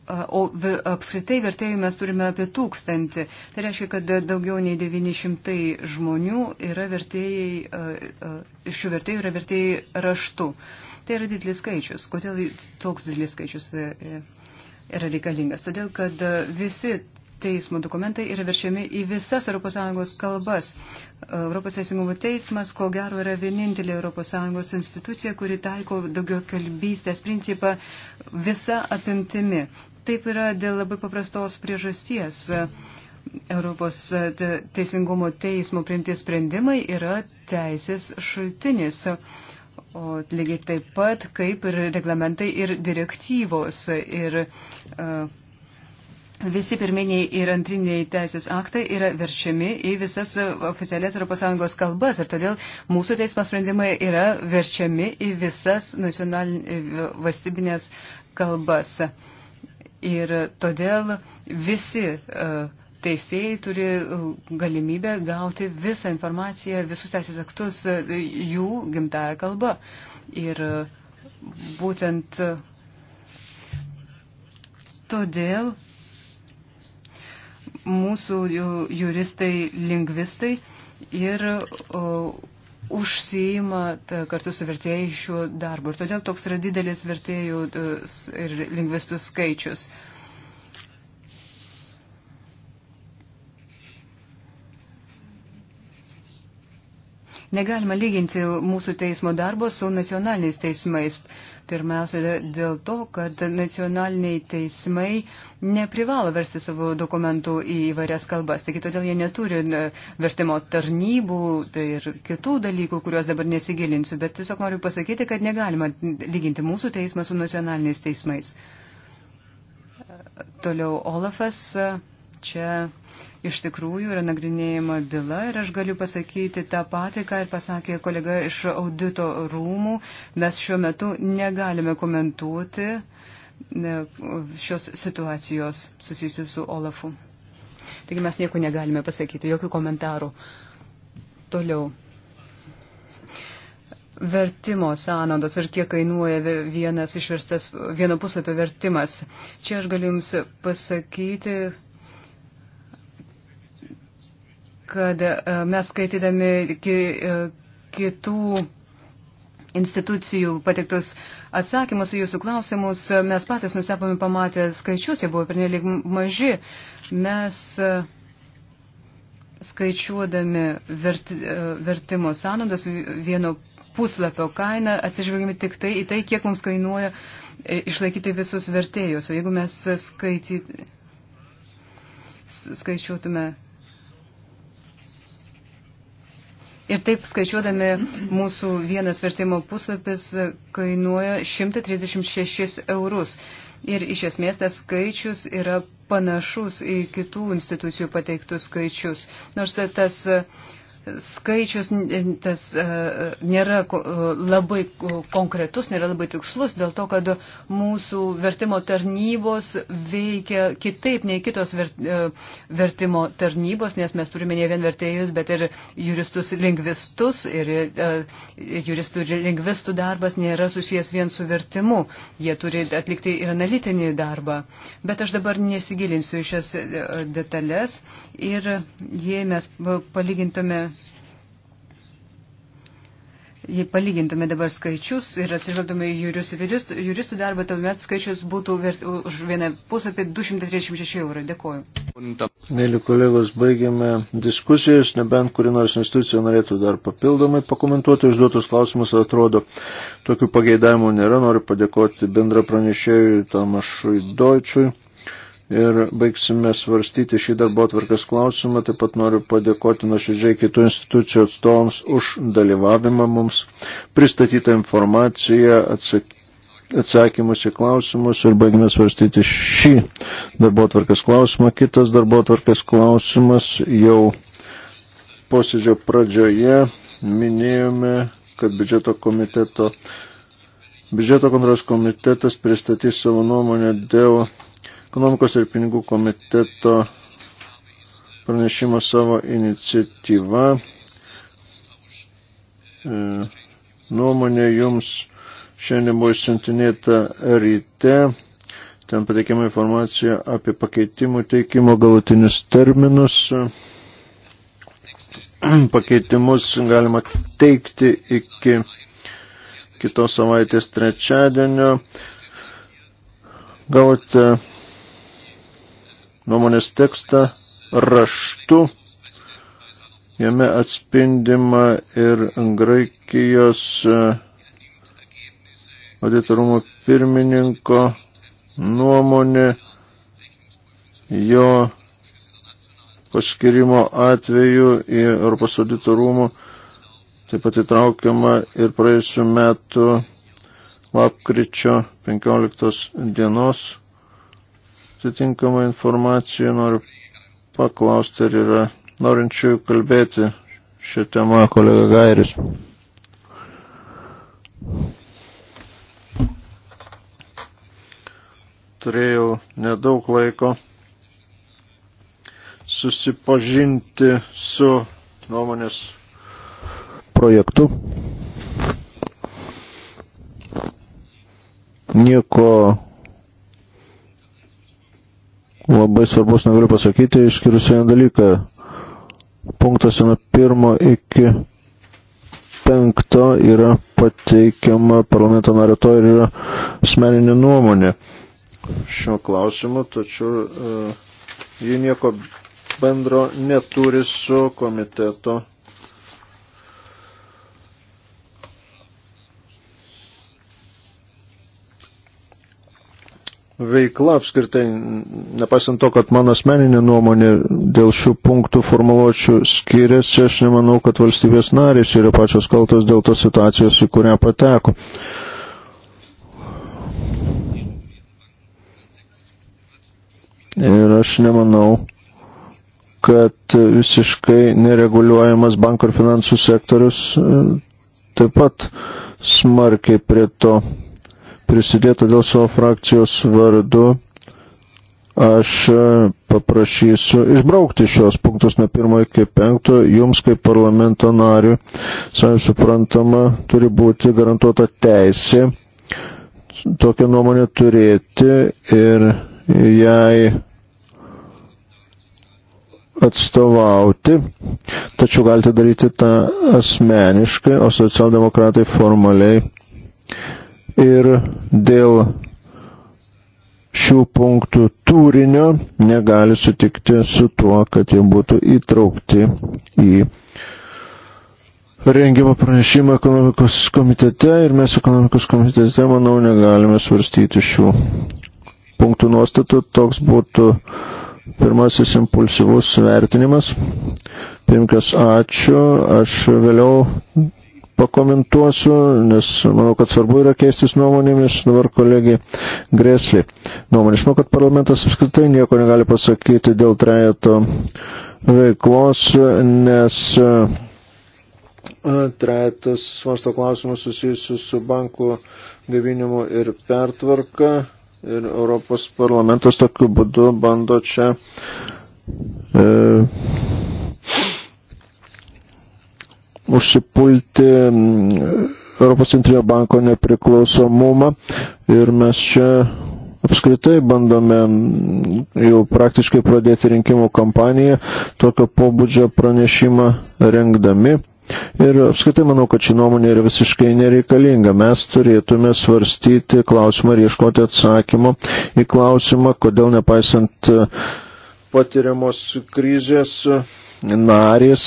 o apskritai vertėjų mes turime apie tūkstantį. Tai reiškia, kad daugiau nei 900 žmonių yra vertėjai, iš šių vertėjų yra vertėjai raštu. Tai yra didelis skaičius. Kodėl toks didelis skaičius e, e, yra reikalingas? Todėl, kad visi teismo dokumentai yra veršiami į visas ES kalbas. Europos teisingumo teismas, ko gero, yra vienintelė ES institucija, kuri taiko daugio kalbystės principą visa apimtimi. Taip yra dėl labai paprastos priežasties. Europos teisingumo teismo priimti sprendimai yra teisės šaltinis. O lygiai taip pat kaip ir reglamentai ir direktyvos. Ir, uh, Visi pirminiai ir antriniai teisės aktai yra verčiami į visas oficialias ES kalbas ir todėl mūsų teismo sprendimai yra verčiami į visas nacionalinės valstybinės kalbas. Ir todėl visi e, teisėjai turi e, galimybę gauti visą informaciją, visus teisės aktus e, jų gimtaja kalba. Ir būtent todėl mūsų juristai, lingvistai ir o, užsijima kartu su vertėjai šiuo darbu. Ir todėl toks yra didelis vertėjų ir lingvistų skaičius. O, Negalima lyginti mūsų teismo darbo su nacionaliniais teismais. Pirmiausia, dėl to, kad nacionaliniai teismai neprivalo versti savo dokumentų į įvairias kalbas. Taigi todėl jie neturi e, vertimo tarnybų tai ir kitų dalykų, kuriuos dabar nesigilinsiu. Bet tiesiog noriu pasakyti, kad negalima lyginti mūsų teismą su nacionaliniais teismais. Toliau Olafas e, čia iš tikrųjų yra nagrinėjama byla ir aš galiu pasakyti tą patį, ką ir pasakė kolega iš audito rūmų. Mes šiuo metu negalime komentuoti šios situacijos susijusios su Olafu. Taigi mes nieko negalime pasakyti, jokių komentarų. Toliau. Vertimo sąnaudos ir kiek kainuoja vienas išverstas, vieno puslapio vertimas. Čia aš galiu Jums pasakyti, kad e, mes skaitydami ki, e, kitų institucijų patiktus atsakymus į jūsų klausimus, e, mes patys nustebome pamatę skaičius, jie buvo pernelyg maži. Mes skaičiuodami vert, vertimo sąnaudas vieno puslapio kainą atsižvelgime tik tai į tai, kiek mums kainuoja išlaikyti visus vertėjus. O jeigu mes skaity, skaičiuotume Ir taip skaičiuodami mūsų vienas vertimo puslapis kainuoja 136 eurus. Ir iš esmės tas skaičius yra panašus į kitų institucijų pateiktus skaičius. Nors tas uh, skaičius tas e, nėra e, labai konkretus, nėra labai tikslus, dėl to, kad mūsų vertimo tarnybos veikia kitaip nei kitos e, vertimo tarnybos, nes mes turime ne vien vertėjus, bet ir juristus lingvistus ir juristų ir lingvistų darbas nėra susijęs vien su vertimu. Jie turi atlikti ir analitinį darbą. Bet aš dabar nesigilinsiu į šias detalės ir jei mes palygintume Jei palygintume dabar skaičius ir atsižvelgtume į juristų, juristų, juristų darbą, tuomet skaičius būtų vert, už vieną pusapį 236 eurų. Dėkuoju. Mėly kolegos, baigiame diskusijas, nebent kuri nors institucija norėtų dar papildomai pakomentuoti užduotus klausimus, atrodo, tokių pageidavimų nėra. Noriu padėkoti bendra pranešėjui Tamašui Dočiui ir baigsime svarstyti šį darbo atvarkės klausimą. Taip pat noriu padėkoti nuoširdžiai kitų institucijų atstovams už dalyvavimą mums, pristatytą informaciją, atsakymus į klausimus ir baigime svarstyti šį darbo atvarkės klausimą. Kitas darbo atvarkės klausimas jau posėdžio pradžioje minėjome, kad biudžeto komiteto. Biudžeto kontrolės komitetas pristatys savo nuomonę dėl ekonomikos ir pinigų komiteto pranešimą savo iniciatyvą. E, nuomonė jums šiandien buvo išsintinėta ryte. Ten pateikiama informacija apie pakeitimų teikimo galutinius terminus. Pakeitimus galima teikti iki kitos savaitės trečiadienio. Gavote nuomonės tekstą raštu. Jame atspindima ir Graikijos e, auditorumo pirmininko nuomonė jo paskirimo atveju į Europos audito rūmų taip pat įtraukiama ir praėjusiu metu lapkričio 15 dienos atitinkamą informaciją. Noriu paklausti, ar yra norinčių kalbėti šią temą kolega Gairis. Turėjau nedaug laiko susipažinti su nuomonės projektu. Nieko labai svarbus negaliu pasakyti, išskyrus vieną dalyką. Punktuose nuo pirmo iki penkto yra pateikiama parlamento nario to ir yra asmeninė nuomonė šio klausimu, tačiau uh, ji nieko bendro neturi su komiteto veikla apskritai, nepasiant to, kad mano asmeninė nuomonė dėl šių punktų formuluočių skiriasi, aš nemanau, kad valstybės narės yra pačios kaltos dėl tos situacijos, į kurią pateko. Ir aš nemanau, kad visiškai nereguliuojamas bankų ir finansų sektorius e, taip pat smarkiai prie to prisidėtų dėl savo frakcijos vardu, aš e, paprašysiu išbraukti šios punktus nuo pirmo iki penkto. Jums kaip parlamento nariu, savai suprantama, turi būti garantuota teisė tokią nuomonę turėti ir jai atstovauti, tačiau galite daryti tą asmeniškai, o socialdemokratai formaliai ir dėl šių punktų turinio negali sutikti su tuo, kad jie būtų įtraukti į rengimą pranešimą ekonomikos komitete ir mes ekonomikos komitete, manau, negalime svarstyti šių punktų nuostatų. Toks būtų pirmasis impulsyvus vertinimas. Pirmkas, ačiū. Aš vėliau pakomentuosiu, nes manau, kad svarbu yra keistis nuomonėmis. Dabar kolegė Greslį. Nuomonė, žinau, kad parlamentas apskritai nieko negali pasakyti dėl trejato veiklos, nes trejatas svarsto klausimus susijusius su bankų gavinimu ir pertvarka. Ir Europos parlamentas tokiu būdu bando čia e, užsipulti mm, Europos centrinio banko nepriklausomumą ir mes čia apskritai bandome mm, jau praktiškai pradėti rinkimų kampaniją tokio pobūdžio pranešimą rengdami. Ir apskaitai manau, kad ši nuomonė yra visiškai nereikalinga. Mes turėtume svarstyti klausimą ir ieškoti atsakymo į klausimą, kodėl nepaisant e, patiriamos krizės narės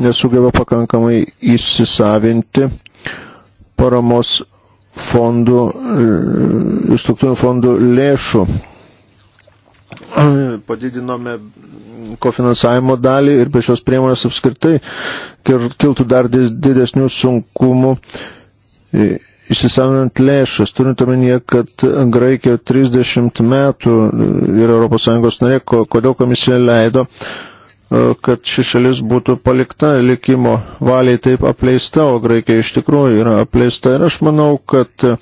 nesugeba pakankamai įsisavinti paramos fondų, struktūrinių fondų lėšų. Padidinome kofinansavimo dalį ir be šios priemonės apskritai kiltų dar didesnių sunkumų įsisavinant lėšas, turint omenyje, kad Graikija 30 metų yra ES narė, kodėl komisija leido E, kad ši šalis būtų palikta likimo valiai taip apleista, o Graikija iš tikrųjų yra apleista. Ir aš manau, kad e,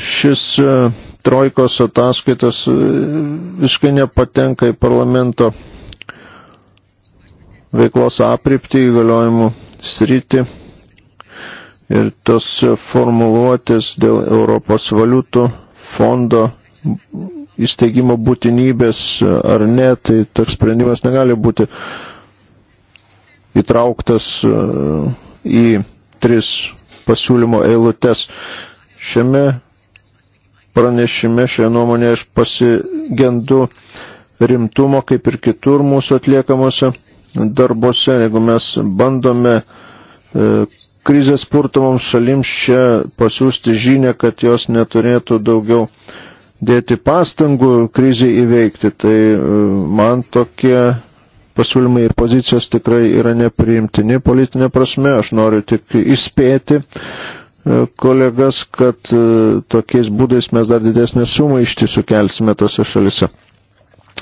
šis e, trojkos ataskaitas visiškai nepatenka į parlamento veiklos aprypti įgaliojimų sritį. Ir tos formuluotės dėl Europos valiutų fondo įsteigimo būtinybės e, ar ne, tai toks sprendimas negali būti įtrauktas e, į tris pasiūlymo eilutes. Šiame pranešime, šioje nuomonėje aš pasigendu rimtumo, kaip ir kitur mūsų atliekamuose darbose, jeigu mes bandome e, krizės purtumoms šalims čia pasiūsti žinę, kad jos neturėtų daugiau uh, dėti pastangų krizį įveikti. Tai e, man tokie pasiūlymai ir pozicijos tikrai yra nepriimtini politinė prasme. Aš noriu tik įspėti e, kolegas, kad e, tokiais būdais mes dar didesnį sumą ištį sukelsime tose šalise.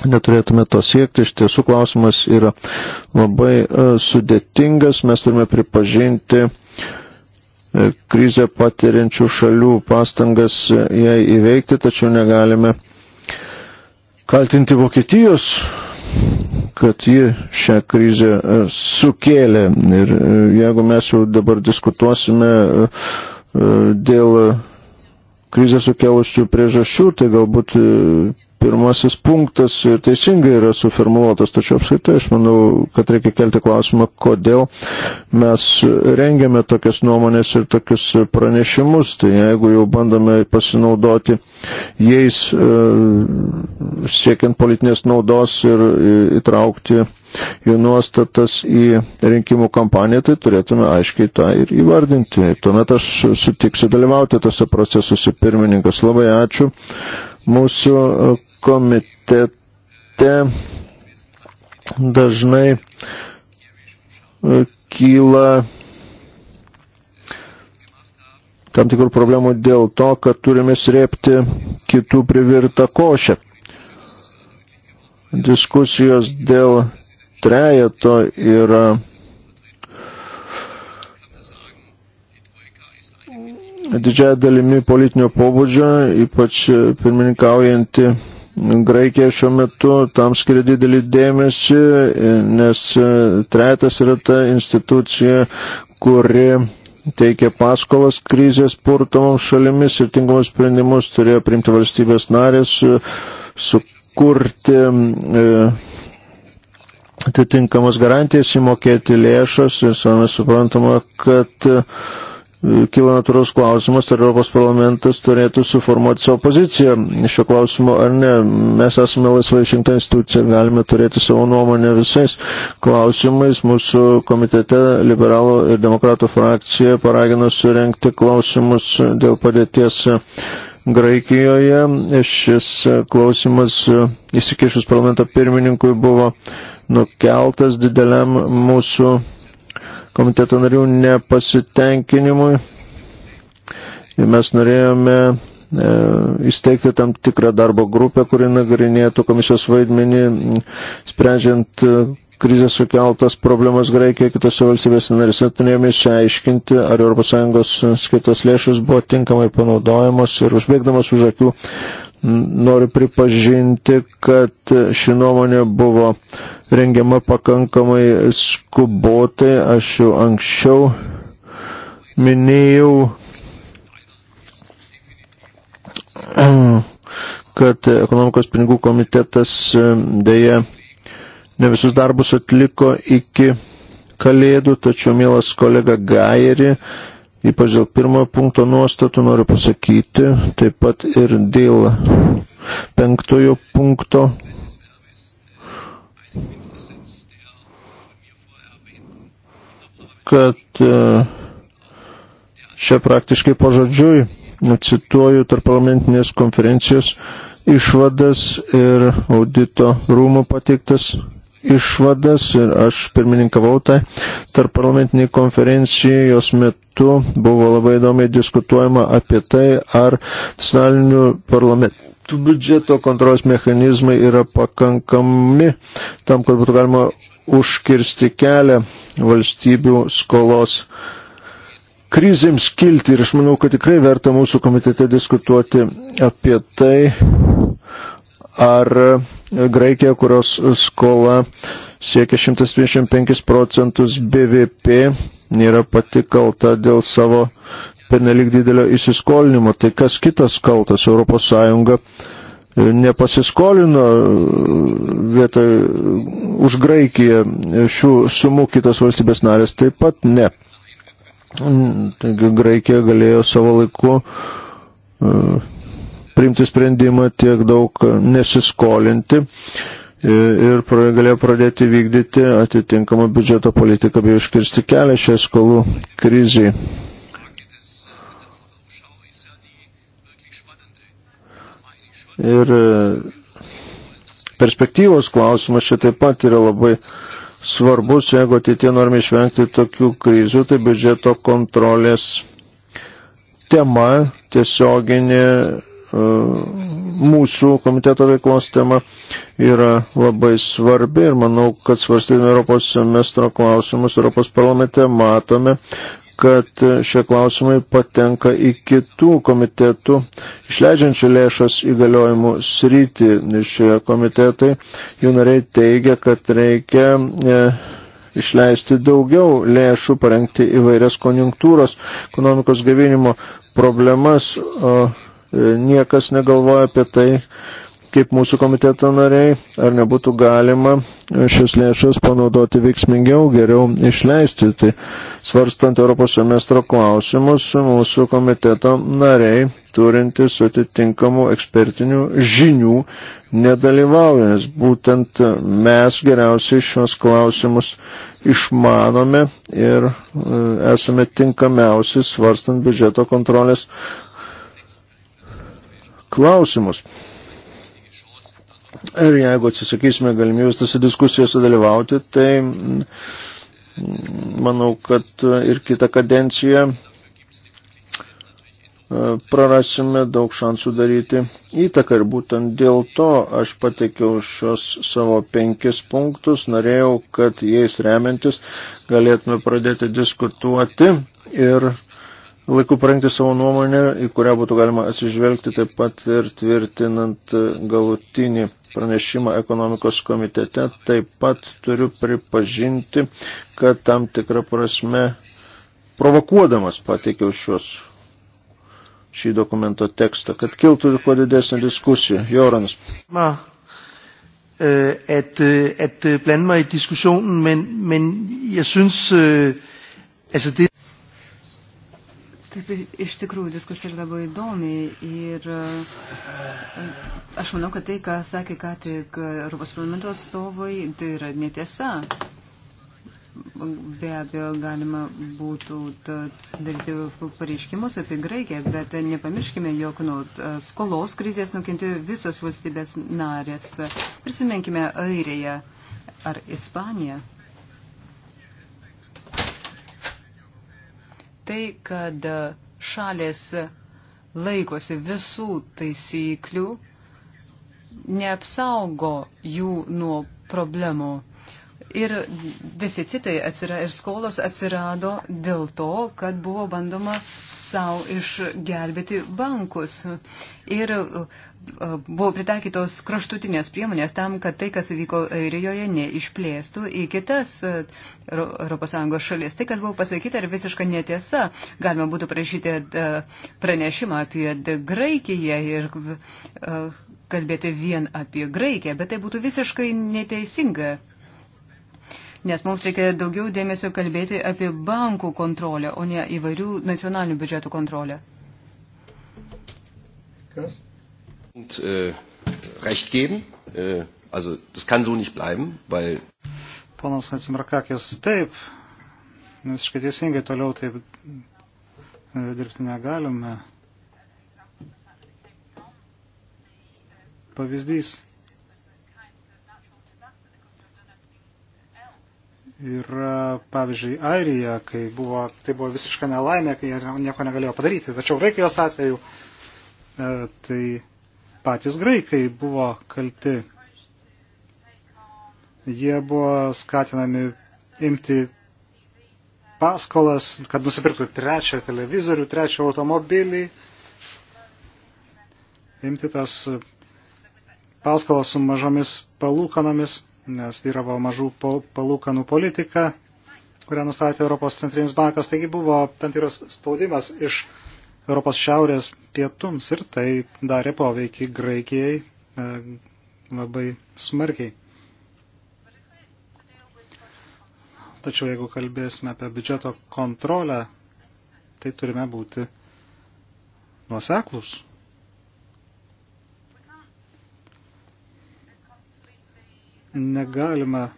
Neturėtume to siekti, iš tiesų klausimas yra labai sudėtingas, mes turime pripažinti E, krizę patiriančių šalių pastangas e, jai įveikti, tačiau negalime kaltinti Vokietijos, kad ji šią krizę e, sukėlė. Ir jeigu mes jau dabar diskutuosime dėl krizę sukėlusių priežasčių, tai galbūt pirmasis punktas teisingai yra suformuoluotas, tačiau apskaitai aš manau, kad reikia kelti klausimą, kodėl mes rengiame tokias nuomonės ir tokius pranešimus. Tai jeigu jau bandome pasinaudoti jais e, siekiant politinės naudos ir įtraukti jų nuostatas į rinkimų kampaniją, tai turėtume aiškiai tą ir įvardinti. Tuomet aš sutiksiu dalyvauti tose procesuose pirmininkas. Labai ačiū mūsų komitete dažnai e, kyla tam tikrų problemų dėl to, kad turime srėpti kitų privirtą košę. Diskusijos dėl trejeto yra didžiąją dalimi politinio pobūdžio, ypač pirmininkaujanti Graikija šiuo metu tam skiria didelį dėmesį, nes e, tretas yra ta institucija, kuri teikia paskolas krizės purtomoms šalimis ir tinkamus sprendimus turėjo priimti valstybės narės, e, sukurti e, atitinkamas garantijas įmokėti lėšas ir savame suprantama, kad e, kyla natūros klausimas, ar Europos parlamentas turėtų suformuoti savo poziciją šio klausimo ar ne. Mes esame laisvai išrinkta institucija, galime turėti savo nuomonę visais klausimais. Mūsų komitete liberalų ir demokratų frakcija paragino surenkti klausimus dėl padėties Graikijoje. Šis klausimas įsikišus parlamento pirmininkui buvo nukeltas dideliam mūsų komiteto narių nepasitenkinimui. Ir mes norėjome e, įsteigti tam tikrą darbo grupę, kuri nagrinėtų komisijos vaidmenį, sprendžiant e, krizės sukeltas problemas Graikijoje, kitose valstybės narėse turėjome išsiaiškinti, ar ES skirtos lėšus buvo tinkamai panaudojamos ir užbėgdamas už akių noriu pripažinti, kad ši nuomonė buvo rengiama pakankamai skubotai, aš jau anksčiau minėjau, kad ekonomikos pinigų komitetas e, dėja ne visus darbus atliko iki kalėdų, tačiau mielas kolega Gairi, ypač dėl pirmojo punkto nuostatų noriu pasakyti, taip pat ir dėl penktojo punkto kad e, čia praktiškai pažodžiui cituoju tarp parlamentinės konferencijos išvadas ir audito rūmų pateiktas išvadas ir aš pirmininkavau tai tarp parlamentiniai konferencijai, jos metu buvo labai įdomiai diskutuojama apie tai, ar nacionalinių parlamentų biudžeto kontrolės mechanizmai yra pakankami tam, kad būtų galima užkirsti kelią valstybių skolos krizėms kilti. Ir aš manau, kad tikrai verta mūsų komitete diskutuoti apie tai, ar Graikija, kurios skola siekia 125 procentus BVP, nėra pati kalta dėl savo penelik didelio įsiskolinimo. Tai kas kitas kaltas Europos Sąjunga? nepasiskolino e, vietoj už Graikiją e, šių sumų kitos valstybės narės taip pat ne. Taigi Graikija galėjo savo laiku e, priimti sprendimą tiek daug nesiskolinti ir galėjo pradėti vykdyti atitinkamą biudžeto politiką bei užkirsti kelią šią skolų krizį. Ir e, perspektyvos klausimas čia taip pat yra labai svarbus, jeigu ateitie norime išvengti tokių krizių, tai biudžeto kontrolės tema, tiesioginė e, mūsų komiteto veiklos tema yra labai svarbi ir manau, kad svarstydami Europos semestro klausimus Europos parlamente matome, kad šie klausimai patenka į kitų komitetų išleidžiančių lėšas įgaliojimų sritį. Šie komitetai, jų nariai teigia, kad reikia e, išleisti daugiau lėšų, parengti įvairias konjunktūros, ekonomikos gavinimo problemas. O, e, Niekas negalvoja apie tai, kaip mūsų komiteto nariai, ar nebūtų galima šias lėšas panaudoti veiksmingiau, geriau išleisti. Tai svarstant Europos semestro klausimus, mūsų komiteto nariai, turintis atitinkamų ekspertinių žinių, nedalyvauja, nes būtent mes geriausiai šios klausimus išmanome ir e, esame tinkamiausi svarstant biudžeto kontrolės klausimus. Ir jeigu atsisakysime galimybės tose diskusijose dalyvauti, tai mm, manau, kad e, ir kitą kadenciją e, prarasime daug šansų daryti įtaką. Ir būtent dėl to aš pateikiau šios savo penkis punktus. Norėjau, kad jais remiantis galėtume pradėti diskutuoti ir laiku parengti savo nuomonę, į kurią būtų galima atsižvelgti taip pat ir tvirtinant galutinį pranešimą ekonomikos komitete, taip pat turiu pripažinti, kad tam tikrą prasme provokuodamas pateikiau šios šį dokumento tekstą, kad kiltų kuo didesnė diskusija. Jorans. Ma, øh, at, øh, at blande mig i diskussionen, men, men jeg synes, øh, altså det... Taip, iš tikrųjų diskusija yra labai įdomi ir e, aš manau, kad tai, ką sakė ką tik Europos parlamento atstovai, tai yra netiesa. Be abejo, galima būtų daryti pareiškimus apie Graikiją, bet nepamirškime, jog nuo skolos krizės nukentėjo visos valstybės narės. Prisiminkime Airiją ar Ispaniją. tai, kad šalės laikosi visų taisyklių, neapsaugo jų nuo problemų. Ir deficitai atsira, ir skolos atsirado dėl to, kad buvo bandoma savo išgelbėti bankus. Ir e, buvo pritaikytos kraštutinės priemonės tam, kad tai, kas įvyko Airijoje, neišplėstų į kitas ES šalis. Tai, kas buvo pasakyta, yra visiškai netiesa. Galima būtų prašyti e, pranešimą apie Graikiją ir e, kalbėti vien apie Graikiją, bet tai būtų visiškai neteisinga nes mums reikia daugiau dėmesio kalbėti apie bankų kontrolę, o ne įvairių nacionalinių biudžetų kontrolę. Kas? Und, äh, recht geben. Äh, also das kann so nicht bleiben, weil. Ponas Hatsimrakakis, taip, visiškai teisingai toliau taip e, dirbti negalime. Pavyzdys. yra, pavyzdžiui, Airija, kai buvo, tai buvo visiška nelaimė, kai jie nieko negalėjo padaryti. Tačiau Graikijos atveju e, tai patys graikai buvo kalti. Jie buvo skatinami imti paskolas, kad nusipirktų trečią televizorių, trečią automobilį, imti tas paskolas su mažomis palūkanomis nes vyravo mažų palūkanų politika, kurią nustatė Europos centrinis bankas. Taigi buvo tam tikras spaudimas iš Europos šiaurės pietums ir tai darė poveikį Graikijai e, labai smarkiai. Tačiau jeigu kalbėsime apie biudžeto kontrolę, tai turime būti nuoseklus. negalima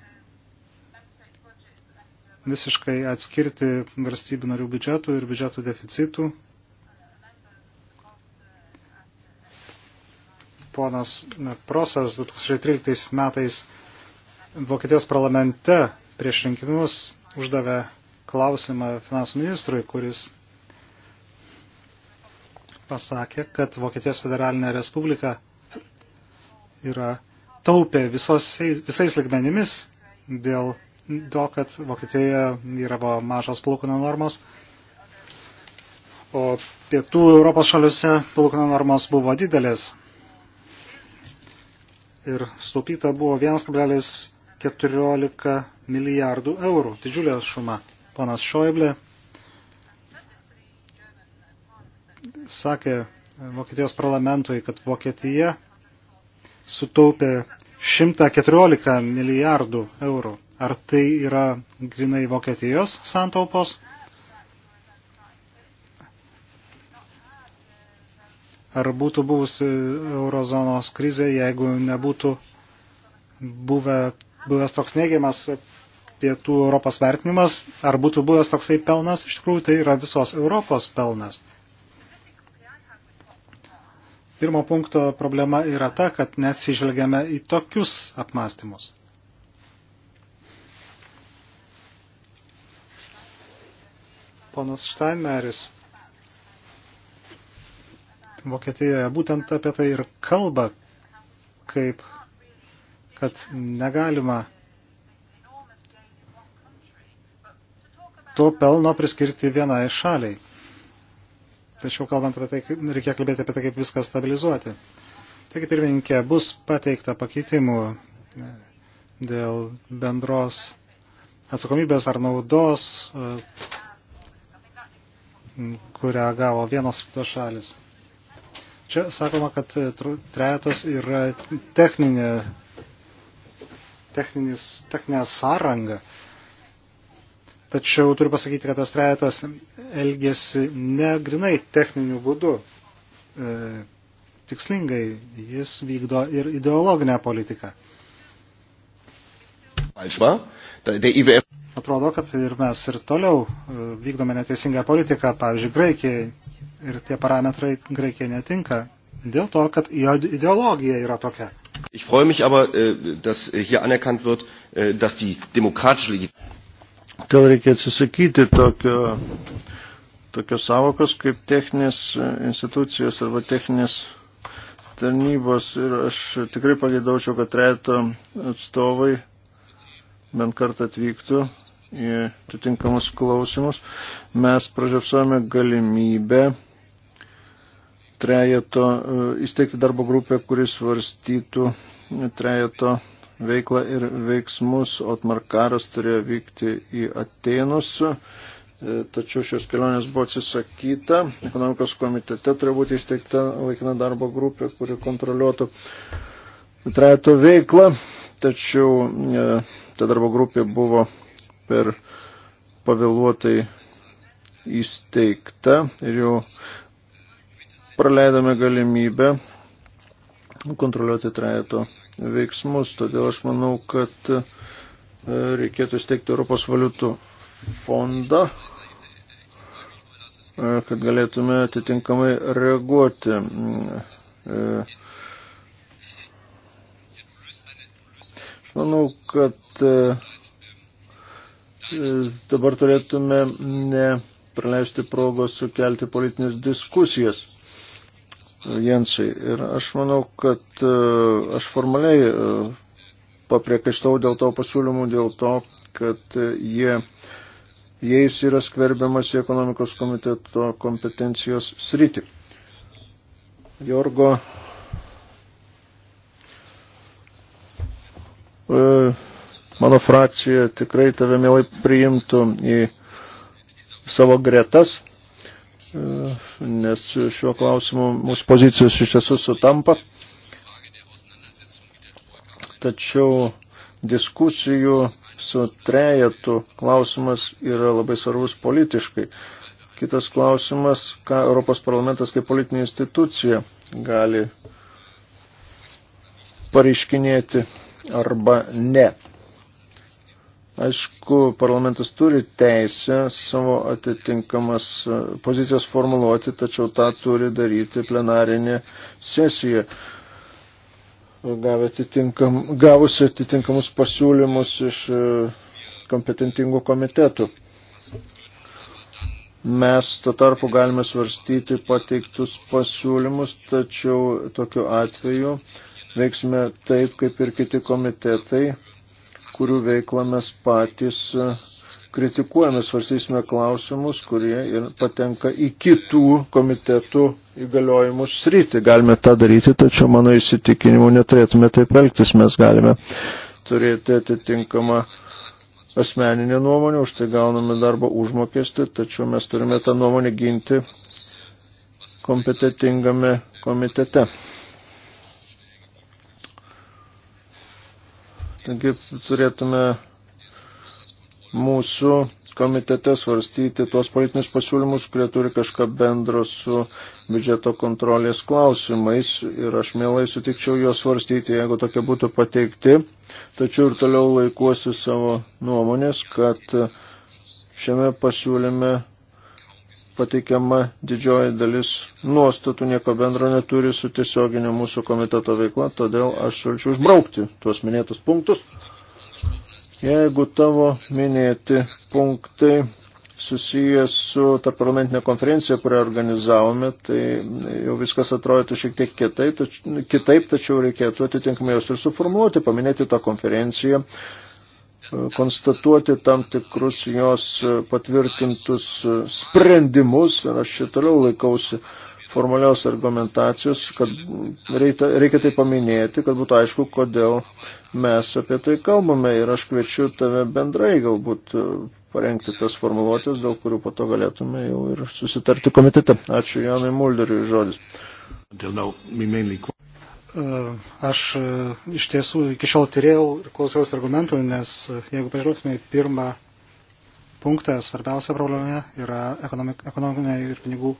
visiškai atskirti valstybių narių biudžetų ir biudžetų deficitų. Ponas Prosas 2013 metais Vokietijos parlamente prieš rinkimus uždavė klausimą finansų ministrui, kuris pasakė, kad Vokietijos federalinė respublika yra taupė visos, visais ligmenimis dėl to, kad Vokietijoje vyravo mažos palūkanų normos, o pietų Europos šaliuose palūkanų normos buvo didelės. Ir sutaupyta buvo 1,14 milijardų eurų. Didžiulė šuma. Ponas Šoiblė sakė Vokietijos parlamentui, kad Vokietija sutaupė 114 milijardų eurų. Ar tai yra grinai Vokietijos santaupos? Ar būtų buvusi eurozonos krizė, jeigu nebūtų buvę, buvęs toks neigiamas pietų Europos vertinimas, ar būtų buvęs toksai pelnas, iš tikrųjų tai yra visos Europos pelnas. Pirmo punkto problema yra ta, kad neatsižvelgiame į tokius apmąstymus. Ponas Steinmeris Vokietijoje būtent apie tai ir kalba, kaip kad negalima to pelno priskirti vienai šaliai. Tačiau kalbant apie tai, reikia kalbėti apie tai, kaip viską stabilizuoti. Taigi, pirmininkė, bus pateikta pakeitimų e, dėl bendros atsakomybės ar naudos, e, kurią gavo vienos ir kitos šalis. Čia sakoma, kad e, trejetas yra techninė, techninis, techninė sąranga. Tačiau turiu pasakyti, kad tas trejetas elgėsi negrinai techniniu būdu. E, tikslingai jis vykdo ir ideologinę politiką. Tai, tai Atrodo, kad ir mes ir toliau e, vykdome neteisingą politiką, pavyzdžiui, Graikijai. Ir tie parametrai Graikijai netinka dėl to, kad jo ideologija yra tokia. Ich freue mich aber, äh, dass hier anerkannt wird, äh, dass die demokratische Legitimität Gal reikia atsisakyti tokio, tokios savokos kaip techninės institucijos arba techninės tarnybos ir aš tikrai pagėdaučiau, kad trejato atstovai bent kartą atvyktų į atitinkamus klausimus. Mes pražiopsojame galimybę trejato e, įsteigti darbo grupę, kuris svarstytų trejato veiklą ir veiksmus. Otmar karas turėjo vykti į Atenus, e, tačiau šios kelionės buvo atsisakyta. Ekonomikos komitete turėjo būti įsteigta laikina darbo grupė, kuri kontroliuotų trejato veiklą, tačiau e, ta darbo grupė buvo per pavėluotai įsteigta ir jau praleidome galimybę kontroliuoti trejato veiksmus. Todėl aš manau, kad e, reikėtų steigti Europos valiutų fondą, e, kad galėtume atitinkamai reaguoti. E, aš manau, kad dabar turėtume ne praleisti progos sukelti politinės diskusijas Jensai. Ir aš manau, kad e, aš formaliai e, papriekaištau dėl to pasiūlymų, dėl to, kad e, jie, jais yra skverbiamas į ekonomikos komiteto kompetencijos sritį. Jorgo mano frakcija tikrai tave mielai priimtų į savo gretas nes šiuo klausimu mūsų pozicijos iš tiesų sutampa. Tačiau diskusijų su trejetu klausimas yra labai svarbus politiškai. Kitas klausimas, ką Europos parlamentas kaip politinė institucija gali pareiškinėti arba ne. Aišku, parlamentas turi teisę savo atitinkamas e, pozicijas formuluoti, tačiau tą turi daryti plenarinė sesija. Atitinkam, gavusi atitinkamus pasiūlymus iš e, kompetentingų komitetų. Mes to tarpu galime svarstyti pateiktus pasiūlymus, tačiau tokiu atveju veiksime taip, kaip ir kiti komitetai kurių veiklą mes patys e, kritikuojame, svarstysime klausimus, kurie ir patenka į kitų komitetų įgaliojimus sritį. Galime tą daryti, tačiau mano įsitikinimu neturėtume taip elgtis, mes galime turėti atitinkamą asmeninę nuomonę, už tai gauname darbo užmokestį, tačiau mes turime tą nuomonę ginti kompetitingame komitete. Taigi turėtume mūsų komitete svarstyti tuos politinius pasiūlymus, kurie turi kažką bendro su biudžeto kontrolės klausimais ir aš mielai sutikčiau juos svarstyti, jeigu tokie būtų pateikti. Tačiau ir toliau laikuosiu savo nuomonės, kad šiame pasiūlyme pateikiama didžioji dalis nuostatų nieko bendro neturi su tiesioginė mūsų komiteto veikla, todėl aš šalčiu užbraukti tuos minėtus punktus. Jeigu tavo minėti punktai susijęs su ta parlamentinė konferencija, kurią organizavome, tai jau viskas atrodytų šiek tiek kitai, tač, kitaip, tačiau reikėtų atitinkamai jos ir suformuoti, paminėti tą konferenciją, konstatuoti tam tikrus jos patvirtintus sprendimus ir aš čia toliau laikausi formalios argumentacijos, kad reikia, reikia tai paminėti, kad būtų aišku, kodėl mes apie tai kalbame ir aš kviečiu tave bendrai galbūt parengti tas formuluotės, dėl kurių po to galėtume jau ir susitarti komitete. Ačiū Janui Mulderiui žodis. E, aš e, iš tiesų iki šiol tyrėjau ir klausiausi argumentų, nes e, jeigu pažiūrėtume į pirmą punktą, svarbiausia problema yra ekonominė ir pinigų.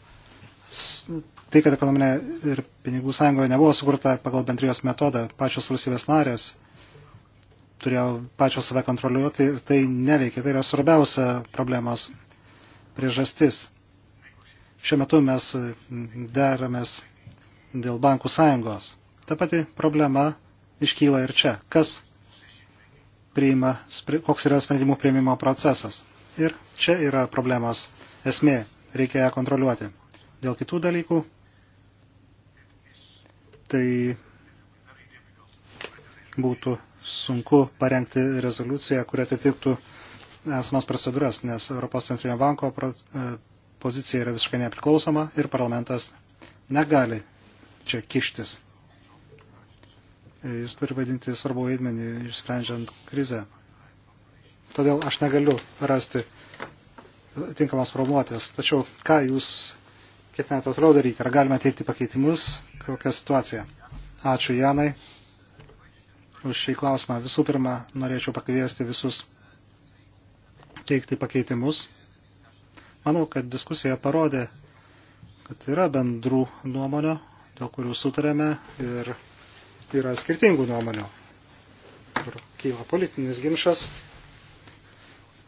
Tai, kad ekonominė ir pinigų sąjungoje nebuvo sukurta pagal bendrijos metodą, pačios valstybės narės turėjo pačios save kontroliuoti ir tai neveikia. Tai yra svarbiausia problemos priežastis. Šiuo metu mes deramės dėl bankų sąjungos. Ta pati problema iškyla ir čia. Kas priima, koks yra sprendimų priimimo procesas. Ir čia yra problemos esmė. Reikia ją kontroliuoti. Dėl kitų dalykų, tai būtų sunku parengti rezoliuciją, kuri atitiktų esamas procedūras, nes Europos centrinio banko e, pozicija yra visiškai nepriklausoma ir parlamentas negali čia kištis jis turi vaidinti svarbu vaidmenį išsprendžiant krizę. Todėl aš negaliu rasti tinkamas formuotės. Tačiau ką jūs ketinate toliau daryti? Ar galime teikti pakeitimus? Kokia situacija? Ačiū Janai už šį klausimą. Visų pirma, norėčiau pakviesti visus teikti pakeitimus. Manau, kad diskusija parodė, kad yra bendrų nuomonio, dėl kurių sutarėme ir yra skirtingų nuomonių, kur kyla politinis ginčas.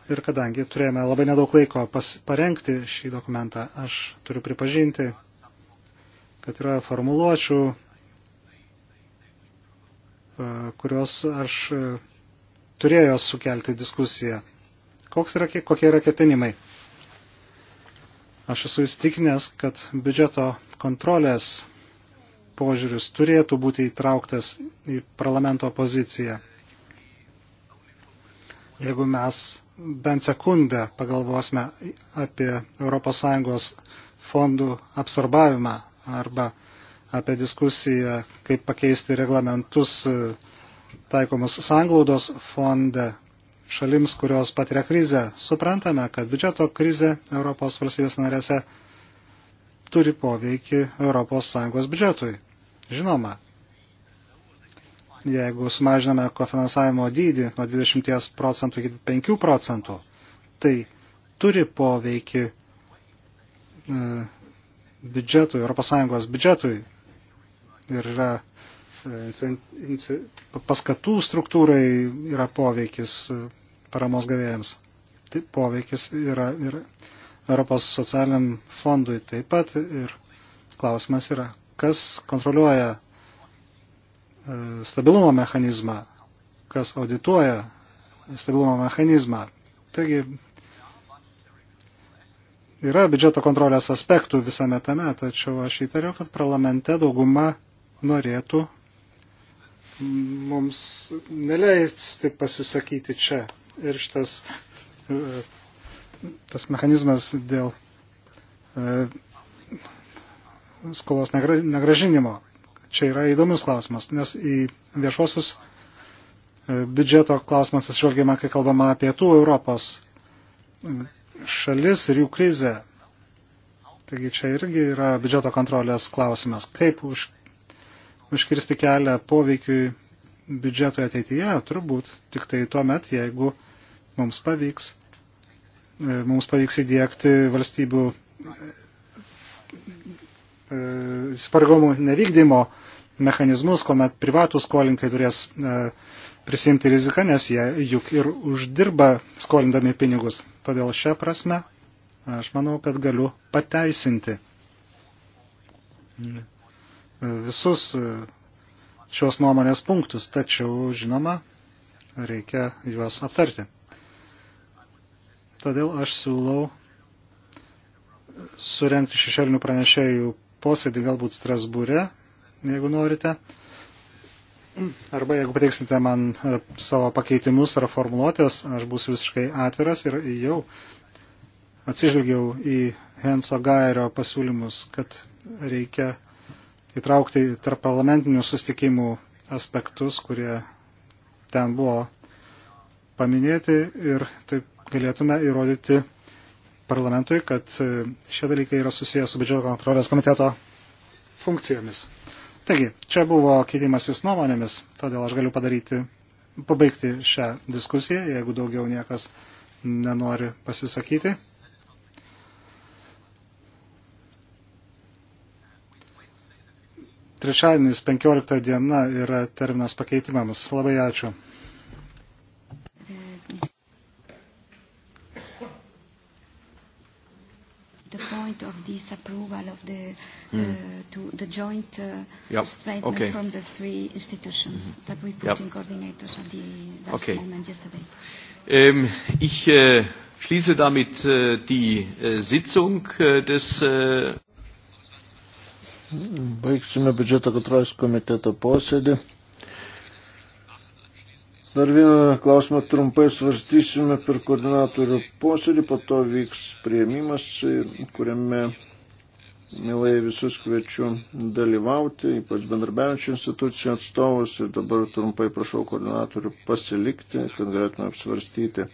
Ir kadangi turėjome labai nedaug laiko pas, parengti šį dokumentą, aš turiu pripažinti, kad yra formuluočių, e, kurios aš e, turėjo sukelti diskusiją. Koks yra, kokie yra ketinimai? Aš esu įstikinęs, kad biudžeto kontrolės požiūris turėtų būti įtrauktas į parlamento poziciją. Jeigu mes bent sekundę pagalvosime apie ES fondų absorbavimą arba apie diskusiją, kaip pakeisti reglamentus e, taikomus sanglaudos fonde šalims, kurios patiria krizę. Suprantame, kad biudžeto krizė Europos valstybės narėse turi poveikį ES biudžetui. Žinoma, jeigu sumažiname kofinansavimo dydį nuo 20 procentų iki 5 procentų, tai turi poveikį e, biudžetui, ES biudžetui ir yra e, paskatų struktūrai yra poveikis e, paramos gavėjams. Tai poveikis yra ir Europos socialiniam fondui taip pat ir klausimas yra, kas kontroliuoja e, stabilumo mechanizmą, kas audituoja stabilumo mechanizmą. Taigi yra biudžeto kontrolės aspektų visame tame, tačiau aš įtariu, kad parlamente dauguma norėtų mums neleisti pasisakyti čia. Ir šitas e, tas mechanizmas dėl e, skolos negražinimo. Čia yra įdomus klausimas, nes į viešuosius e, biudžeto klausimas atsižvelgiama, kai kalbama apie tų Europos e, šalis ir jų krizę. Taigi čia irgi yra biudžeto kontrolės klausimas. Kaip už, užkirsti kelią poveikiui biudžetui ateityje, turbūt tik tai tuo met, jeigu mums pavyks, e, mums pavyks įdėkti valstybių E, įsipareigomų nevykdymo mechanizmus, kuomet privatų skolinkai turės e, prisimti riziką, nes jie juk ir uždirba skolindami pinigus. Todėl šią prasme aš manau, kad galiu pateisinti mm, e, visus šios nuomonės punktus, tačiau, žinoma, reikia juos aptarti. Todėl aš siūlau surenkti šešėlinių pranešėjų posėdį galbūt Strasbūre, jeigu norite. Arba jeigu pateiksite man e, savo pakeitimus ar formuluotės, aš būsiu visiškai atviras ir jau atsižvelgiau į Henso Gairio pasiūlymus, kad reikia įtraukti tarp parlamentinių sustikimų aspektus, kurie ten buvo paminėti ir taip galėtume įrodyti parlamentui, kad e, šie dalykai yra susijęs su biudžeto kontrolės komiteto funkcijomis. Taigi, čia buvo keitimasis nuomonėmis, todėl aš galiu padaryti, pabaigti šią diskusiją, jeigu daugiau niekas nenori pasisakyti. Trečiadienis 15 diena yra terminas pakeitimams. Labai ačiū. point of this approval of the hmm. uh, to the joint uh, yep. statement okay. from the three institutions mm-hmm. that we put yep. in coordinators at the last okay. moment yesterday. Ähm, ich äh, schließe damit äh, die äh, Sitzung äh, des äh Baigsime biudžeto kontrolės komiteto posėdį. Dar vieną klausimą trumpai svarstysime per koordinatorių posėdį, po to vyks prieimimas, kuriame mielai visus kviečiu dalyvauti, ypač bendarbiaujančių institucijų atstovus ir dabar trumpai prašau koordinatorių pasilikti, kad galėtume apsvarstyti.